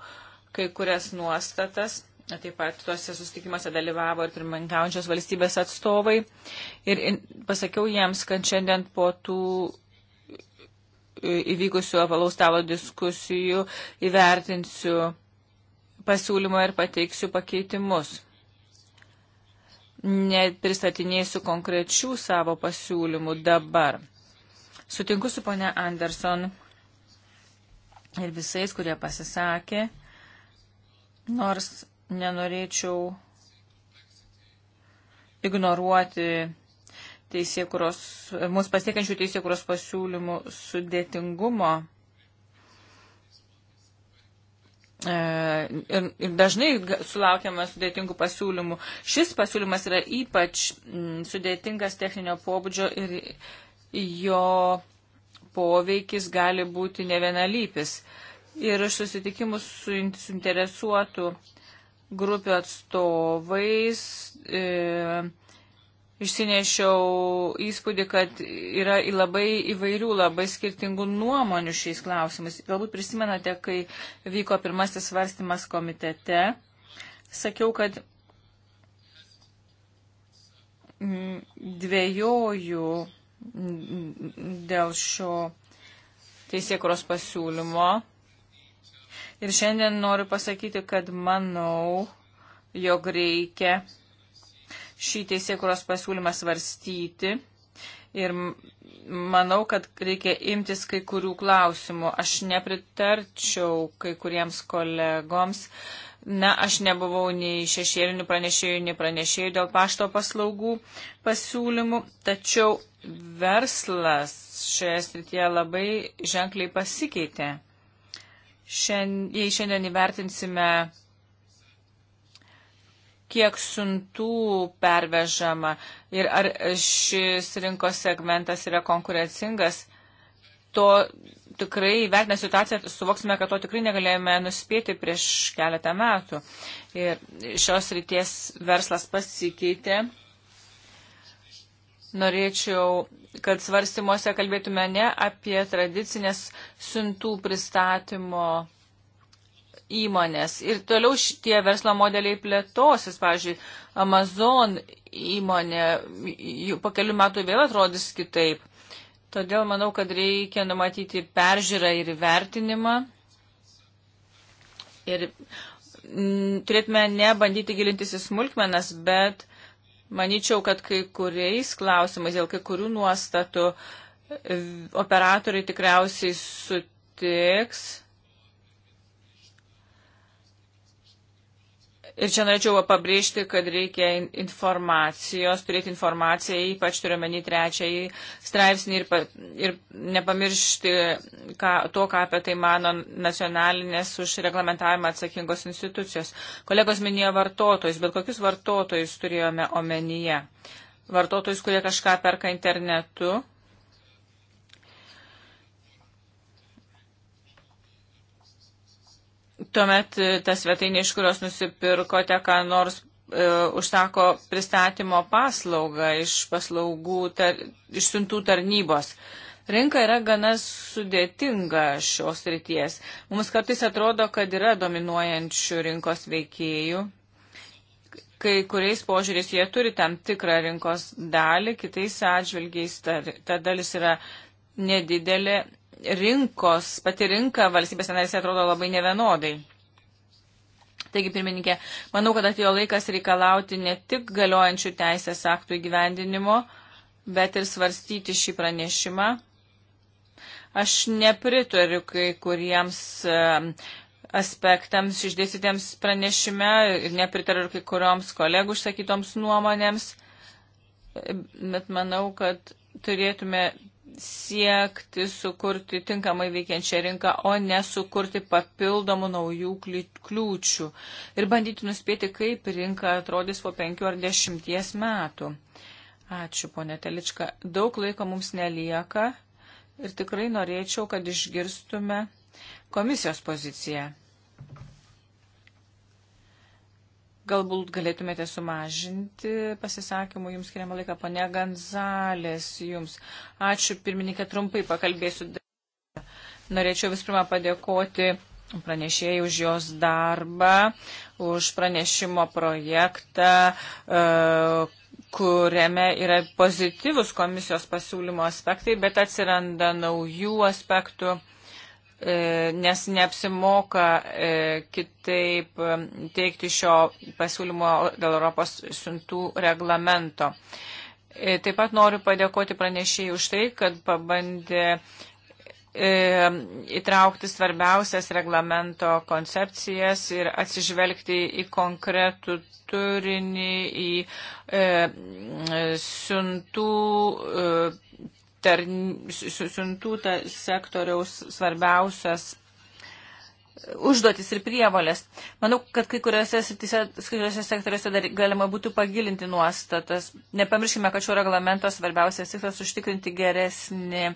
kai kurias nuostatas Taip pat tuose susitikimuose dalyvavo ir pirmininkaujančios valstybės atstovai. Ir pasakiau jiems, kad šiandien po tų įvykusių apalaus stalo diskusijų įvertinsiu pasiūlymą ir pateiksiu pakeitimus. Nepristatinėsiu konkrečių savo pasiūlymų dabar. Sutinku su ponia Anderson ir visais, kurie pasisakė, nors nenorėčiau ignoruoti teisėkuros, mūsų pasiekiančių teisėkuros pasiūlymų sudėtingumo. E, ir, ir dažnai sulaukiama sudėtingų pasiūlymų. Šis pasiūlymas yra ypač mm, sudėtingas techninio pobūdžio ir jo poveikis gali būti nevienalypis. Ir iš susitikimų su suinteresuotų grupių atstovais. E, Išsinešiau įspūdį, kad yra labai įvairių, labai skirtingų nuomonių šiais klausimais. Galbūt prisimenate, kai vyko pirmasis svarstymas komitete, sakiau, kad mm, dviejoju dėl šio teisėkuros pasiūlymo Ir šiandien noriu pasakyti, kad manau, jog reikia šį teisėkuros pasiūlymą svarstyti. Ir manau, kad reikia imtis kai kurių klausimų. Aš nepritarčiau kai kuriems kolegoms. Na, aš nebuvau nei šešėlinių pranešėjų, nei pranešėjų dėl pašto paslaugų pasiūlymų, tačiau verslas šioje srityje labai ženkliai pasikeitė šiandien, jei šiandien įvertinsime, kiek suntų pervežama ir ar šis rinkos segmentas yra konkurencingas, to tikrai vertinę situaciją suvoksime, kad to tikrai negalėjome nuspėti prieš keletą metų. Ir šios ryties verslas pasikeitė. Norėčiau kad svarstymuose kalbėtume ne apie tradicinės siuntų pristatymo įmonės. Ir toliau šitie verslo modeliai plėtosis, pavyzdžiui, Amazon įmonė po kelių metų vėl atrodys kitaip. Todėl manau, kad reikia numatyti peržiūrą ir vertinimą. Ir mm, turėtume ne bandyti gilintis į smulkmenas, bet Maničiau, kad kai kuriais klausimais, dėl kai kurių nuostatų e, operatoriai tikriausiai sutiks. Ir čia norėčiau pabrėžti, kad reikia informacijos, turėti informaciją, ypač turiuomenį trečiąjį straipsnį ir, pa, ir nepamiršti ką, to, ką apie tai mano nacionalinės už reglamentavimą atsakingos institucijos. Kolegos minėjo vartotojus, bet kokius vartotojus turėjome omenyje? Vartotojus, kurie kažką perka internetu. Tuomet e, ta svetainė, iš kurios nusipirkote, ką nors e, užsako pristatymo paslaugą iš paslaugų, tar, iš siuntų tarnybos. Rinka yra gana sudėtinga šios ryties. Mums kartais atrodo, kad yra dominuojančių rinkos veikėjų. Kai kuriais požiūrės jie turi tam tikrą rinkos dalį, kitais atžvilgiais ta, ta dalis yra nedidelė. Rinkos, pati rinka valstybės narėse atrodo labai nevienodai. Taigi, pirmininkė, manau, kad atėjo laikas reikalauti ne tik galiojančių teisės aktų įgyvendinimo, bet ir svarstyti šį pranešimą Aš nepritariu kai kuriems aspektams išdėstytiems pranešime ir nepritariu kai kurioms kolegų išsakytoms nuomonėms, bet manau, kad turėtume siekti sukurti tinkamai veikiančią rinką, o ne sukurti papildomų naujų kliūčių ir bandyti nuspėti, kaip rinka atrodys po penkių ar dešimties metų. Ačiū, ponė Telička. Daug laiko mums nelieka ir tikrai norėčiau, kad išgirstume komisijos poziciją. Galbūt galėtumėte sumažinti pasisakymų jums skiriamą laiką, pane Ganzalės, jums. Ačiū, pirmininkė, trumpai pakalbėsiu. Norėčiau vis pirma padėkoti pranešėjai už jos darbą, už pranešimo projektą, e, kuriame yra pozityvus komisijos pasiūlymo aspektai, bet atsiranda naujų aspektų, e, nes neapsimoka e, kitaip e, teikti šio pasiūlymo dėl Europos siuntų reglamento. Taip pat noriu padėkoti pranešėjai už tai, kad pabandė E, įtraukti svarbiausias reglamento koncepcijas ir atsižvelgti į konkretų turinį, į e, siuntų, e, tarn, siuntų ta, sektoriaus svarbiausias užduotis ir prievalės. Manau, kad kai kuriuose, kai kuriuose sektoriuose dar galima būtų pagilinti nuostatas. Nepamirškime, kad šio reglamento svarbiausias tikslas užtikrinti geresnį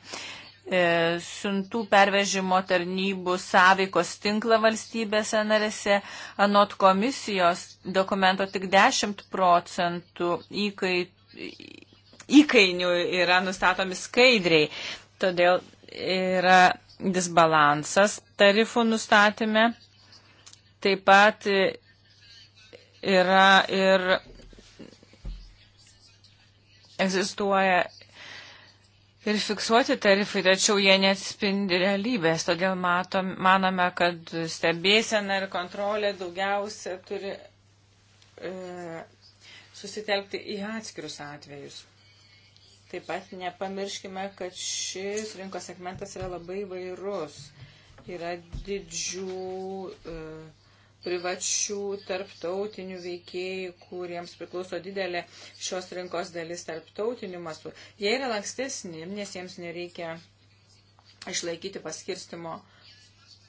E, siuntų pervežimo tarnybų sąveikos tinklą valstybėse narėse. Anot komisijos dokumento tik 10 procentų įkait, įkainių yra nustatomi skaidriai. Todėl yra disbalansas tarifų nustatyme. Taip pat yra ir egzistuoja ir fiksuoti tarifai, tačiau jie neatspindi realybės. Todėl matom, manome, kad stebėsena ir kontrolė daugiausia turi e, susitelkti į atskirius atvejus. Taip pat nepamirškime, kad šis rinkos segmentas yra labai vairus. Yra didžių. E, privačių tarptautinių veikėjų, kuriems priklauso didelė šios rinkos dalis tarptautinių mastų. Jie yra lankstesni, nes jiems nereikia išlaikyti paskirstimo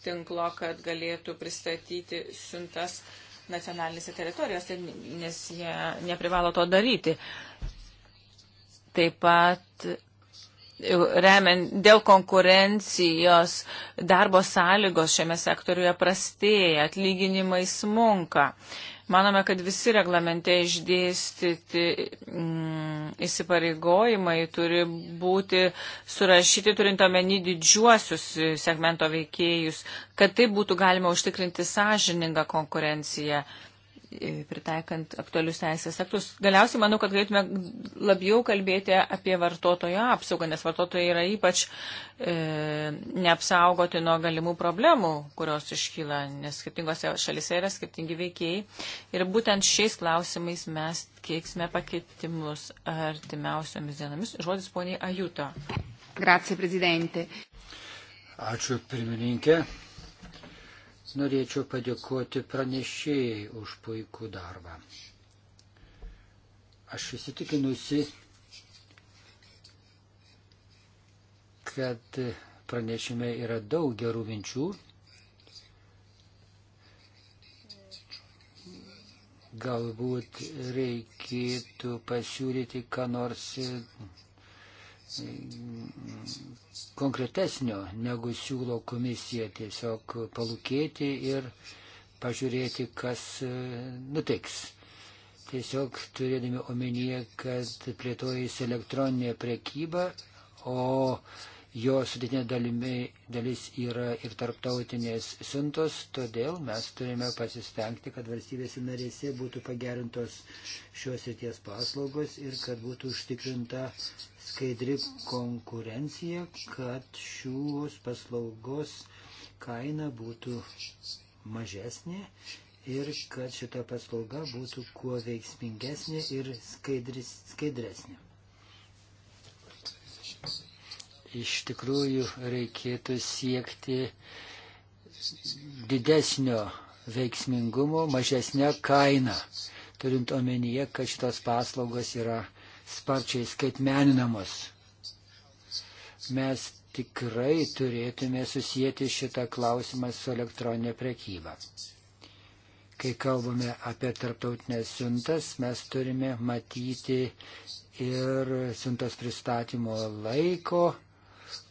tinklo, kad galėtų pristatyti siuntas nacionalinėse teritorijose, nes jie neprivalo to daryti. Taip pat remiant dėl konkurencijos darbo sąlygos šiame sektoriuje prastėja, atlyginimai smunka. Manome, kad visi reglamente išdėstyti mm, įsipareigojimai turi būti surašyti turint omeny didžiuosius segmento veikėjus, kad tai būtų galima užtikrinti sąžiningą konkurenciją. Mm, E, pritaikant aktualius teisės aktus. Galiausiai manau, kad galėtume labiau kalbėti apie vartotojo apsaugą, nes vartotojai yra ypač e, neapsaugoti nuo galimų problemų, kurios iškyla, nes skirtingose šalise yra skirtingi veikėjai. Ir būtent šiais klausimais mes keiksime pakeitimus artimiausiomis dienomis. Žodis poniai Ajuto. Grazie, prezidente. Ačiū, pirmininkė. Norėčiau padėkoti pranešėjai už puikų darbą. Aš įsitikinusi, kad pranešime yra daug gerų minčių. Galbūt reikėtų pasiūlyti, ką nors konkretesnio negu siūlo komisija tiesiog palūkėti ir pažiūrėti, kas e, nutiks. Tiesiog turėdami omenyje, kad plėtojasi elektroninė prekyba, o jo sudėtinė dalimi, dalis yra ir tarptautinės siuntos, todėl mes turime pasistengti, kad valstybėse narėse būtų pagerintos šios srities paslaugos ir kad būtų užtikrinta skaidri konkurencija, kad šios paslaugos kaina būtų mažesnė ir kad šita paslauga būtų kuo veiksmingesnė ir skaidris, skaidresnė iš tikrųjų reikėtų siekti didesnio veiksmingumo, mažesnę kainą, turint omenyje, kad šitos paslaugos yra sparčiai skaitmeninamos. Mes tikrai turėtume susijęti šitą klausimą su elektroninė prekyba. Kai kalbame apie tarptautinės siuntas, mes turime matyti ir siuntos pristatymo laiko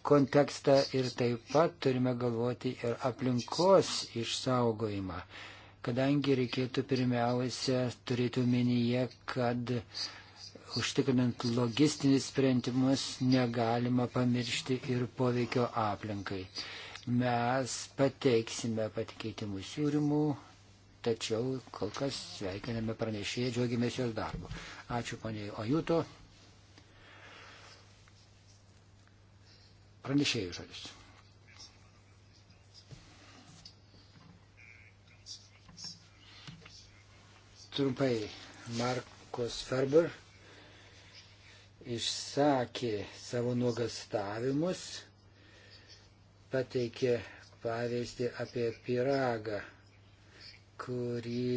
kontekstą ir taip pat turime galvoti ir aplinkos išsaugojimą, kadangi reikėtų pirmiausia turėti omenyje, kad užtikrinant logistinius sprendimus negalima pamiršti ir poveikio aplinkai. Mes pateiksime patikeitimų siūlymų, tačiau kol kas sveikiname pranešėją, džiaugiamės jos darbu. Ačiū poniai Ojuto. Pranešėjų žodis. Trumpai Markus Ferber išsakė savo nuogastavimus, pateikė pavyzdį apie piragą, kurį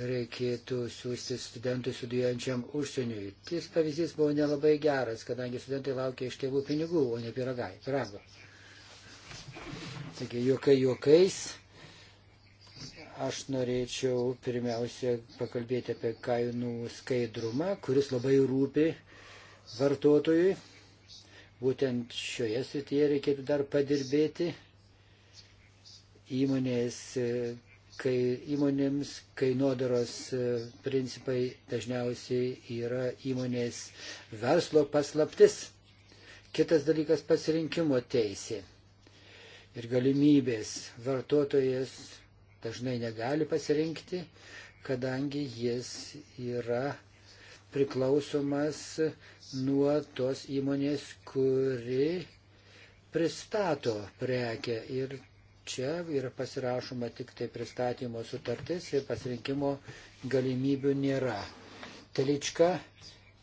reikėtų siūsti studentui studijuojančiam užsieniui. Tis pavyzdys buvo nelabai geras, kadangi studentai laukia iš tėvų pinigų, o ne piragai, pirago. Taigi, juokai juokais. Aš norėčiau pirmiausia pakalbėti apie kainų skaidrumą, kuris labai rūpi vartotojui. Būtent šioje srityje reikėtų dar padirbėti. Įmonės kai įmonėms kainodaros e, principai dažniausiai yra įmonės verslo paslaptis. Kitas dalykas - pasirinkimo teisė ir galimybės. Vartotojas dažnai negali pasirinkti, kadangi jis yra priklausomas nuo tos įmonės, kuri pristato prekę ir čia yra pasirašoma tik tai pristatymo sutartis ir pasirinkimo galimybių nėra. Telička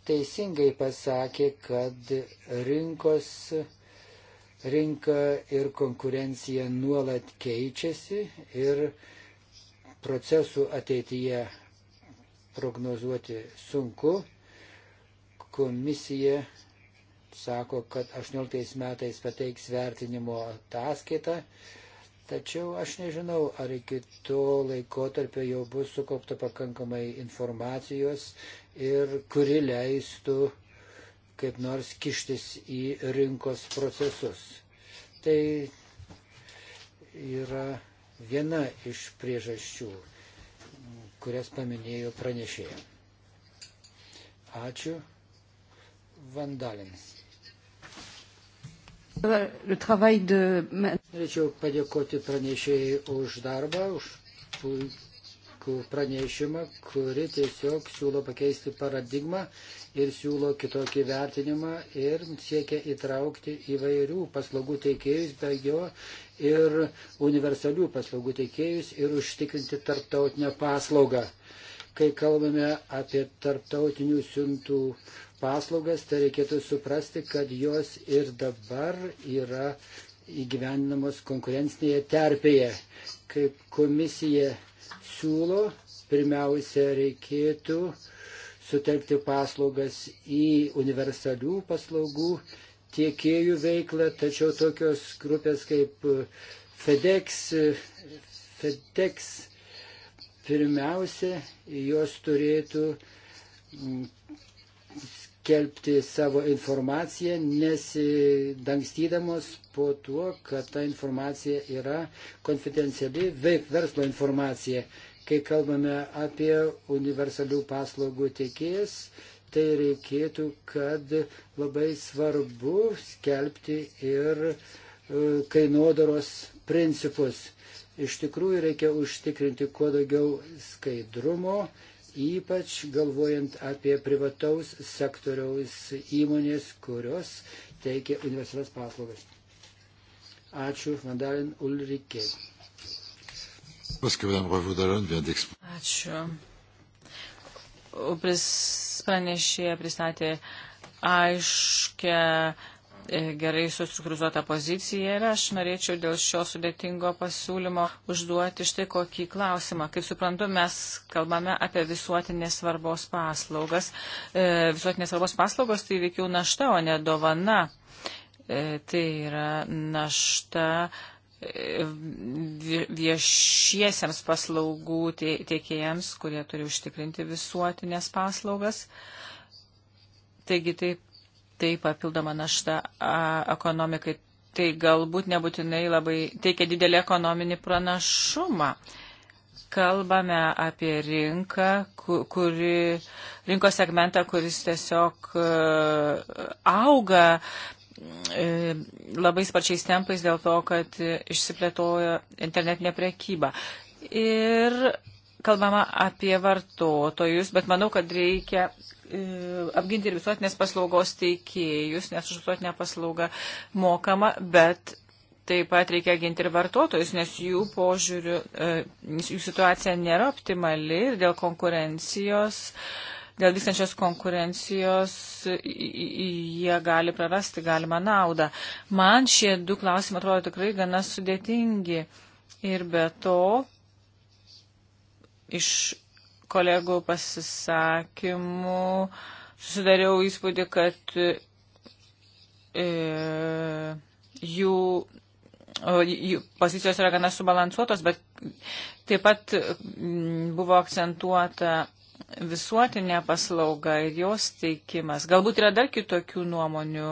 teisingai pasakė, kad rinkos, rinka ir konkurencija nuolat keičiasi ir procesų ateityje prognozuoti sunku. Komisija sako, kad 18 metais pateiks vertinimo ataskaitą Tačiau aš nežinau, ar iki to laikotarpio jau bus sukaupta pakankamai informacijos ir kuri leistų kaip nors kištis į rinkos procesus. Tai yra viena iš priežasčių, kurias paminėjo pranešėja. Ačiū. Vandalin. Norėčiau padėkoti pranešėjai už darbą, už puikų pranešimą, kuri tiesiog siūlo pakeisti paradigmą ir siūlo kitokį vertinimą ir siekia įtraukti įvairių paslaugų teikėjus, be jo ir universalių paslaugų teikėjus ir užtikrinti tarptautinę paslaugą. Kai kalbame apie tarptautinių siuntų paslaugas, tai reikėtų suprasti, kad jos ir dabar yra įgyvendinamos konkurencinėje terpėje. Kaip komisija siūlo, pirmiausia, reikėtų sutelkti paslaugas į universalių paslaugų tiekėjų veiklą, tačiau tokios grupės kaip FedEx, FedEx pirmiausia, jos turėtų skelbti savo informaciją, nesidangstydamos po tuo, kad ta informacija yra konfidenciali verslo informacija. Kai kalbame apie universalių paslaugų tiekėjas, tai reikėtų, kad labai svarbu skelbti ir e, kainodaros principus. Iš tikrųjų reikia užtikrinti kuo daugiau skaidrumo ypač galvojant apie privataus sektoriaus įmonės, kurios teikia universalias paslaugas. Ačiū, Vandalin Ulrike. Ačiū. Pranešėja pristatė aiškę E, gerai susikruzuota pozicija ir aš norėčiau dėl šio sudėtingo pasiūlymo užduoti štai kokį klausimą. Kaip suprantu, mes kalbame apie visuotinės svarbos paslaugas. E, visuotinės svarbos paslaugos tai veikiau našta, o ne dovana. E, tai yra našta viešiesiems paslaugų tiekėjams, kurie turi užtikrinti visuotinės paslaugas. Taigi taip tai papildoma našta ekonomikai. Tai galbūt nebūtinai labai teikia didelį ekonominį pranašumą. Kalbame apie rinką, kuri, rinkos segmentą, kuris tiesiog e, auga e, labai sparčiais tempais dėl to, kad išsiplėtojo internetinė prekyba. Ir kalbama apie vartotojus, bet manau, kad reikia E, apginti ir visuotinės paslaugos teikėjus, nes už visuotinę paslaugą mokama, bet taip pat reikia ginti ir vartotojus, nes jų požiūrių, e, jų situacija nėra optimali ir dėl konkurencijos, dėl vykstančios konkurencijos e, jie gali prarasti galimą naudą. Man šie du klausimai atrodo tikrai gana sudėtingi ir be to iš kolegų pasisakymų susidariau įspūdį, kad e, jų, jų pozicijos yra gana subalansuotos, bet taip pat mm, buvo akcentuota visuotinė paslauga ir jos teikimas. Galbūt yra dar kitokių nuomonių.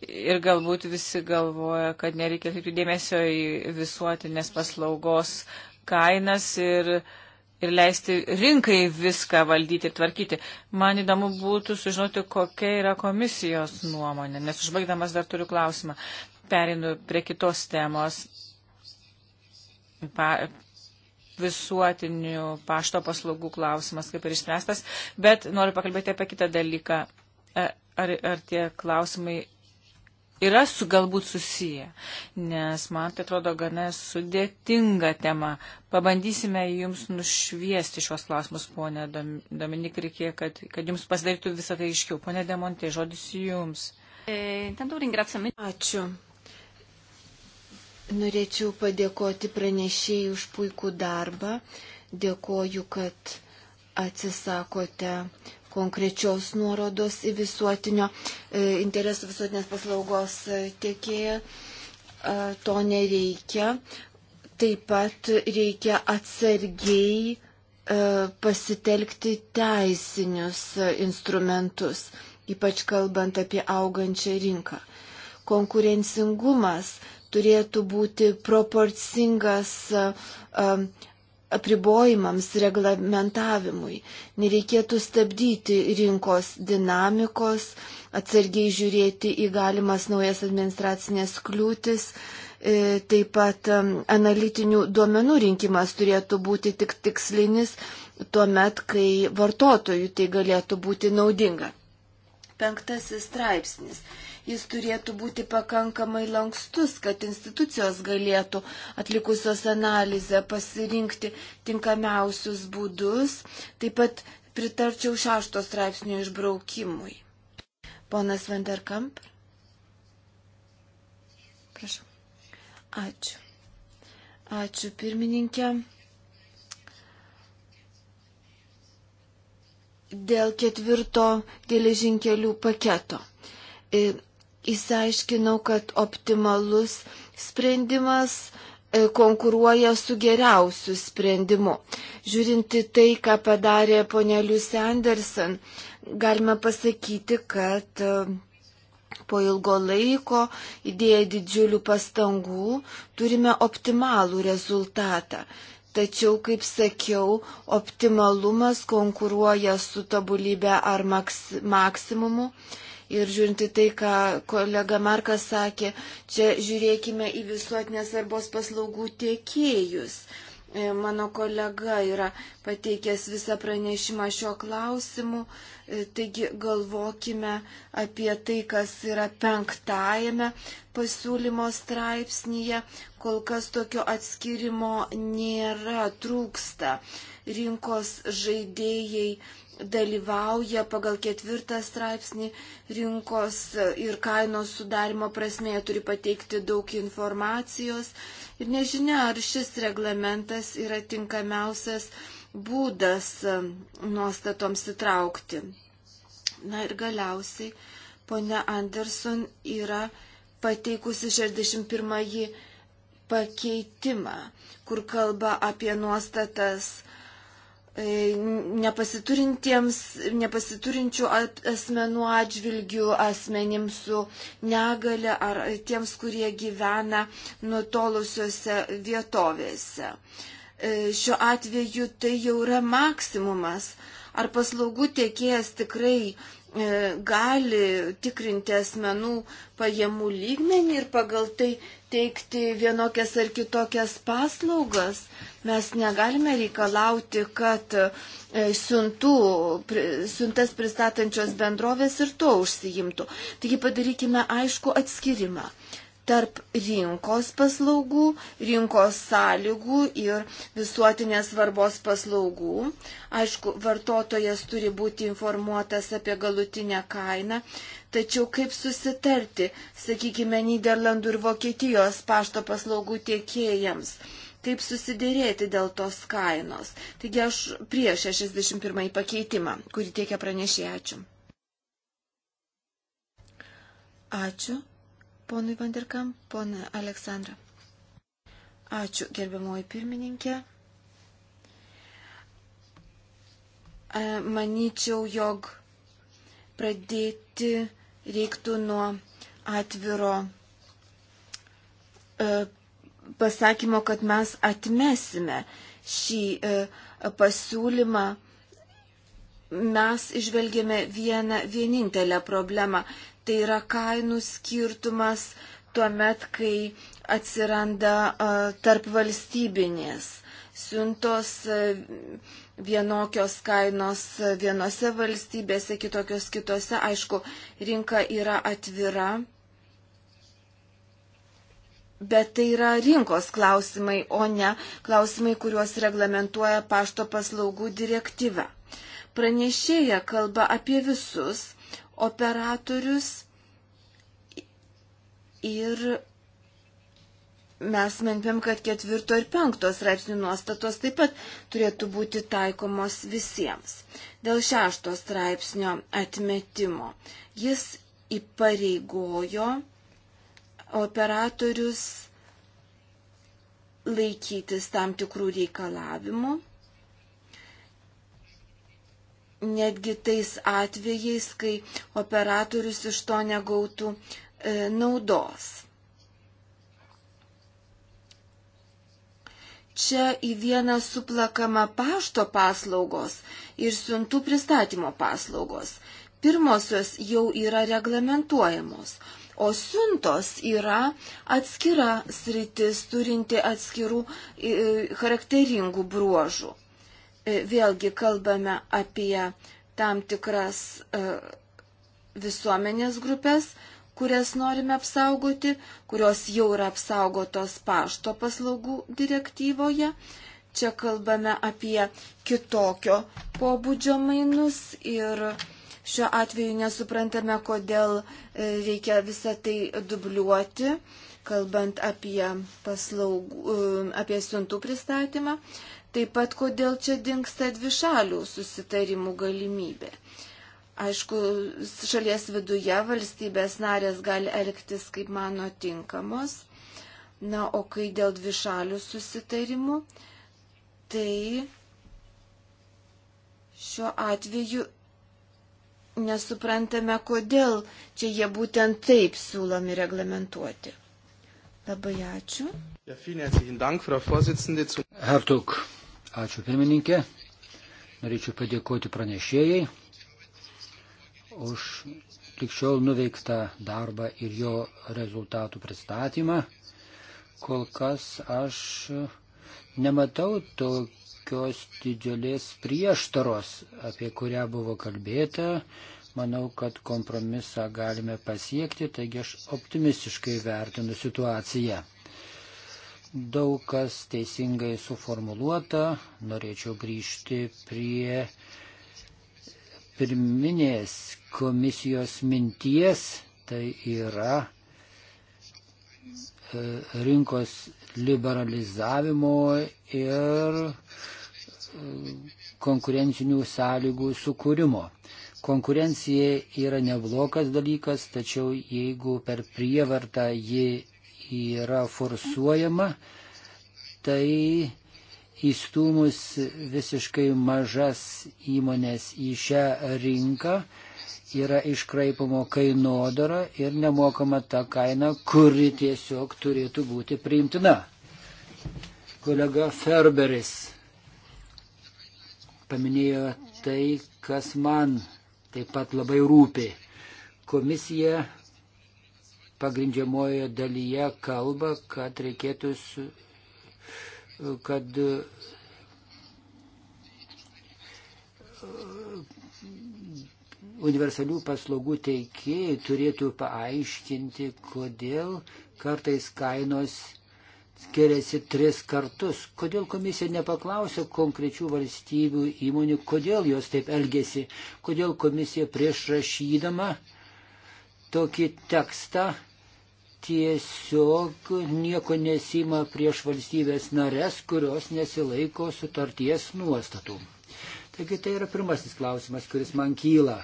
Ir galbūt visi galvoja, kad nereikia atkreipti dėmesio į visuotinės paslaugos kainas ir uh, ir leisti rinkai viską valdyti ir tvarkyti. Man įdomu būtų sužinoti, kokia yra komisijos nuomonė, nes užbaigdamas dar turiu klausimą. Perinu prie kitos temos pa, visuotinių pašto paslaugų klausimas kaip ir išspręstas, bet noriu pakalbėti apie kitą dalyką. E, ar, ar tie klausimai yra su galbūt susiję, nes man tai atrodo gana sudėtinga tema. Pabandysime jums nušviesti šios klausimus, ponė Dominik, reikėjo, kad, kad jums pasidarytų visą tai iškiau. Pone Demontai, žodis jums. E, Ačiū. Norėčiau padėkoti pranešėjai už puikų darbą. Dėkoju, kad atsisakote konkrečios nuorodos į visuotinio e, interesų visuotinės paslaugos e, tiekėją. E, to nereikia. Taip pat reikia atsargiai pasitelkti teisinius instrumentus, ypač kalbant apie augančią rinką. Konkurencingumas turėtų būti proporcingas apribojimams, reglamentavimui. Nereikėtų stabdyti rinkos dinamikos, atsargiai žiūrėti į galimas naujas administracinės kliūtis. E, taip pat analitinių duomenų rinkimas turėtų būti tik tikslinis tuo met, kai vartotojų tai galėtų būti naudinga. Penktasis straipsnis jis turėtų būti pakankamai lankstus, kad institucijos galėtų atlikusios analizę pasirinkti tinkamiausius būdus. Taip pat pritarčiau šešto straipsnio išbraukimui. Ponas Vanderkamp. Prašau. Ačiū. Ačiū pirmininkė. dėl ketvirto geležinkelių paketo. Įsiaiškinau, kad optimalus sprendimas e, konkuruoja su geriausiu sprendimu. Žiūrinti tai, ką padarė ponė Liusi Anderson, galima pasakyti, kad e, po ilgo laiko įdėję didžiulių pastangų turime optimalų rezultatą. Tačiau, kaip sakiau, optimalumas konkuruoja su tobulybė ar maks maksimumu ir žiūrinti tai, ką kolega Markas sakė, čia žiūrėkime į visuotinės svarbos paslaugų tiekėjus. E, mano kolega yra pateikęs visą pranešimą šio klausimu, e, taigi galvokime apie tai, kas yra penktajame pasiūlymo straipsnyje. Kol kas tokio atskirimo nėra, trūksta. Rinkos žaidėjai dalyvauja pagal ketvirtą straipsnį rinkos ir kainos sudarimo prasmėje turi pateikti daug informacijos. Ir nežinia, ar šis reglamentas yra tinkamiausias būdas um, nuostatoms įtraukti. Na ir galiausiai, ponia Anderson yra pateikusi 61 pakeitimą, kur kalba apie nuostatas E, nepasiturinčių asmenų atžvilgių, asmenims su negale ar tiems, kurie gyvena nutolusiuose vietovėse. E, šiuo atveju tai jau yra maksimumas. Ar paslaugų tiekėjas tikrai e, gali tikrinti asmenų pajamų lygmenį ir pagal tai teikti vienokias ar kitokias paslaugas. Mes negalime reikalauti, kad e, siuntų, siuntas pristatančios bendrovės ir to užsijimtų. Taigi padarykime aišku atskirimą tarp rinkos paslaugų, rinkos sąlygų ir visuotinės svarbos paslaugų. Aišku, vartotojas turi būti informuotas apie galutinę kainą, tačiau kaip susitarti, sakykime, Niderlandų ir Vokietijos pašto paslaugų tiekėjams. Kaip susidėrėti dėl tos kainos. Taigi aš prieš 61 pakeitimą, kurį teikia pranešė, ačiū. Ačiū ponui Vanderkam, ponui Aleksandra. Ačiū, gerbiamoji pirmininkė. E, manyčiau, jog pradėti reiktų nuo atviro e, pasakymo, kad mes atmesime šį e, pasiūlymą. Mes išvelgėme vieną vienintelę problemą tai yra kainų skirtumas tuo met, kai atsiranda tarp valstybinės siuntos vienokios kainos vienose valstybėse, kitokios kitose. Aišku, rinka yra atvira, bet tai yra rinkos klausimai, o ne klausimai, kuriuos reglamentuoja pašto paslaugų direktyva. Pranešėja kalba apie visus operatorius ir mes mantėm, kad ketvirto ir penkto straipsnių nuostatos taip pat turėtų būti taikomos visiems. Dėl šešto straipsnio atmetimo jis įpareigojo operatorius laikytis tam tikrų reikalavimų netgi tais atvejais, kai operatorius iš to negautų e, naudos. Čia į vieną suplakama pašto paslaugos ir siuntų pristatymo paslaugos. Pirmosios jau yra reglamentuojamos, o siuntos yra atskira sritis turinti atskirų e, charakteringų bruožų. E, vėlgi kalbame apie tam tikras e, visuomenės grupės, kurias norime apsaugoti, kurios jau yra apsaugotos pašto paslaugų direktyvoje. Čia kalbame apie kitokio pobūdžio mainus ir šiuo atveju nesuprantame, kodėl e, reikia visą tai dubliuoti, kalbant apie, paslaugų, apie siuntų pristatymą. Taip pat, kodėl čia dinksta dvišalių susitarimų galimybė. Aišku, šalies viduje valstybės narės gali elgtis kaip mano tinkamos. Na, o kai dėl dvišalių susitarimų, tai šiuo atveju nesuprantame, kodėl čia jie būtent taip siūlomi reglamentuoti. Labai ačiū. Hertog, Ačiū pirmininkė. Norėčiau padėkoti pranešėjai už likščiol nuveiktą darbą ir jo rezultatų pristatymą. Kol kas aš nematau tokios didžiulės prieštaros, apie kurią buvo kalbėta. Manau, kad kompromisą galime pasiekti, taigi aš optimistiškai vertinu situaciją. Daug kas teisingai suformuluota. Norėčiau grįžti prie pirminės komisijos minties. Tai yra e, rinkos liberalizavimo ir e, konkurencinių sąlygų sukūrimo. Konkurencija yra neblogas dalykas, tačiau jeigu per prievartą ji yra forsuojama, tai įstumus visiškai mažas įmonės į šią rinką yra iškraipamo kainodara ir nemokama ta kaina, kuri tiesiog turėtų būti priimtina. Kolega Ferberis paminėjo tai, kas man taip pat labai rūpi. Komisija pagrindžiamoje dalyje kalba, kad reikėtų, kad universalių paslaugų teikėjai turėtų paaiškinti, kodėl kartais kainos skiriasi tris kartus. Kodėl komisija nepaklausė konkrečių valstybių įmonių, kodėl jos taip elgesi, kodėl komisija prieš rašydama tokį tekstą tiesiog nieko nesima prieš valstybės narės, kurios nesilaiko sutarties nuostatų. Taigi tai yra pirmasis klausimas, kuris man kyla.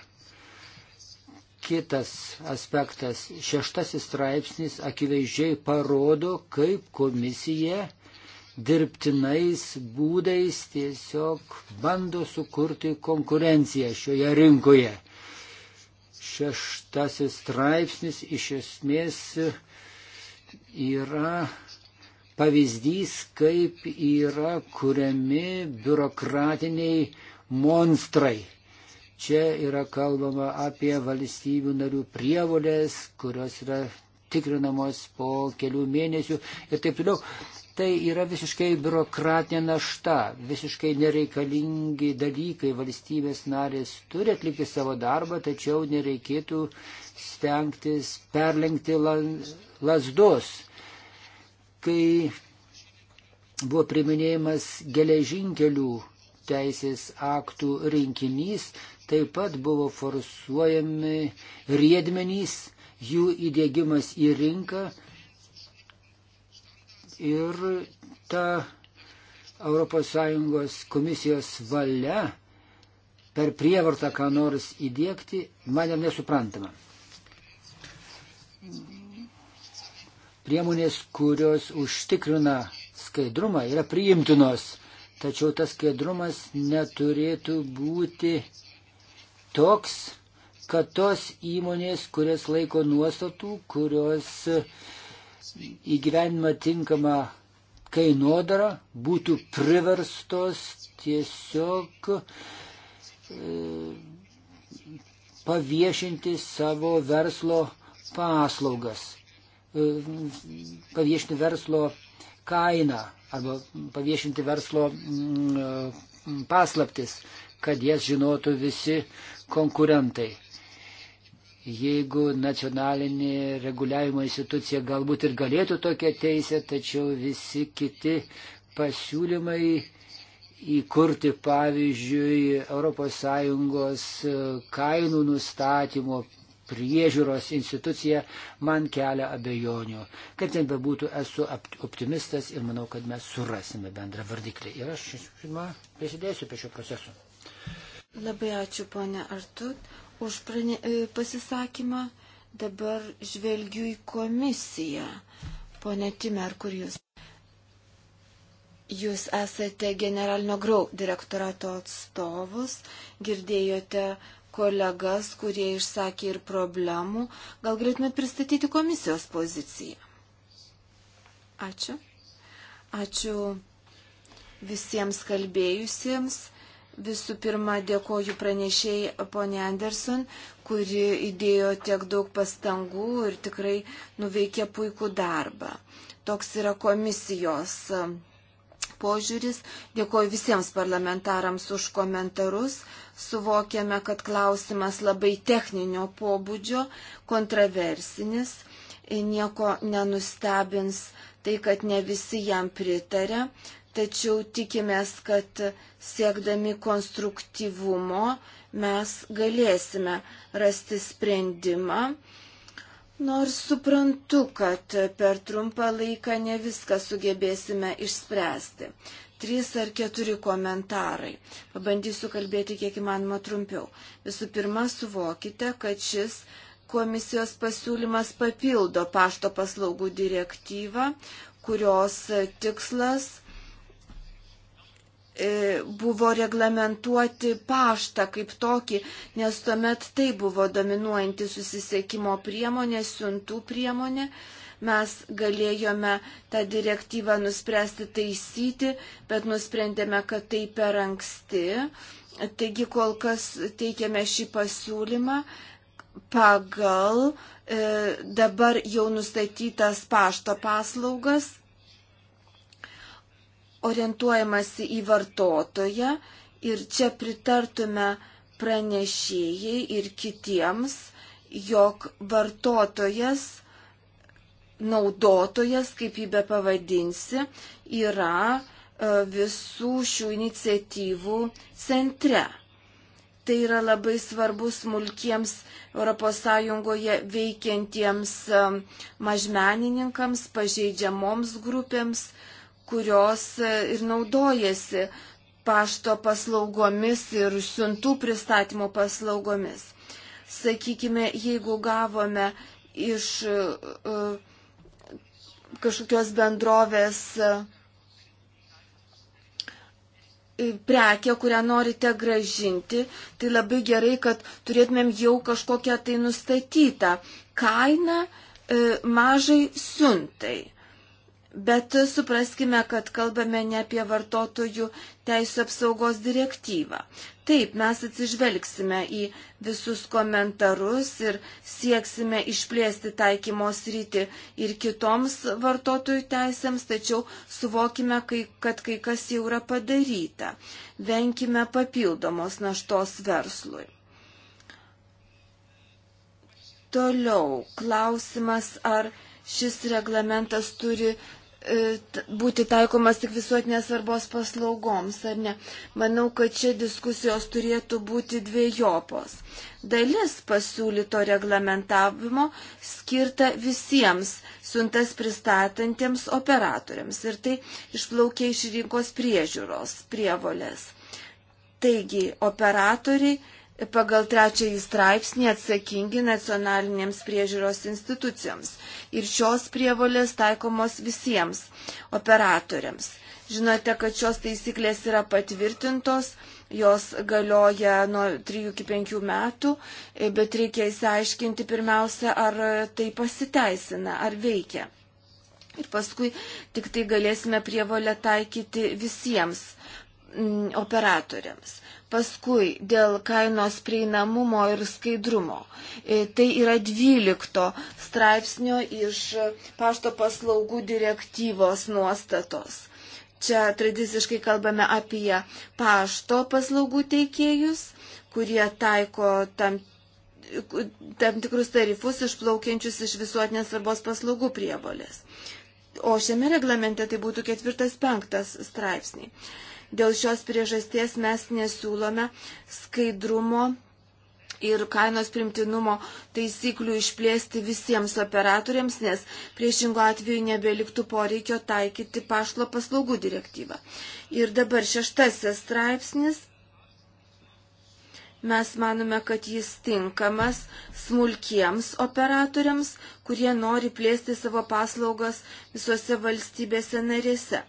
Kitas aspektas, šeštasis straipsnis akivaizdžiai parodo, kaip komisija dirbtinais būdais tiesiog bando sukurti konkurenciją šioje rinkoje šeštasis straipsnis iš esmės yra pavyzdys, kaip yra kuriami biurokratiniai monstrai. Čia yra kalbama apie valstybių narių prievolės, kurios yra tikrinamos po kelių mėnesių ir taip toliau. Tai yra visiškai biurokratinė našta, visiškai nereikalingi dalykai. Valstybės narės turi atlikti savo darbą, tačiau nereikėtų stengtis perlenkti lasdos. Kai buvo priminėjimas geležinkelių teisės aktų rinkinys, taip pat buvo forsuojami riedmenys, jų įdėgymas į rinką ir ta ES komisijos valia per prievartą ką nors įdėkti, man nesuprantama. Priemonės, kurios užtikrina skaidrumą, yra priimtinos, tačiau tas skaidrumas neturėtų būti toks, kad tos įmonės, kurias laiko nuostatų, kurios įgyvenimą tinkamą kainodarą, būtų priverstos tiesiog e, paviešinti savo verslo paslaugas, e, paviešinti verslo kainą arba paviešinti verslo mm, e, paslaptis, kad jas žinotų visi konkurentai jeigu nacionalinė reguliavimo institucija galbūt ir galėtų tokią teisę, tačiau visi kiti pasiūlymai įkurti, pavyzdžiui, ES e, kainų nustatymo priežiūros institucija man kelia abejonių. Kaip ten bebūtų, esu optimistas ir manau, kad mes surasime bendrą vardiklį. Ir aš, žinoma, prisidėsiu prie šio proceso. Labai ačiū, ponė Artut už prane, e, pasisakymą. Dabar žvelgiu į komisiją. Pone Timer, kur jūs? Jūs esate generalinio grau direktorato atstovus, girdėjote kolegas, kurie išsakė ir problemų. Gal galėtumėt pristatyti komisijos poziciją? Ačiū. Ačiū visiems kalbėjusiems Visų pirma, dėkoju pranešėjai ponė Anderson, kuri įdėjo tiek daug pastangų ir tikrai nuveikė puikų darbą. Toks yra komisijos um, požiūris. Dėkoju visiems parlamentarams už komentarus. Suvokėme, kad klausimas labai techninio pobūdžio, kontroversinis, nieko nenustebins tai, kad ne visi jam pritarė tačiau tikimės, kad siekdami konstruktyvumo mes galėsime rasti sprendimą. Nors suprantu, kad per trumpą laiką ne viską sugebėsime išspręsti. Trys ar keturi komentarai. Pabandysiu kalbėti kiek įmanoma trumpiau. Visų pirma, suvokite, kad šis komisijos pasiūlymas papildo pašto paslaugų direktyvą, kurios tikslas E, buvo reglamentuoti paštą kaip tokį, nes tuomet tai buvo dominuojanti susisiekimo priemonė, siuntų priemonė. Mes galėjome tą direktyvą nuspręsti taisyti, bet nusprendėme, kad tai per anksti. Taigi kol kas teikiame šį pasiūlymą pagal e, dabar jau nustatytas pašto paslaugas orientuojamasi į vartotoją ir čia pritartume pranešėjai ir kitiems, jog vartotojas, naudotojas, kaip jį be pavadinsi, yra e, visų šių iniciatyvų centre. Tai yra labai svarbu smulkiems ES veikiantiems e, mažmenininkams, pažeidžiamoms grupėms, kurios e, ir naudojasi pašto paslaugomis ir siuntų pristatymo paslaugomis. Sakykime, jeigu gavome iš e, e, kažkokios bendrovės prekę, kurią norite gražinti, tai labai gerai, kad turėtumėm jau kažkokią tai nustatytą kainą mažai siuntai. Bet supraskime, kad kalbame ne apie vartotojų teisų apsaugos direktyvą. Taip, mes atsižvelgsime į visus komentarus ir sieksime išplėsti taikymo sritį ir kitoms vartotojų teisėms, tačiau suvokime, kai, kad kai kas jau yra padaryta. Venkime papildomos naštos verslui. Toliau klausimas, ar šis reglamentas turi E, būti taikomas tik visuotinės svarbos paslaugoms, ar ne. Manau, kad čia diskusijos turėtų būti dviejopos. Dalis pasiūlyto reglamentavimo skirta visiems siuntas pristatantiems operatoriams ir tai išplaukia iš rinkos priežiūros prievolės. Taigi, operatoriai pagal trečiąjį straipsnį atsakingi nacionalinėms priežiūros institucijoms. Ir šios prievolės taikomos visiems operatoriams. Žinote, kad šios taisyklės yra patvirtintos, jos galioja nuo 3 iki 5 metų, bet reikia įsiaiškinti pirmiausia, ar tai pasiteisina, ar veikia. Ir paskui tik tai galėsime prievolę taikyti visiems mm, operatoriams. Paskui dėl kainos prieinamumo ir skaidrumo. E, tai yra 12 straipsnio iš pašto paslaugų direktyvos nuostatos. Čia tradiciškai kalbame apie pašto paslaugų teikėjus, kurie taiko tam tam tikrus tarifus išplaukiančius iš visuotinės svarbos paslaugų prievolės. O šiame reglamente tai būtų ketvirtas penktas straipsniai. Dėl šios priežasties mes nesiūlome skaidrumo ir kainos primtinumo taisyklių išplėsti visiems operatoriams, nes priešingo atveju nebeliktų poreikio taikyti pašto paslaugų direktyvą. Ir dabar šeštasis straipsnis Mes manome, kad jis tinkamas smulkiems operatoriams, kurie nori plėsti savo paslaugas visose valstybėse narėse.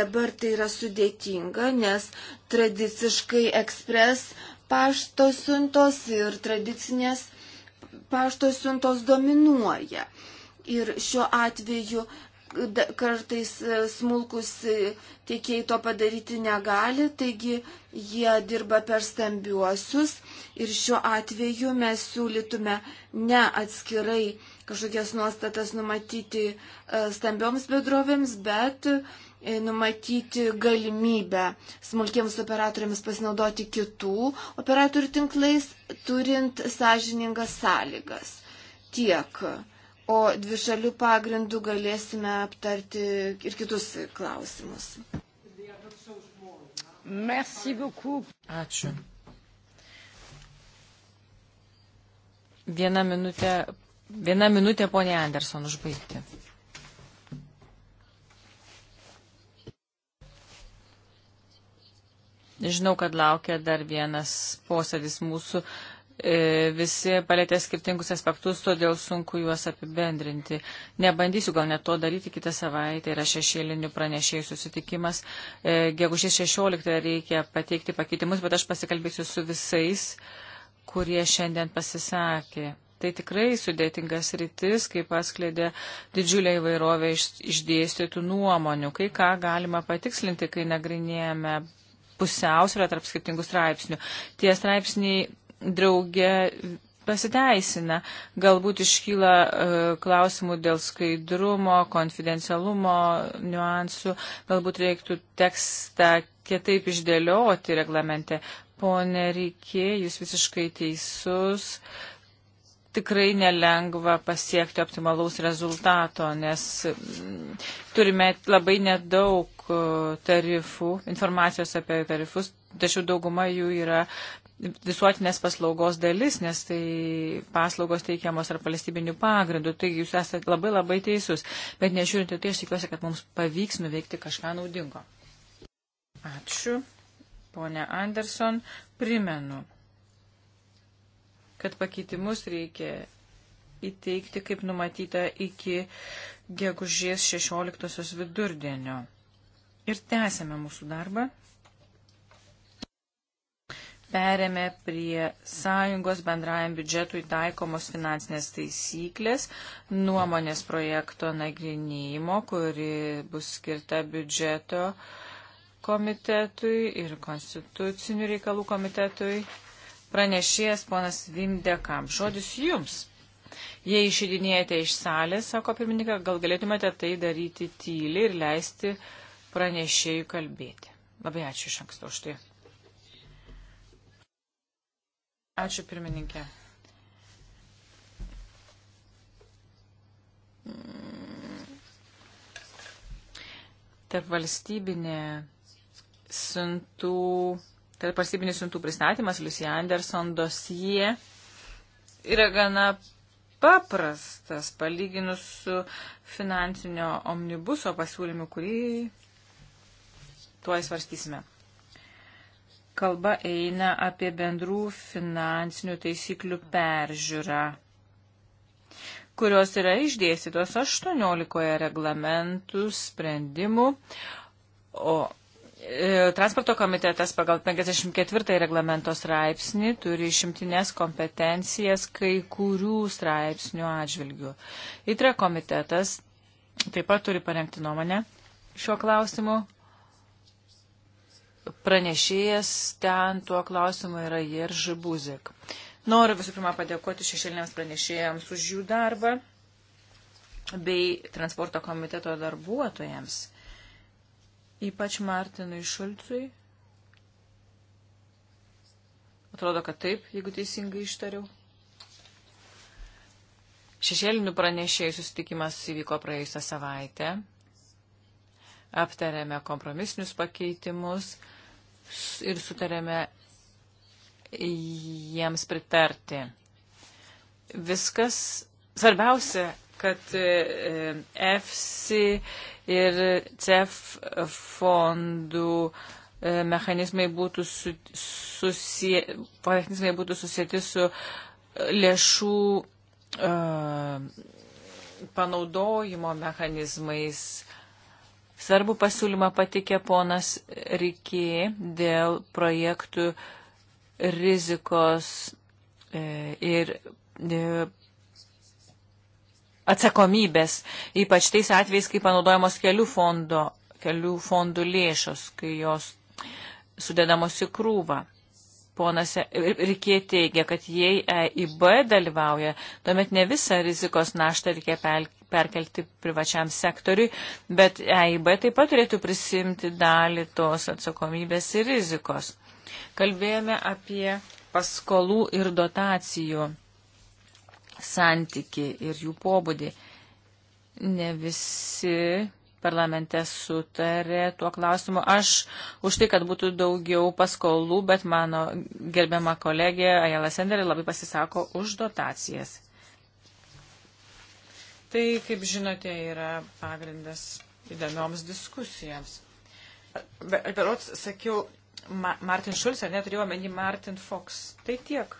Dabar tai yra sudėtinga, nes tradiciškai ekspres pašto siuntos ir tradicinės pašto siuntos dominuoja. Ir šiuo atveju kartais e, smulkus e, tiekėjai to padaryti negali, taigi jie dirba per stambiuosius ir šiuo atveju mes siūlytume ne atskirai kažkokias nuostatas numatyti e, stambioms bedrovėms, bet numatyti galimybę smulkiems operatoriams pasinaudoti kitų operatorių tinklais, turint sąžiningas sąlygas. Tiek o dvišalių pagrindų galėsime aptarti ir kitus klausimus. Ačiū. Viena minutė, viena minutė ponė Anderson užbaigti. Žinau, kad laukia dar vienas posėdis mūsų. E, visi palėtė skirtingus aspektus, todėl sunku juos apibendrinti. Nebandysiu gal net to daryti kitą savaitę, yra šešėlinių pranešėjų susitikimas. E, gegužės 16 reikia pateikti pakeitimus, bet aš pasikalbėsiu su visais, kurie šiandien pasisakė. Tai tikrai sudėtingas rytis, kaip atskleidė didžiulę įvairovę iš, išdėstytų nuomonių, kai ką galima patikslinti, kai nagrinėjame pusiausvyrą tarp skirtingų straipsnių. Tie straipsniai drauge pasiteisina. Galbūt iškyla e, klausimų dėl skaidrumo, konfidencialumo niuansų, galbūt reiktų tekstą kitaip išdėlioti reglamente. Pone Rykė, jūs visiškai teisus. Tikrai nelengva pasiekti optimalaus rezultato, nes mm, turime labai nedaug e, tarifų, informacijos apie tarifus, tačiau dauguma jų yra visuotinės paslaugos dalis, nes tai paslaugos teikiamos ar valstybinių pagrindų. Tai jūs esate labai labai teisus. Bet nežiūrint į tai, aš tikiuosi, kad mums pavyks nuveikti kažką naudingo. Ačiū, ponė Anderson. Primenu, kad pakeitimus reikia įteikti, kaip numatyta, iki gegužės 16 vidurdienio. Ir tęsėme mūsų darbą perėmė prie sąjungos bendrajam biudžetui taikomos finansinės taisyklės nuomonės projekto nagrinėjimo, kuri bus skirta biudžeto komitetui ir konstitucinių reikalų komitetui. Pranešėjas ponas Vimdekam. Žodis jums. Jei išidinėjate iš salės, sako pirmininkas, gal galėtumėte tai daryti tyliai ir leisti pranešėjų kalbėti. Labai ačiū iš anksto už tai. Ačiū pirmininkė. Tarp valstybinė siuntų, tarp valstybinė siuntų pristatymas Lucy Anderson dosie yra gana paprastas palyginus su finansinio omnibuso pasiūlymu, kurį tuo įsvarstysime kalba eina apie bendrų finansinių taisyklių peržiūrą, kurios yra išdėstytos 18 reglamentų sprendimų, o e, Transporto komitetas pagal 54 reglamento straipsnį turi išimtinės kompetencijas kai kurių straipsnių atžvilgių. ITRA komitetas taip pat turi parengti nuomonę šiuo klausimu pranešėjas ten tuo klausimu yra Jerži Buzik. Noriu visų pirma padėkoti šešėliniams pranešėjams už jų darbą bei transporto komiteto darbuotojams, ypač Martinui Šulcui. Atrodo, kad taip, jeigu teisingai ištariau. Šešėlinių pranešėjų susitikimas įvyko praėjusią savaitę. Aptarėme kompromisinius pakeitimus ir sutarėme jiems pritarti. Viskas svarbiausia, kad EFSI e, ir CEF fondų e, mechanizmai būtų, susie, mechanizmai būtų susieti su lėšų uh, panaudojimo mechanizmais, Svarbu pasiūlymą patikė ponas Rikė dėl projektų rizikos e, ir e, atsakomybės, ypač tais atvejais, kai panaudojamos kelių, fondo, kelių fondų lėšos, kai jos sudedamos į krūvą. Ponas Rikė teigia, kad jei EIB dalyvauja, tuomet ne visą rizikos naštą reikia perkelti privačiam sektoriui, bet EIB taip pat turėtų prisimti dalį tos atsakomybės ir rizikos. Kalbėjome apie paskolų ir dotacijų santyki ir jų pobūdį. Ne visi parlamente sutarė tuo klausimu. Aš už tai, kad būtų daugiau paskolų, bet mano gerbiama kolegė Ajala Senderė labai pasisako už dotacijas. Tai, kaip žinote, yra pagrindas įdomioms diskusijams. Berots, sakiau, Ma Martin Šulis, ar neturėjau omeny Martin Fox. Tai tiek.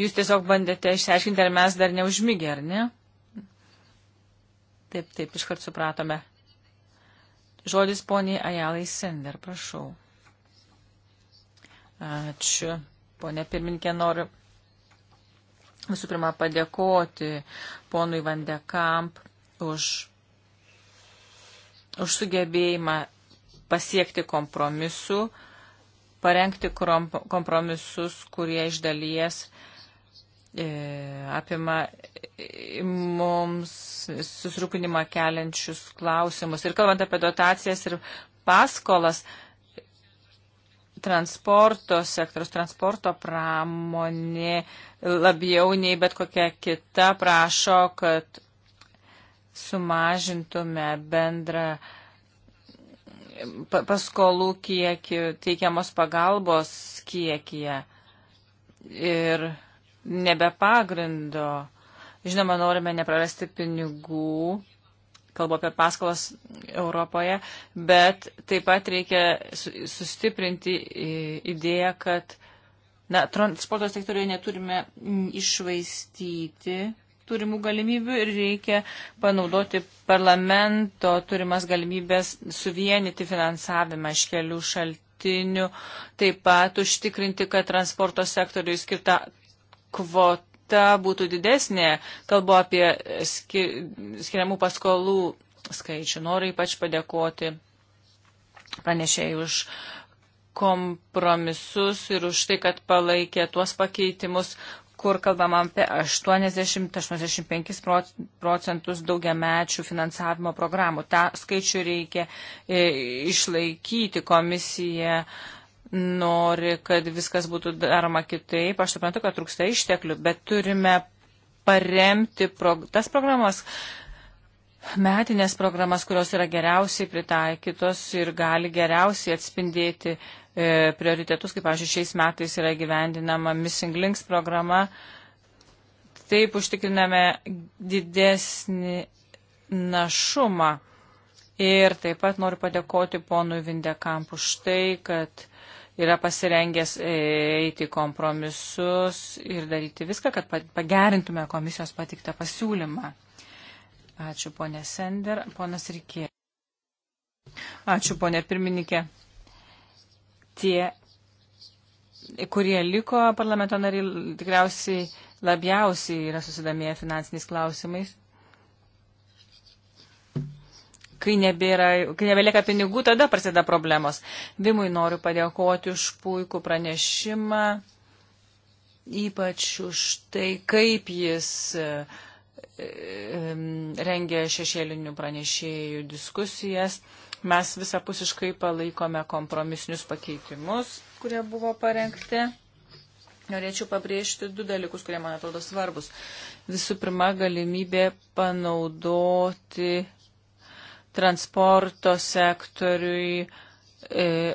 Jūs tiesiog bandėte išsiaiškinti, ar mes dar neužmigę, ar ne? Taip, taip, iškart supratome. Žodis poniai Ajalai Sender, prašau. Ačiū. Pone pirminkė, noriu visų pirma padėkoti ponui Vandekamp už, už sugebėjimą pasiekti kompromisų, parengti kompromisus, kurie iš dalies uh, E, apima mums susirūpinimą keliančius klausimus. Ir kalbant apie dotacijas ir paskolas, transporto sektorius, transporto pramonė labiau nei bet kokia kita prašo, kad sumažintume bendrą paskolų kiekį, teikiamos pagalbos kiekyje. Ir nebe pagrindo. Žinoma, norime neprarasti pinigų, kalbu apie paskolas Europoje, bet taip pat reikia sustiprinti idėją, kad na, transporto sektoriuje neturime išvaistyti turimų galimybių ir reikia panaudoti parlamento turimas galimybės suvienyti finansavimą iš kelių šaltinių, taip pat užtikrinti, kad transporto sektoriui skirta kvota būtų didesnė, kalbu apie skiriamų paskolų skaičių. Noriu ypač padėkoti pranešėjai už kompromisus ir už tai, kad palaikė tuos pakeitimus, kur kalbam apie 80-85 procentus daugiamečių finansavimo programų. Ta skaičių reikia e, išlaikyti komisiją. E, nori, kad viskas būtų daroma kitaip. Aš suprantu, kad trūksta išteklių, bet turime paremti prog tas programas, metinės programas, kurios yra geriausiai pritaikytos ir gali geriausiai atspindėti e, prioritetus, kaip, pavyzdžiui, šiais metais yra gyvendinama Missing Links programa. Taip užtikriname didesnį našumą. Ir taip pat noriu padėkoti ponui Vindekamp už tai, kad yra pasirengęs e, eiti kompromisus ir daryti viską, kad pagerintume komisijos patiktą pasiūlymą. Ačiū, ponė Sender. Ponas Rikė. Ačiū, ponė pirmininkė. Tie, kurie liko parlamento nariai, tikriausiai labiausiai yra susidomėję finansiniais klausimais kai, nebėra, kai nebelieka pinigų, tada prasideda problemos. Vimui noriu padėkoti už puikų pranešimą, ypač už tai, kaip jis e, e, rengia šešėlinių pranešėjų diskusijas. Mes visapusiškai palaikome kompromisinius pakeitimus, kurie buvo parengti. Norėčiau pabrėžti du dalykus, kurie man atrodo svarbus. Visų pirma, galimybė panaudoti transporto sektoriui. E,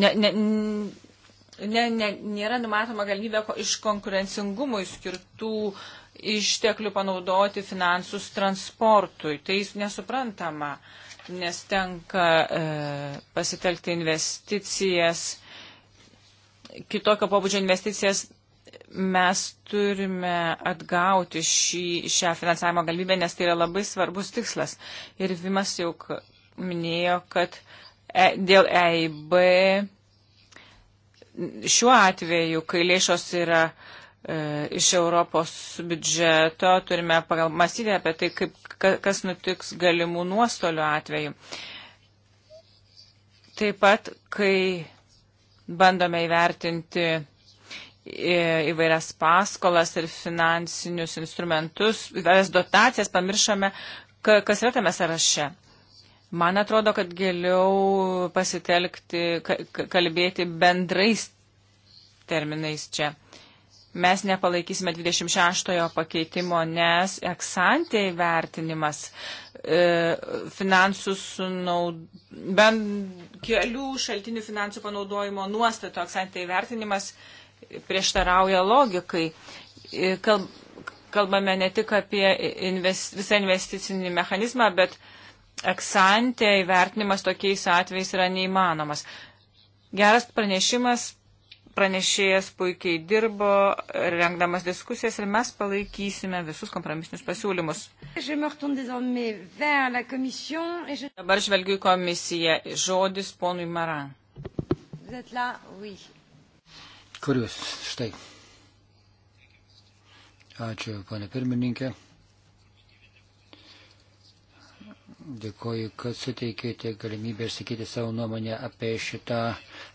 ne, ne, ne, ne, nėra numatoma galimybė iš konkurencingumui skirtų išteklių panaudoti finansus transportui. Tai nesuprantama, nes tenka e, pasitelkti investicijas, kitokio pobūdžio investicijas mes turime atgauti šį, šią finansavimo galimybę, nes tai yra labai svarbus tikslas. Ir Vimas jau minėjo, kad e, dėl EIB šiuo atveju, kai lėšos yra e, iš Europos biudžeto, turime mąstyti apie tai, kaip, kas nutiks galimų nuostolių atveju. Taip pat, kai bandome įvertinti įvairias paskolas ir finansinius instrumentus, įvairias dotacijas, pamiršome, kas yra tame sąraše. Man atrodo, kad geriau pasitelkti, kalbėti bendrais terminais čia. Mes nepalaikysime 26-ojo pakeitimo, nes eksantė įvertinimas e, finansų sunaud... bent kelių šaltinių finansų panaudojimo nuostato eksantė įvertinimas e, prieštarauja logikai. Kalb, kalbame ne tik apie invest, visą investicinį mechanizmą, bet eksantė įvertinimas tokiais atvejais yra neįmanomas. Geras pranešimas, pranešėjas puikiai dirbo, rengdamas diskusijas ir mes palaikysime visus kompromisinius pasiūlymus. Dabar žvelgiu į komisiją. Žodis ponui Maran. Vous êtes là Oui kurius štai. Ačiū, ponė pirmininkė. Dėkoju, kad suteikėte galimybę išsakyti savo nuomonę apie šitą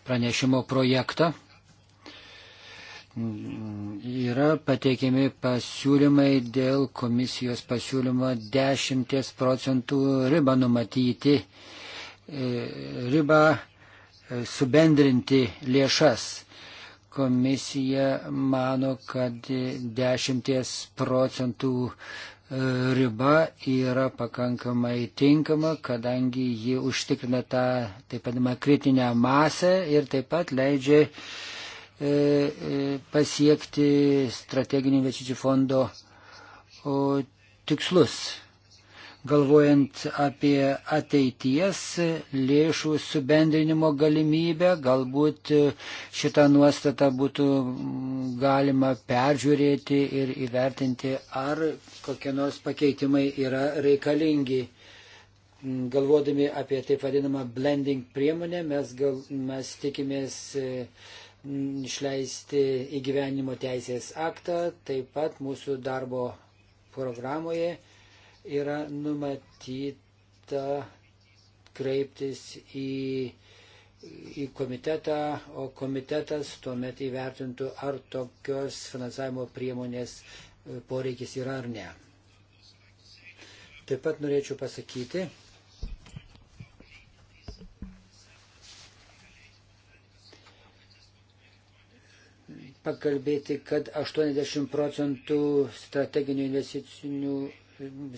pranešimo projektą. Yra pateikiami pasiūlymai dėl komisijos pasiūlymo 10 procentų ribą numatyti, e, ribą e, subendrinti lėšas. Komisija mano, kad 10 procentų e, riba yra pakankamai tinkama, kadangi ji užtikrina tą taip vadinamą kritinę masę ir taip pat leidžia e, e, pasiekti strateginių investicijų fondo o, tikslus galvojant apie ateities lėšų subendrinimo galimybę, galbūt šitą nuostatą būtų galima peržiūrėti ir įvertinti, ar kokie nors pakeitimai yra reikalingi. Galvodami apie taip vadinamą blending priemonę, mes, gal, mes tikimės mm, išleisti įgyvenimo teisės aktą, taip pat mūsų darbo programoje yra numatyta kreiptis į, į komitetą, o komitetas tuomet įvertintų, ar tokios finansavimo priemonės e, poreikis yra ar ne. Taip pat norėčiau pasakyti, pakalbėti, kad 80 procentų strateginių investicinių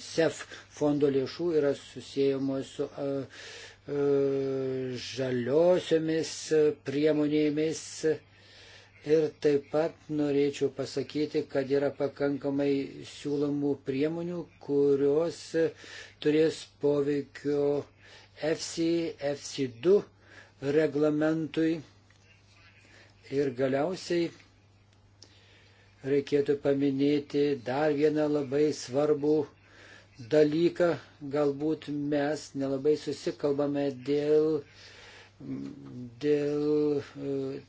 SEF fondo lėšų yra susijęjamos su uh, uh, žaliosiomis priemonėmis. Ir taip pat norėčiau pasakyti, kad yra pakankamai siūlomų priemonių, kurios turės poveikio FC, FC2 reglamentui. Ir galiausiai reikėtų paminėti dar vieną labai svarbų dalyką. Galbūt mes nelabai susikalbame dėl, dėl e,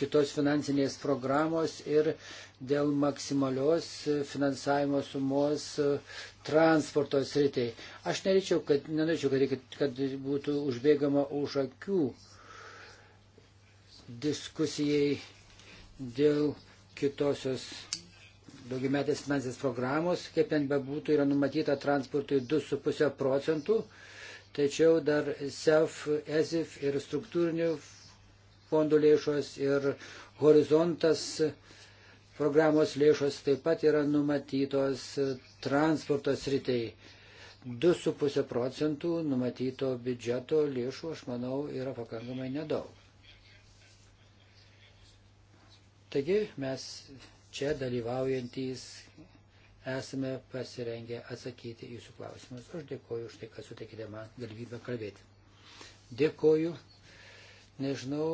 kitos finansinės programos ir dėl maksimalios finansavimo sumos e, transporto sritai. Aš nereičiau, kad, nenorėčiau, kad, reikia, kad būtų užbėgama už akių diskusijai dėl kitosios daugiametės finansės programos, kaip ten bebūtų, yra numatyta transportui 2,5 procentų, tačiau dar SEF, ESIF ir struktūrinių fondų lėšos ir horizontas programos lėšos taip pat yra numatytos transporto sritai. 2,5 procentų numatyto biudžeto lėšų, aš manau, yra pakankamai nedaug. Taigi mes čia dalyvaujantys esame pasirengę atsakyti į jūsų klausimus. Aš dėkoju už tai, kad suteikite man galimybę kalbėti. Dėkoju. Nežinau,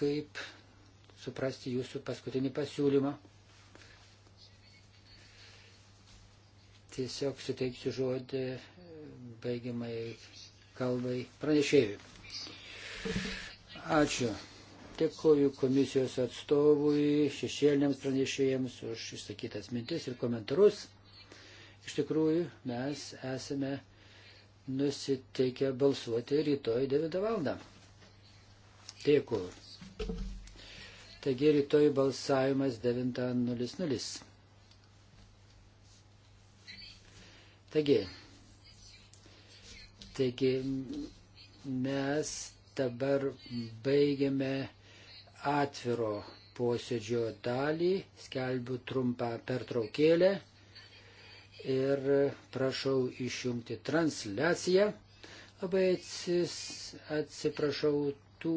kaip suprasti jūsų paskutinį pasiūlymą. Tiesiog suteiksiu žodį baigiamai kalbai pranešėjui. Ačiū. Dėkuoju komisijos atstovui, šešėliniams pranešėjams už išsakytas mintis ir komentarus. Iš tikrųjų, mes esame nusiteikę balsuoti rytoj 9 val. Dėkuoju. Taigi rytoj balsavimas 9.00. Taigi, taigi mes dabar baigiame atviro posėdžio dalį, skelbiu trumpą pertraukėlę ir prašau išjungti transliaciją. Labai atsiprašau tų